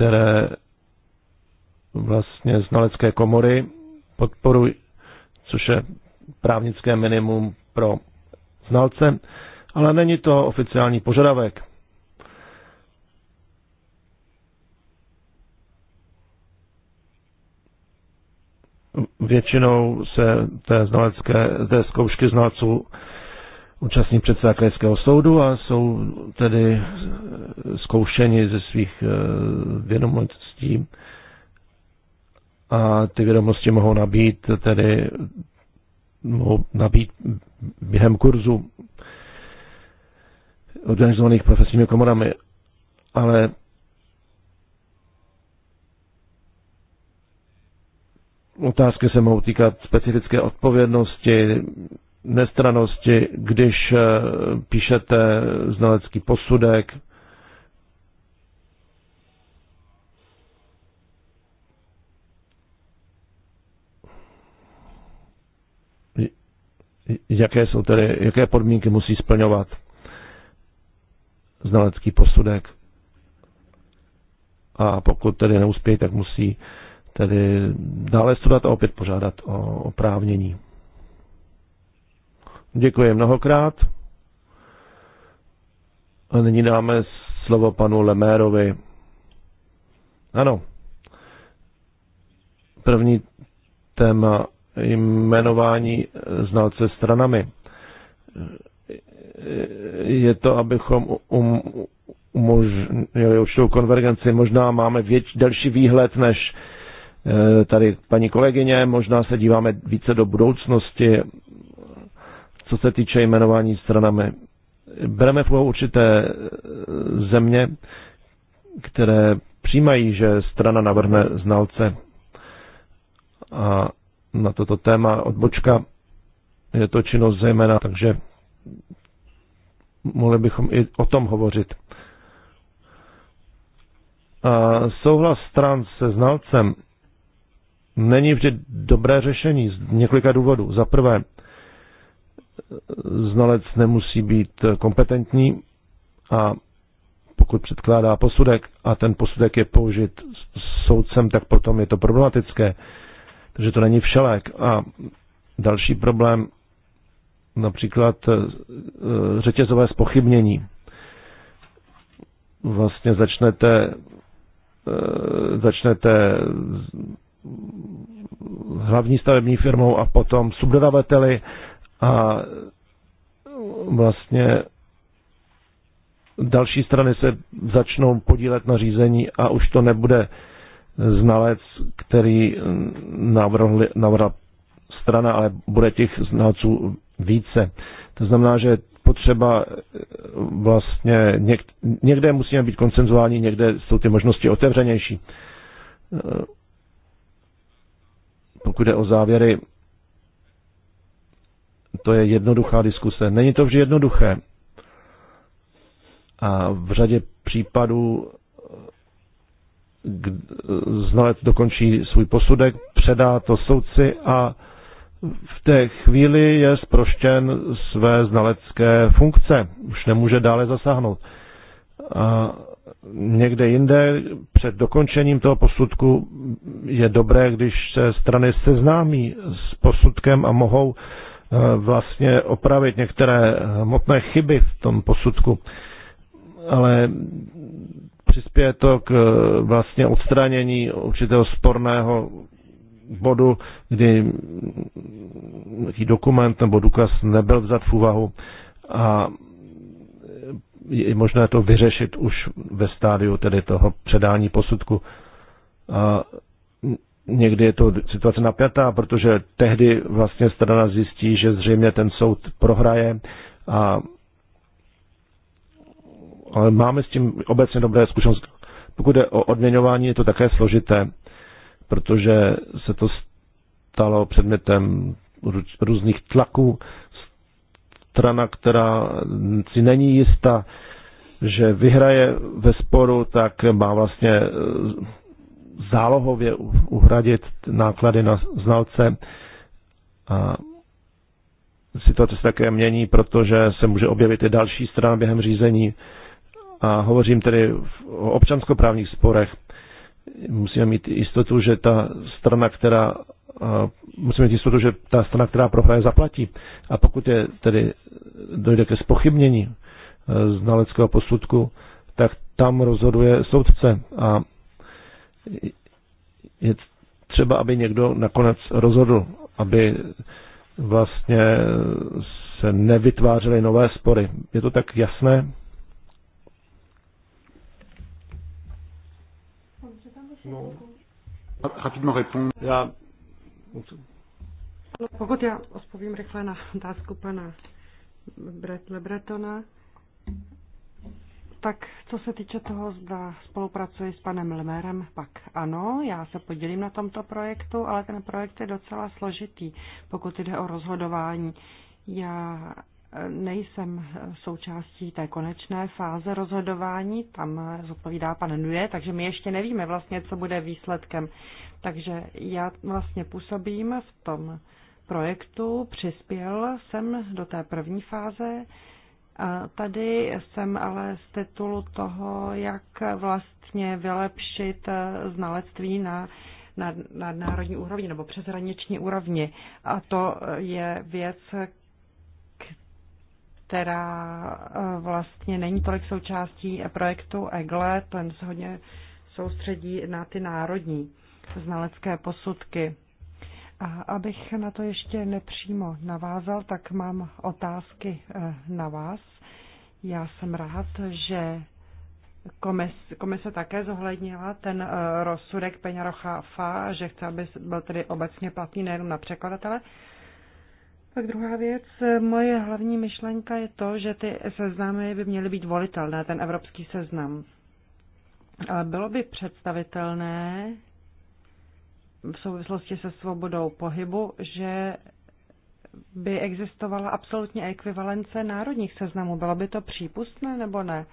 které vlastně znalecké komory podporují, což je právnické minimum pro znalce, ale není to oficiální požadavek. Většinou se té, znalecké, té zkoušky znalců účastní předseda krajského soudu a jsou tedy zkoušeni ze svých eh, vědomostí. A ty vědomosti mohou nabít tedy mohou nabít během kurzu organizovaných profesními komorami. Ale otázky se mohou týkat specifické odpovědnosti, nestranosti, když eh, píšete znalecký posudek. Jaké jsou tedy, jaké podmínky musí splňovat znalecký posudek. A pokud tedy neuspějí, tak musí tedy dále studovat a opět požádat o oprávnění. Děkuji mnohokrát. A nyní dáme slovo panu Lemérovi. Ano. První téma jmenování znalce stranami. Je to, abychom um-, umožnili určitou konvergenci. Možná máme věč, delší výhled než eh, tady paní kolegyně, možná se díváme více do budoucnosti co se týče jmenování stranami, bereme v úvahu určité e, země, které přijímají, že strana navrhne znalce. A na toto téma odbočka je to činnost zejména, takže mohli bychom i o tom hovořit. A souhlas stran se znalcem není vždy dobré řešení z několika důvodů. Za prvé, znalec nemusí být kompetentní a pokud předkládá posudek a ten posudek je použit soudcem, tak potom je to problematické. Takže to není všelek. A další problém, například e, řetězové spochybnění. Vlastně začnete, e, začnete hlavní stavební firmou a potom subdodavateli a vlastně další strany se začnou podílet na řízení a už to nebude znalec, který navrhl, navrhl strana, ale bude těch znalců více. To znamená, že potřeba eh, vlastně něk, někde musíme být koncenzuální, někde jsou ty možnosti otevřenější. Eh, pokud jde o závěry to je jednoduchá diskuse. Není to vždy jednoduché. A v řadě případů eh, eh, znalec dokončí svůj posudek, předá to soudci a v té chvíli je zproštěn své znalecké funkce. Už nemůže dále zasáhnout. A někde jinde před dokončením toho posudku je dobré, když se strany seznámí s posudkem a mohou Eh, vlastně opravit některé eh, hmotné chyby v tom posudku, ale přispěje to k eh, vlastně odstranění určitého sporného bodu, kdy nějaký dokument nebo důkaz nebyl vzat v úvahu a je možné to vyřešit už ve stádiu tedy toho předání posudku. A Někdy je to situace napjatá, protože tehdy vlastně strana zjistí, že zřejmě ten soud prohraje a ale máme s tím obecně dobré zkušenosti. Pokud je o odměňování, je to také složité, protože se to stalo předmětem různých tlaků. Strana, která si není jista, že vyhraje ve sporu, tak má vlastně zálohově uhradit náklady na znalce. A situace se také mění, protože se může objevit i další strana během řízení. A hovořím tedy o občanskoprávních sporech. Musíme mít jistotu, že ta strana, která musíme mít jistotu, že ta strana, která prohraje, zaplatí. A pokud je tedy dojde ke spochybnění e, znaleckého posudku, tak tam rozhoduje soudce a je třeba, aby někdo nakonec rozhodl, aby vlastně se nevytvářely nové spory. Je to tak jasné? No. Já... Pokud já odpovím rychle na otázku pana Bretle Bretona, tak co se týče toho, zda spolupracuji s panem Lmerem, pak ano, já se podělím na tomto projektu, ale ten projekt je docela složitý, pokud jde o rozhodování. Já eh, nejsem součástí té konečné fáze rozhodování, tam zodpovídá pan Nuje, takže my ještě nevíme vlastně, co bude výsledkem. Takže já vlastně působím v tom projektu, přispěl jsem do té první fáze, tady jsem ale z titulu toho, jak vlastně vylepšit eh, znalectví na na, na národní úrovni nebo přeshraniční úrovni. A to eh, je věc, která eh, vlastně není tolik součástí projektu EGLE, ten se hodně soustředí na ty národní znalecké posudky. A abych na to ještě nepřímo navázal, tak mám otázky eh, na vás. Já jsem rád, že komise, komise také zohlednila ten eh, rozsudek Peňarocha že chce, aby byl tedy obecně platný nejen na překladatele, Tak druhá věc, moje hlavní myšlenka je to, že ty seznamy by měly být volitelné, ten evropský seznam. Ale bylo by představitelné, v souvislosti se svobodou pohybu, že by existovala absolutní ekvivalence národních seznamů. Bylo by to přípustné nebo ne?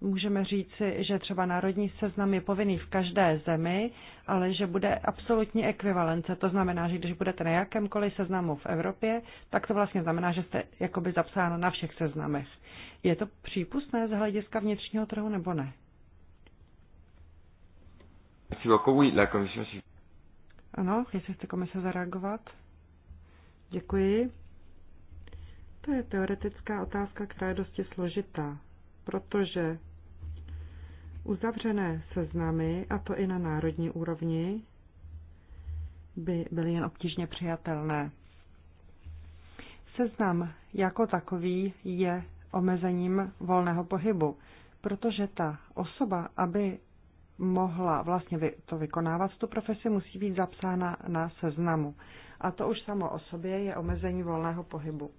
Můžeme říci, že třeba národní seznam je povinný v každé zemi, ale že bude absolutní ekvivalence. To znamená, že když budete na jakémkoliv seznamu v Evropě, tak to vlastně znamená, že jste jakoby zapsáno na všech seznamech. Je to přípustné z hlediska vnitřního trhu nebo ne? Ano, jestli chce komise zareagovat. Děkuji. To je teoretická otázka, která je dosti složitá, protože uzavřené seznamy, a to i na národní úrovni, by byly jen obtížně přijatelné. Seznam jako takový je omezením volného pohybu, protože ta osoba, aby mohla vlastně to vykonávat, tu profesi musí být zapsána na seznamu. A to už samo o sobě je omezení volného pohybu.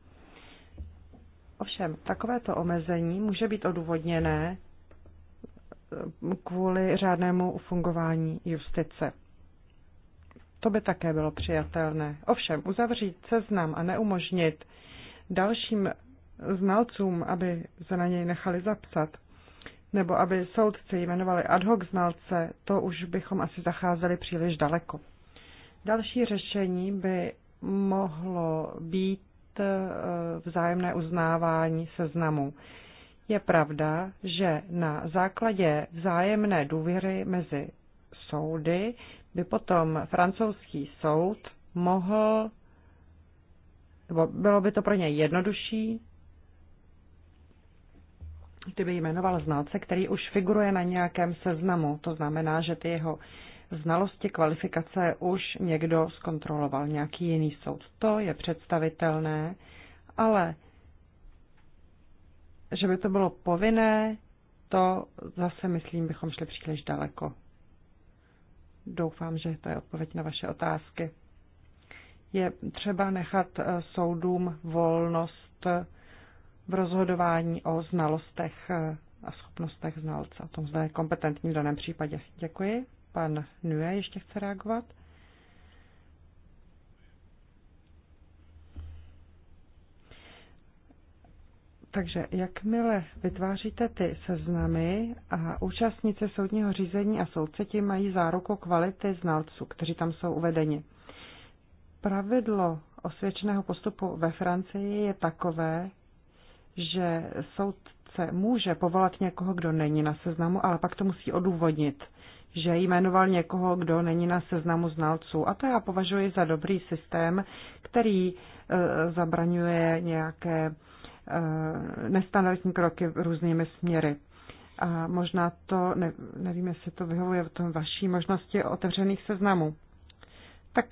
Ovšem, takovéto omezení může být odůvodněné eh, kvůli řádnému fungování justice. To by také bylo přijatelné. Ovšem, uzavřít seznam a neumožnit dalším znalcům, aby se na něj nechali zapsat, nebo aby soudci jmenovali ad hoc znalce, to už bychom asi zacházeli příliš daleko. Další řešení by mohlo být eh, vzájemné uznávání seznamů. Je pravda, že na základě vzájemné důvěry mezi soudy by potom francouzský soud mohl, nebo bylo by to pro něj jednodušší, by jmenoval znalce, který už figuruje na nějakém seznamu. To znamená, že ty jeho znalosti, kvalifikace už někdo zkontroloval, nějaký jiný soud. To je představitelné, ale že by to bylo povinné, to zase, myslím, bychom šli příliš daleko. Doufám, že to je odpověď na vaše otázky. Je třeba nechat eh, soudům volnost v rozhodování o znalostech eh, a schopnostech znalce, o tom, zda je kompetentní v daném případě. Děkuji. Pan Nue ještě chce reagovat. Takže jakmile vytváříte ty seznamy a účastníci soudního řízení a soudce ti mají záruku kvality znalců, kteří tam jsou uvedeni. Pravidlo osvědčeného postupu ve Francii je takové, že soudce může povolat někoho, kdo není na seznamu, ale pak to musí odůvodnit, že jmenoval někoho, kdo není na seznamu znalců. A to já považuji za dobrý systém, který e, zabraňuje nějaké e, nestandardní kroky různými směry. A možná to, ne, nevím, jestli to vyhovuje v tom vaší možnosti otevřených seznamů. Tak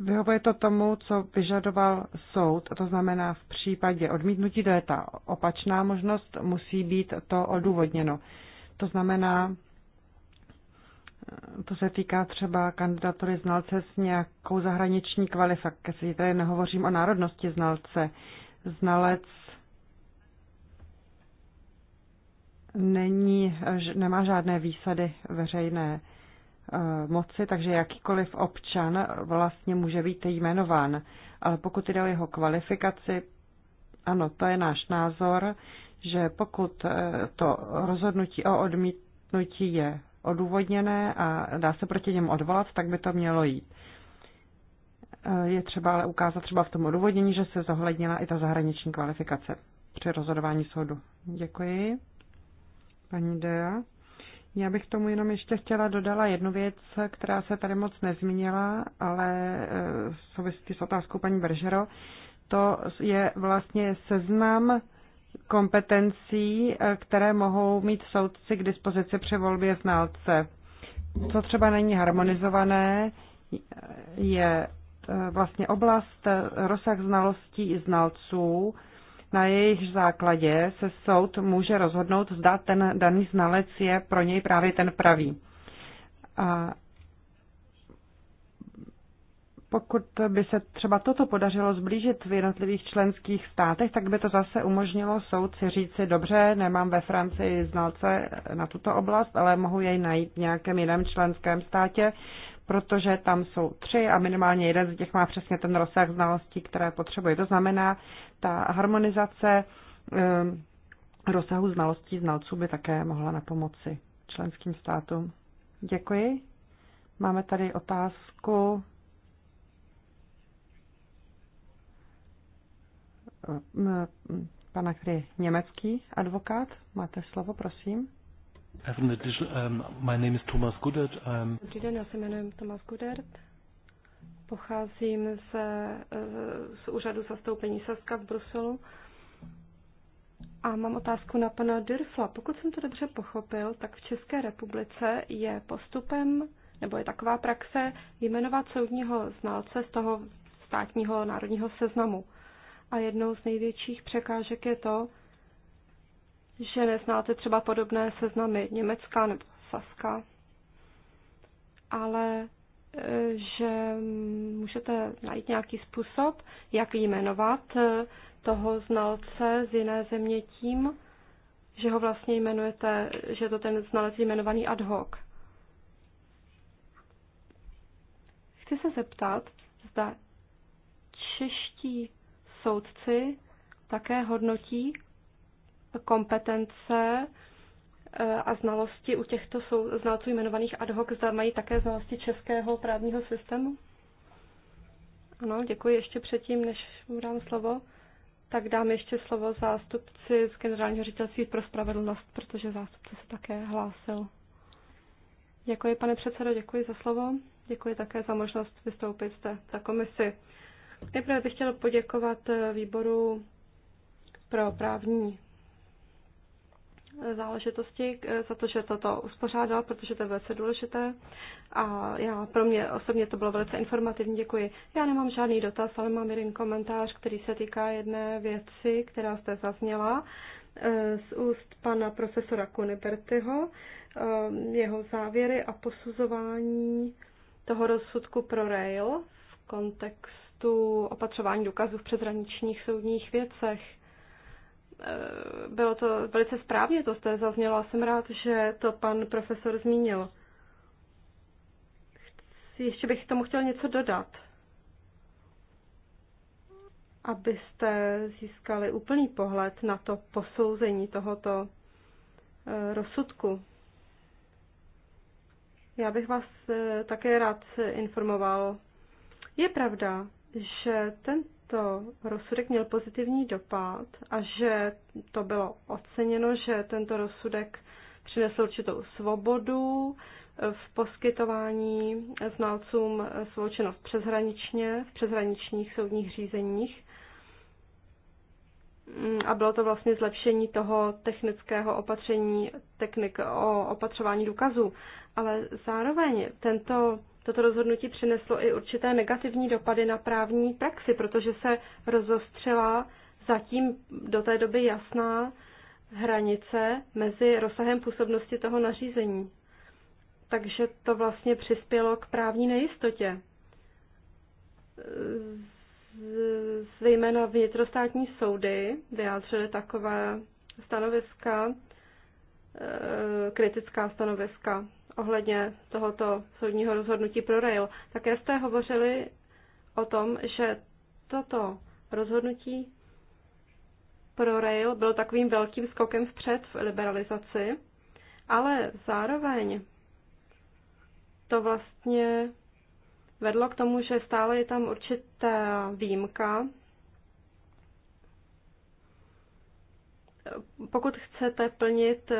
vyhovuje to tomu, co vyžadoval soud, to znamená v případě odmítnutí, to je ta opačná možnost, musí být to odůvodněno. To znamená, eh, to se týká třeba kandidatury znalce s nějakou zahraniční kvalifikací. Tady nehovořím o národnosti znalce. Znalec není, eh, nemá žádné výsady veřejné. Eh, moci, takže jakýkoliv občan vlastně může být jmenován. Ale pokud jde o jeho kvalifikaci, ano, to je náš názor, že pokud eh, to rozhodnutí o odmítnutí je odůvodněné a dá se proti němu odvolat, tak by to mělo jít. Eh, je třeba ale ukázat třeba v tom odůvodnění, že se zohlednila i ta zahraniční kvalifikace při rozhodování soudu. Děkuji. Paní Dea. Já bych tomu jenom ještě chtěla dodala jednu věc, která se tady moc nezmínila, ale eh, souvisí s otázkou paní Beržero. To je vlastně seznam kompetencí, eh, které mohou mít soudci k dispozici při volbě znalce. Co třeba není harmonizované, je eh, vlastně oblast rozsah znalostí i znalců, na jejich základě se soud může rozhodnout, zda ten daný znalec je pro něj právě ten pravý. A pokud by se třeba toto podařilo zblížit v jednotlivých členských státech, tak by to zase umožnilo soudci říci, dobře, nemám ve Francii znalce na tuto oblast, ale mohu jej najít v nějakém jiném členském státě, protože tam jsou tři a minimálně jeden z těch má přesně ten rozsah znalostí, které potřebuje. To znamená, ta harmonizace ehm, rozsahu znalostí znalců by také mohla na pomoci členským státům. Děkuji. Máme tady otázku. Ehm, ehm, pana, který je německý advokát. Máte slovo, prosím. Um, my name is Thomas Goodert. Um, Dobrý den, já se jmenuji Thomas Goodert. Pocházím z, z úřadu zastoupení Saska v Bruselu. A mám otázku na pana Dyrfla. Pokud jsem to dobře pochopil, tak v České republice je postupem, nebo je taková praxe, jmenovat soudního znalce z toho státního národního seznamu. A jednou z největších překážek je to, že neznáte třeba podobné seznamy Německa nebo Saska, ale e, že můžete najít nějaký způsob, jak jmenovat e, toho znalce z jiné země tím, že ho vlastně jmenujete, že to ten znalec jmenovaný ad hoc. Chci se zeptat, zda čeští soudci také hodnotí kompetence eh, a znalosti u těchto znalců jmenovaných ad hoc, zda mají také znalosti českého právního systému? Ano, děkuji ještě předtím, než mu dám slovo. Tak dám ještě slovo zástupci z Generálního ředitelství pro spravedlnost, protože zástupce se také hlásil. Děkuji, pane předsedo, děkuji za slovo. Děkuji také za možnost vystoupit zde za komisi. Nejprve bych chtěl poděkovat eh, výboru pro právní záležitosti eh, za to, že toto uspořádal, protože to je velice důležité. A já, pro mě osobně to bylo velice informativní, děkuji. Já nemám žádný dotaz, ale mám jeden komentář, který se týká jedné věci, která jste zazněla eh, z úst pana profesora Kunibertyho, eh, jeho závěry a posuzování toho rozsudku pro rail v kontextu opatřování důkazů v přezraničních soudních věcech. Eh, bylo to velice správně, to jste zaznělo a jsem rád, že to pan profesor zmínil. Ještě bych k tomu chtěl něco dodat, abyste získali úplný pohled na to posouzení tohoto eh, rozsudku. Já bych vás eh, také rád informoval. Je pravda, že ten tento rozsudek měl pozitivní dopad a že to bylo oceněno, že tento rozsudek přinesl určitou svobodu v poskytování znalcům svou činnost přeshraničně, v přeshraničních soudních řízeních. A bylo to vlastně zlepšení toho technického opatření, technik o opatřování důkazů. Ale zároveň tento toto rozhodnutí přineslo i určité negativní dopady na právní praxi, protože se rozostřela zatím do té doby jasná hranice mezi rozsahem působnosti toho nařízení. Takže to vlastně přispělo k právní nejistotě. Zejména vnitrostátní soudy vyjádřily takové stanoviska, e, kritická stanoviska ohledně tohoto soudního rozhodnutí pro rail. Také jste hovořili o tom, že toto rozhodnutí pro rail bylo takovým velkým skokem vpřed v liberalizaci, ale zároveň to vlastně vedlo k tomu, že stále je tam určitá výjimka. Pokud chcete plnit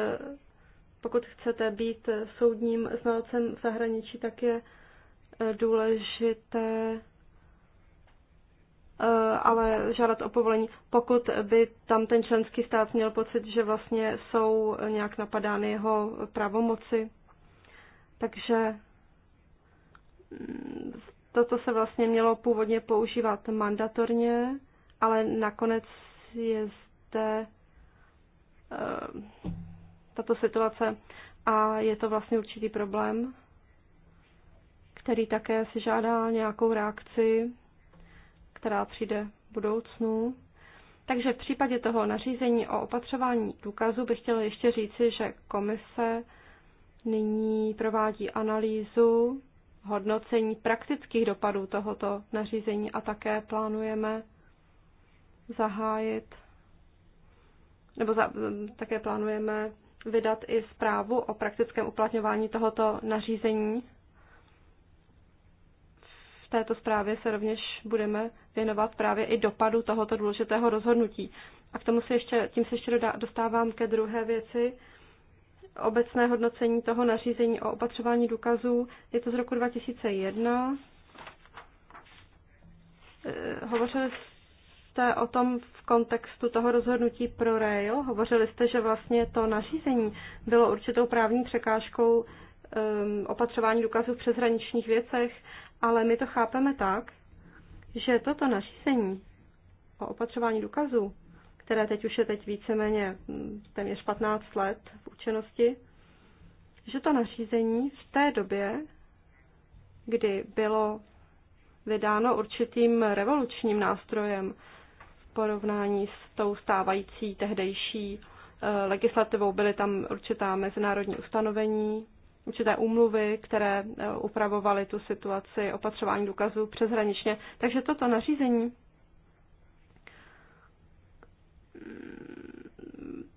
pokud chcete být soudním znalcem v zahraničí, tak je eh, důležité eh, ale žádat o povolení, pokud by tam ten členský stát měl pocit, že vlastně jsou nějak napadány jeho pravomoci. Takže toto mm, se vlastně mělo původně používat mandatorně, ale nakonec je zde eh, tato situace a je to vlastně určitý problém, který také si žádá nějakou reakci, která přijde v budoucnu. Takže v případě toho nařízení o opatřování důkazů bych chtěla ještě říci, že komise nyní provádí analýzu hodnocení praktických dopadů tohoto nařízení a také plánujeme zahájit nebo za, také plánujeme vydat i zprávu o praktickém uplatňování tohoto nařízení. V této zprávě se rovněž budeme věnovat právě i dopadu tohoto důležitého rozhodnutí. A k tomu se ještě, tím se ještě dostávám ke druhé věci, obecné hodnocení toho nařízení o opatřování důkazů. Je to z roku 2001. Eh, hovořili jste o tom v kontextu toho rozhodnutí pro rail. Hovořili jste, že vlastně to nařízení bylo určitou právní překážkou um, opatřování důkazů v přeshraničních věcech, ale my to chápeme tak, že toto nařízení o opatřování důkazů, které teď už je teď víceméně mm, téměř 15 let v účinnosti, že to nařízení v té době, kdy bylo vydáno určitým revolučním nástrojem, porovnání s tou stávající tehdejší eh, legislativou byly tam určitá mezinárodní ustanovení, určité úmluvy, které eh, upravovaly tu situaci opatřování důkazů přeshraničně. Takže toto nařízení mm,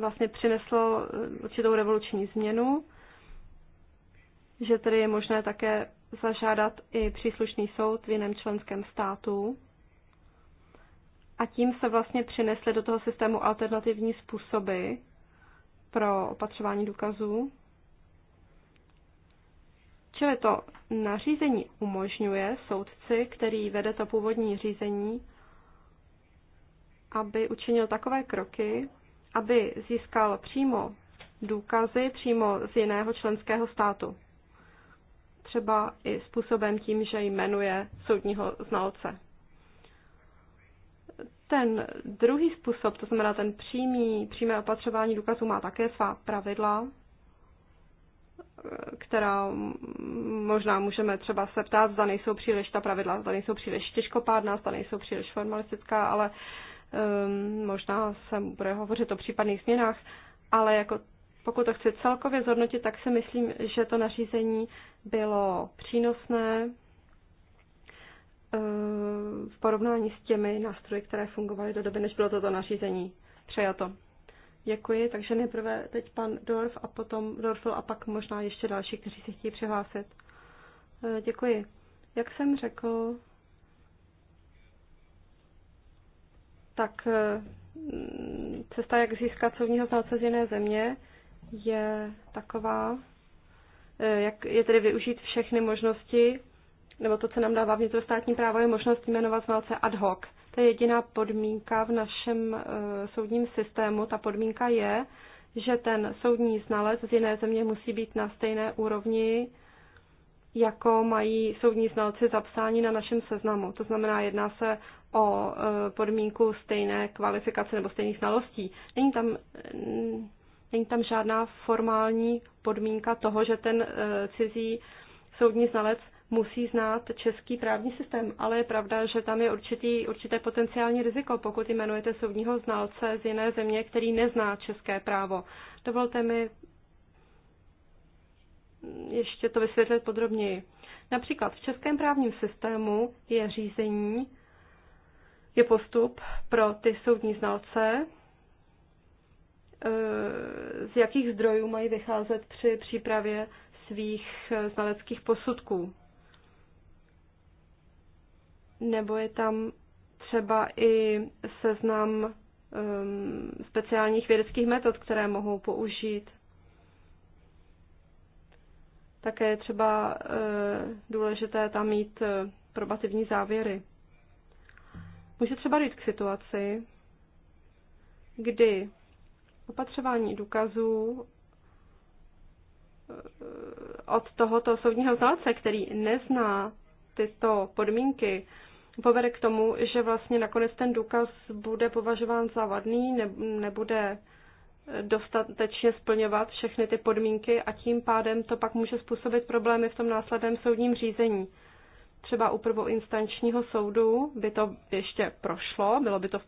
vlastně přineslo eh, určitou revoluční změnu, že tedy je možné také zažádat i příslušný soud v jiném členském státu a tím se vlastně přinesly do toho systému alternativní způsoby pro opatřování důkazů. Čili to nařízení umožňuje soudci, který vede to původní řízení, aby učinil takové kroky, aby získal přímo důkazy přímo z jiného členského státu. Třeba i způsobem tím, že jmenuje soudního znalce. Ten druhý způsob, to znamená ten přímý, přímé opatřování důkazů, má také svá pravidla, která možná můžeme třeba se ptát, zda nejsou příliš ta pravidla, zda nejsou příliš těžkopádná, zda nejsou příliš formalistická, ale um, možná se bude hovořit o případných změnách, ale jako pokud to chci celkově zhodnotit, tak si myslím, že to nařízení bylo přínosné, v porovnání s těmi nástroji, které fungovaly do doby, než bylo toto nařízení přejato. Děkuji, takže nejprve teď pan Dorf a potom Dorfl a pak možná ještě další, kteří se chtějí přihlásit. Eh, děkuji. Jak jsem řekl, tak eh, cesta, jak získat soudního znalce z jiné země, je taková, eh, jak je tedy využít všechny možnosti, nebo to, co nám dává vnitrostátní právo, je možnost jmenovat znalce ad hoc. To je jediná podmínka v našem uh, soudním systému. Ta podmínka je, že ten soudní znalec z jiné země musí být na stejné úrovni, jako mají soudní znalci zapsáni na našem seznamu. To znamená, jedná se o eh, podmínku stejné kvalifikace nebo stejných znalostí. Není tam, eh, není tam žádná formální podmínka toho, že ten cizí soudní znalec musí znát český právní systém, ale je pravda, že tam je určitý, určité potenciální riziko, pokud jmenujete soudního znalce z jiné země, který nezná české právo. Dovolte mi ještě to vysvětlit podrobněji. Například v českém právním systému je řízení, je postup pro ty soudní znalce, eh, z jakých zdrojů mají vycházet při přípravě svých eh, znaleckých posudků nebo je tam třeba i seznam um, speciálních vědeckých metod, které mohou použít. Také je třeba uh, důležité tam mít uh, probativní závěry. Může třeba dojít k situaci, kdy opatřování důkazů eh, od tohoto soudního znalce, který nezná tyto podmínky, povede k tomu, že vlastně nakonec ten důkaz bude považován za vadný, ne, nebude dostatečně splňovat všechny ty podmínky a tím pádem to pak může způsobit problémy v tom následném soudním řízení. Třeba u prvoinstančního soudu by to ještě prošlo, bylo by to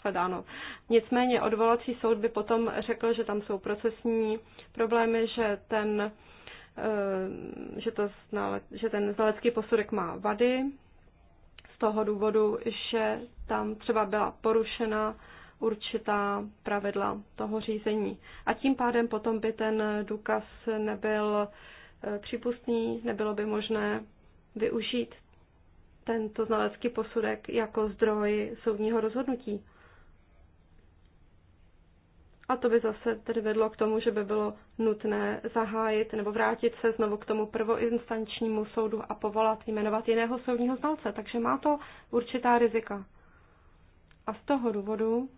shledáno. Nicméně odvolací soud by potom řekl, že tam jsou procesní problémy, že ten, eh, že, to, že ten znalecký posudek má vady, toho důvodu, že tam třeba byla porušena určitá pravidla toho řízení. A tím pádem potom by ten důkaz nebyl eh, přípustný, nebylo by možné využít tento znalecký posudek jako zdroj soudního rozhodnutí. A to by zase tedy vedlo k tomu, že by bylo nutné zahájit nebo vrátit se znovu k tomu prvoinstančnímu soudu a povolat, jmenovat jiného soudního znalce. Takže má to určitá rizika. A z toho důvodu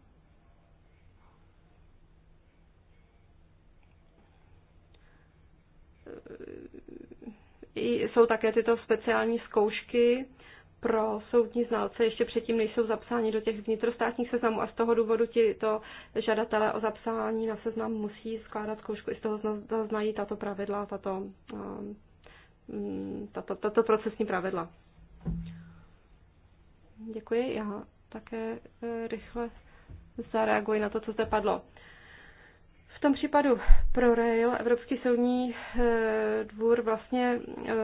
jsou také tyto speciální zkoušky, pro soudní znalce ještě předtím nejsou zapsáni do těch vnitrostátních seznamů a z toho důvodu ti to žadatelé o zapsání na seznam musí skládat zkoušku. I z toho znají tato pravidla, tato, um, mm, tato, tato procesní pravidla. Děkuji. Já také eh, rychle zareaguji na to, co zde padlo. V tom případu pro Rail Evropský soudní eh, dvůr vlastně eh,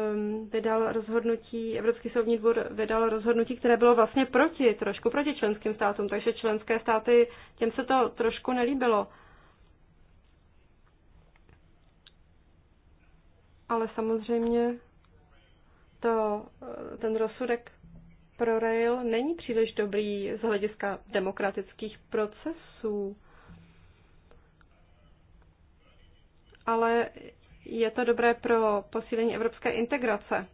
vydal rozhodnutí, Evropský soudní dvůr vydal rozhodnutí, které bylo vlastně proti, trošku proti členským státům, takže členské státy, těm se to trošku nelíbilo. Ale samozřejmě to, eh, ten rozsudek pro Rail není příliš dobrý z hlediska demokratických procesů ale je to dobré pro posílení evropské integrace.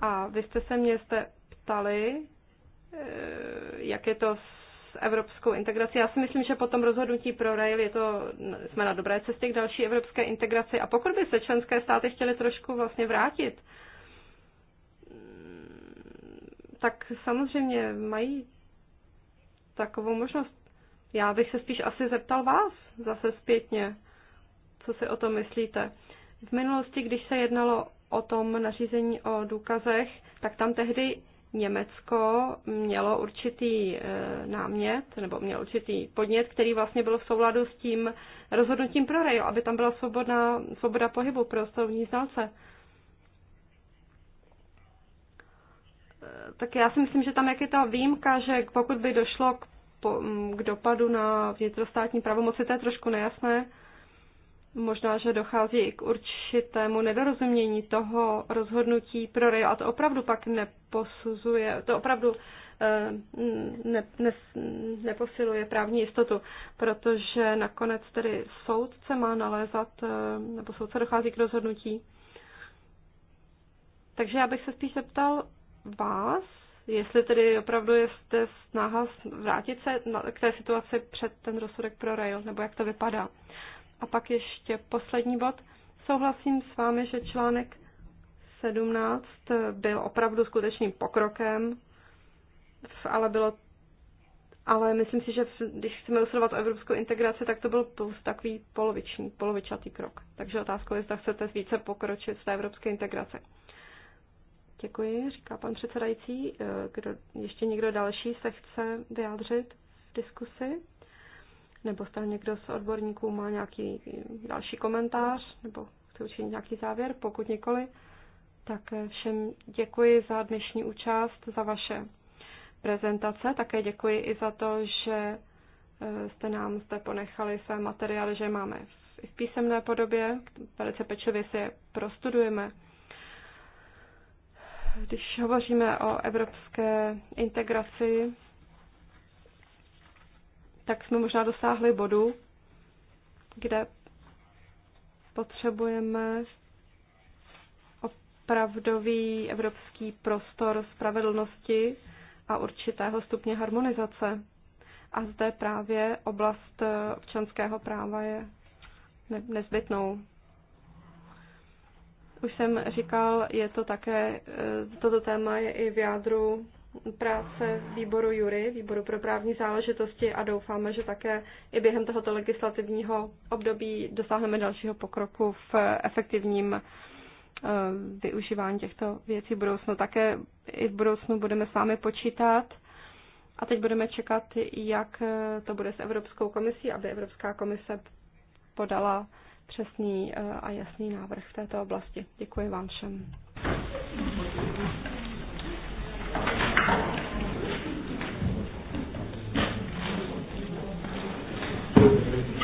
A vy jste se mě jste ptali, eh, jak je to s evropskou integrací. Já si myslím, že po tom rozhodnutí pro rail je to, jsme na dobré cestě k další evropské integraci. A pokud by se členské státy chtěly trošku vlastně vrátit, mm, tak samozřejmě mají takovou možnost. Já bych se spíš asi zeptal vás zase zpětně co si o tom myslíte. V minulosti, když se jednalo o tom nařízení o důkazech, tak tam tehdy Německo mělo určitý eh, námět, nebo mělo určitý podnět, který vlastně byl v souladu s tím rozhodnutím pro Rejo, aby tam byla svobodná, svoboda pohybu pro stavní znalce. Eh, tak já si myslím, že tam jak je ta výjimka, že pokud by došlo k, po, mm, k dopadu na vnitrostátní pravomoci, to je trošku nejasné. Možná, že dochází i k určitému nedorozumění toho rozhodnutí pro Rio a to opravdu pak neposuzuje, to opravdu eh, ne, ne, neposiluje právní jistotu, protože nakonec tedy soudce má nalézat, eh, nebo soudce dochází k rozhodnutí. Takže já bych se spíš zeptal vás, jestli tedy opravdu jste snaha vrátit se k té situaci před ten rozsudek pro rail, nebo jak to vypadá. A pak ještě poslední bod. Souhlasím s vámi, že článek 17 byl opravdu skutečným pokrokem, ale bylo ale myslím si, že když chceme usilovat o evropskou integraci, tak to byl plus takový poloviční, polovičatý krok. Takže otázkou je, zda chcete více pokročit z té evropské integrace. Děkuji, říká pan předsedající. Eh, kdo, ještě někdo další se chce vyjádřit v diskusi? nebo zda někdo z odborníků má nějaký další komentář nebo chce učinit nějaký závěr. Pokud nikoli, tak eh, všem děkuji za dnešní účast, za vaše prezentace. Také děkuji i za to, že eh, jste nám zde ponechali své materiály, že máme i v písemné podobě. Velice pečlivě si je prostudujeme. Když hovoříme o evropské integraci, tak jsme možná dosáhli bodu, kde potřebujeme opravdový evropský prostor spravedlnosti a určitého stupně harmonizace. A zde právě oblast občanského práva je nezbytnou. Už jsem říkal, je to také, e, toto téma je i v jádru práce výboru Jury, výboru pro právní záležitosti a doufáme, že také i během tohoto legislativního období dosáhneme dalšího pokroku v efektivním eh, využívání těchto věcí v budoucnu. Také i v budoucnu budeme s vámi počítat a teď budeme čekat, jak eh, to bude s Evropskou komisí, aby Evropská komise podala přesný eh, a jasný návrh v této oblasti. Děkuji vám všem.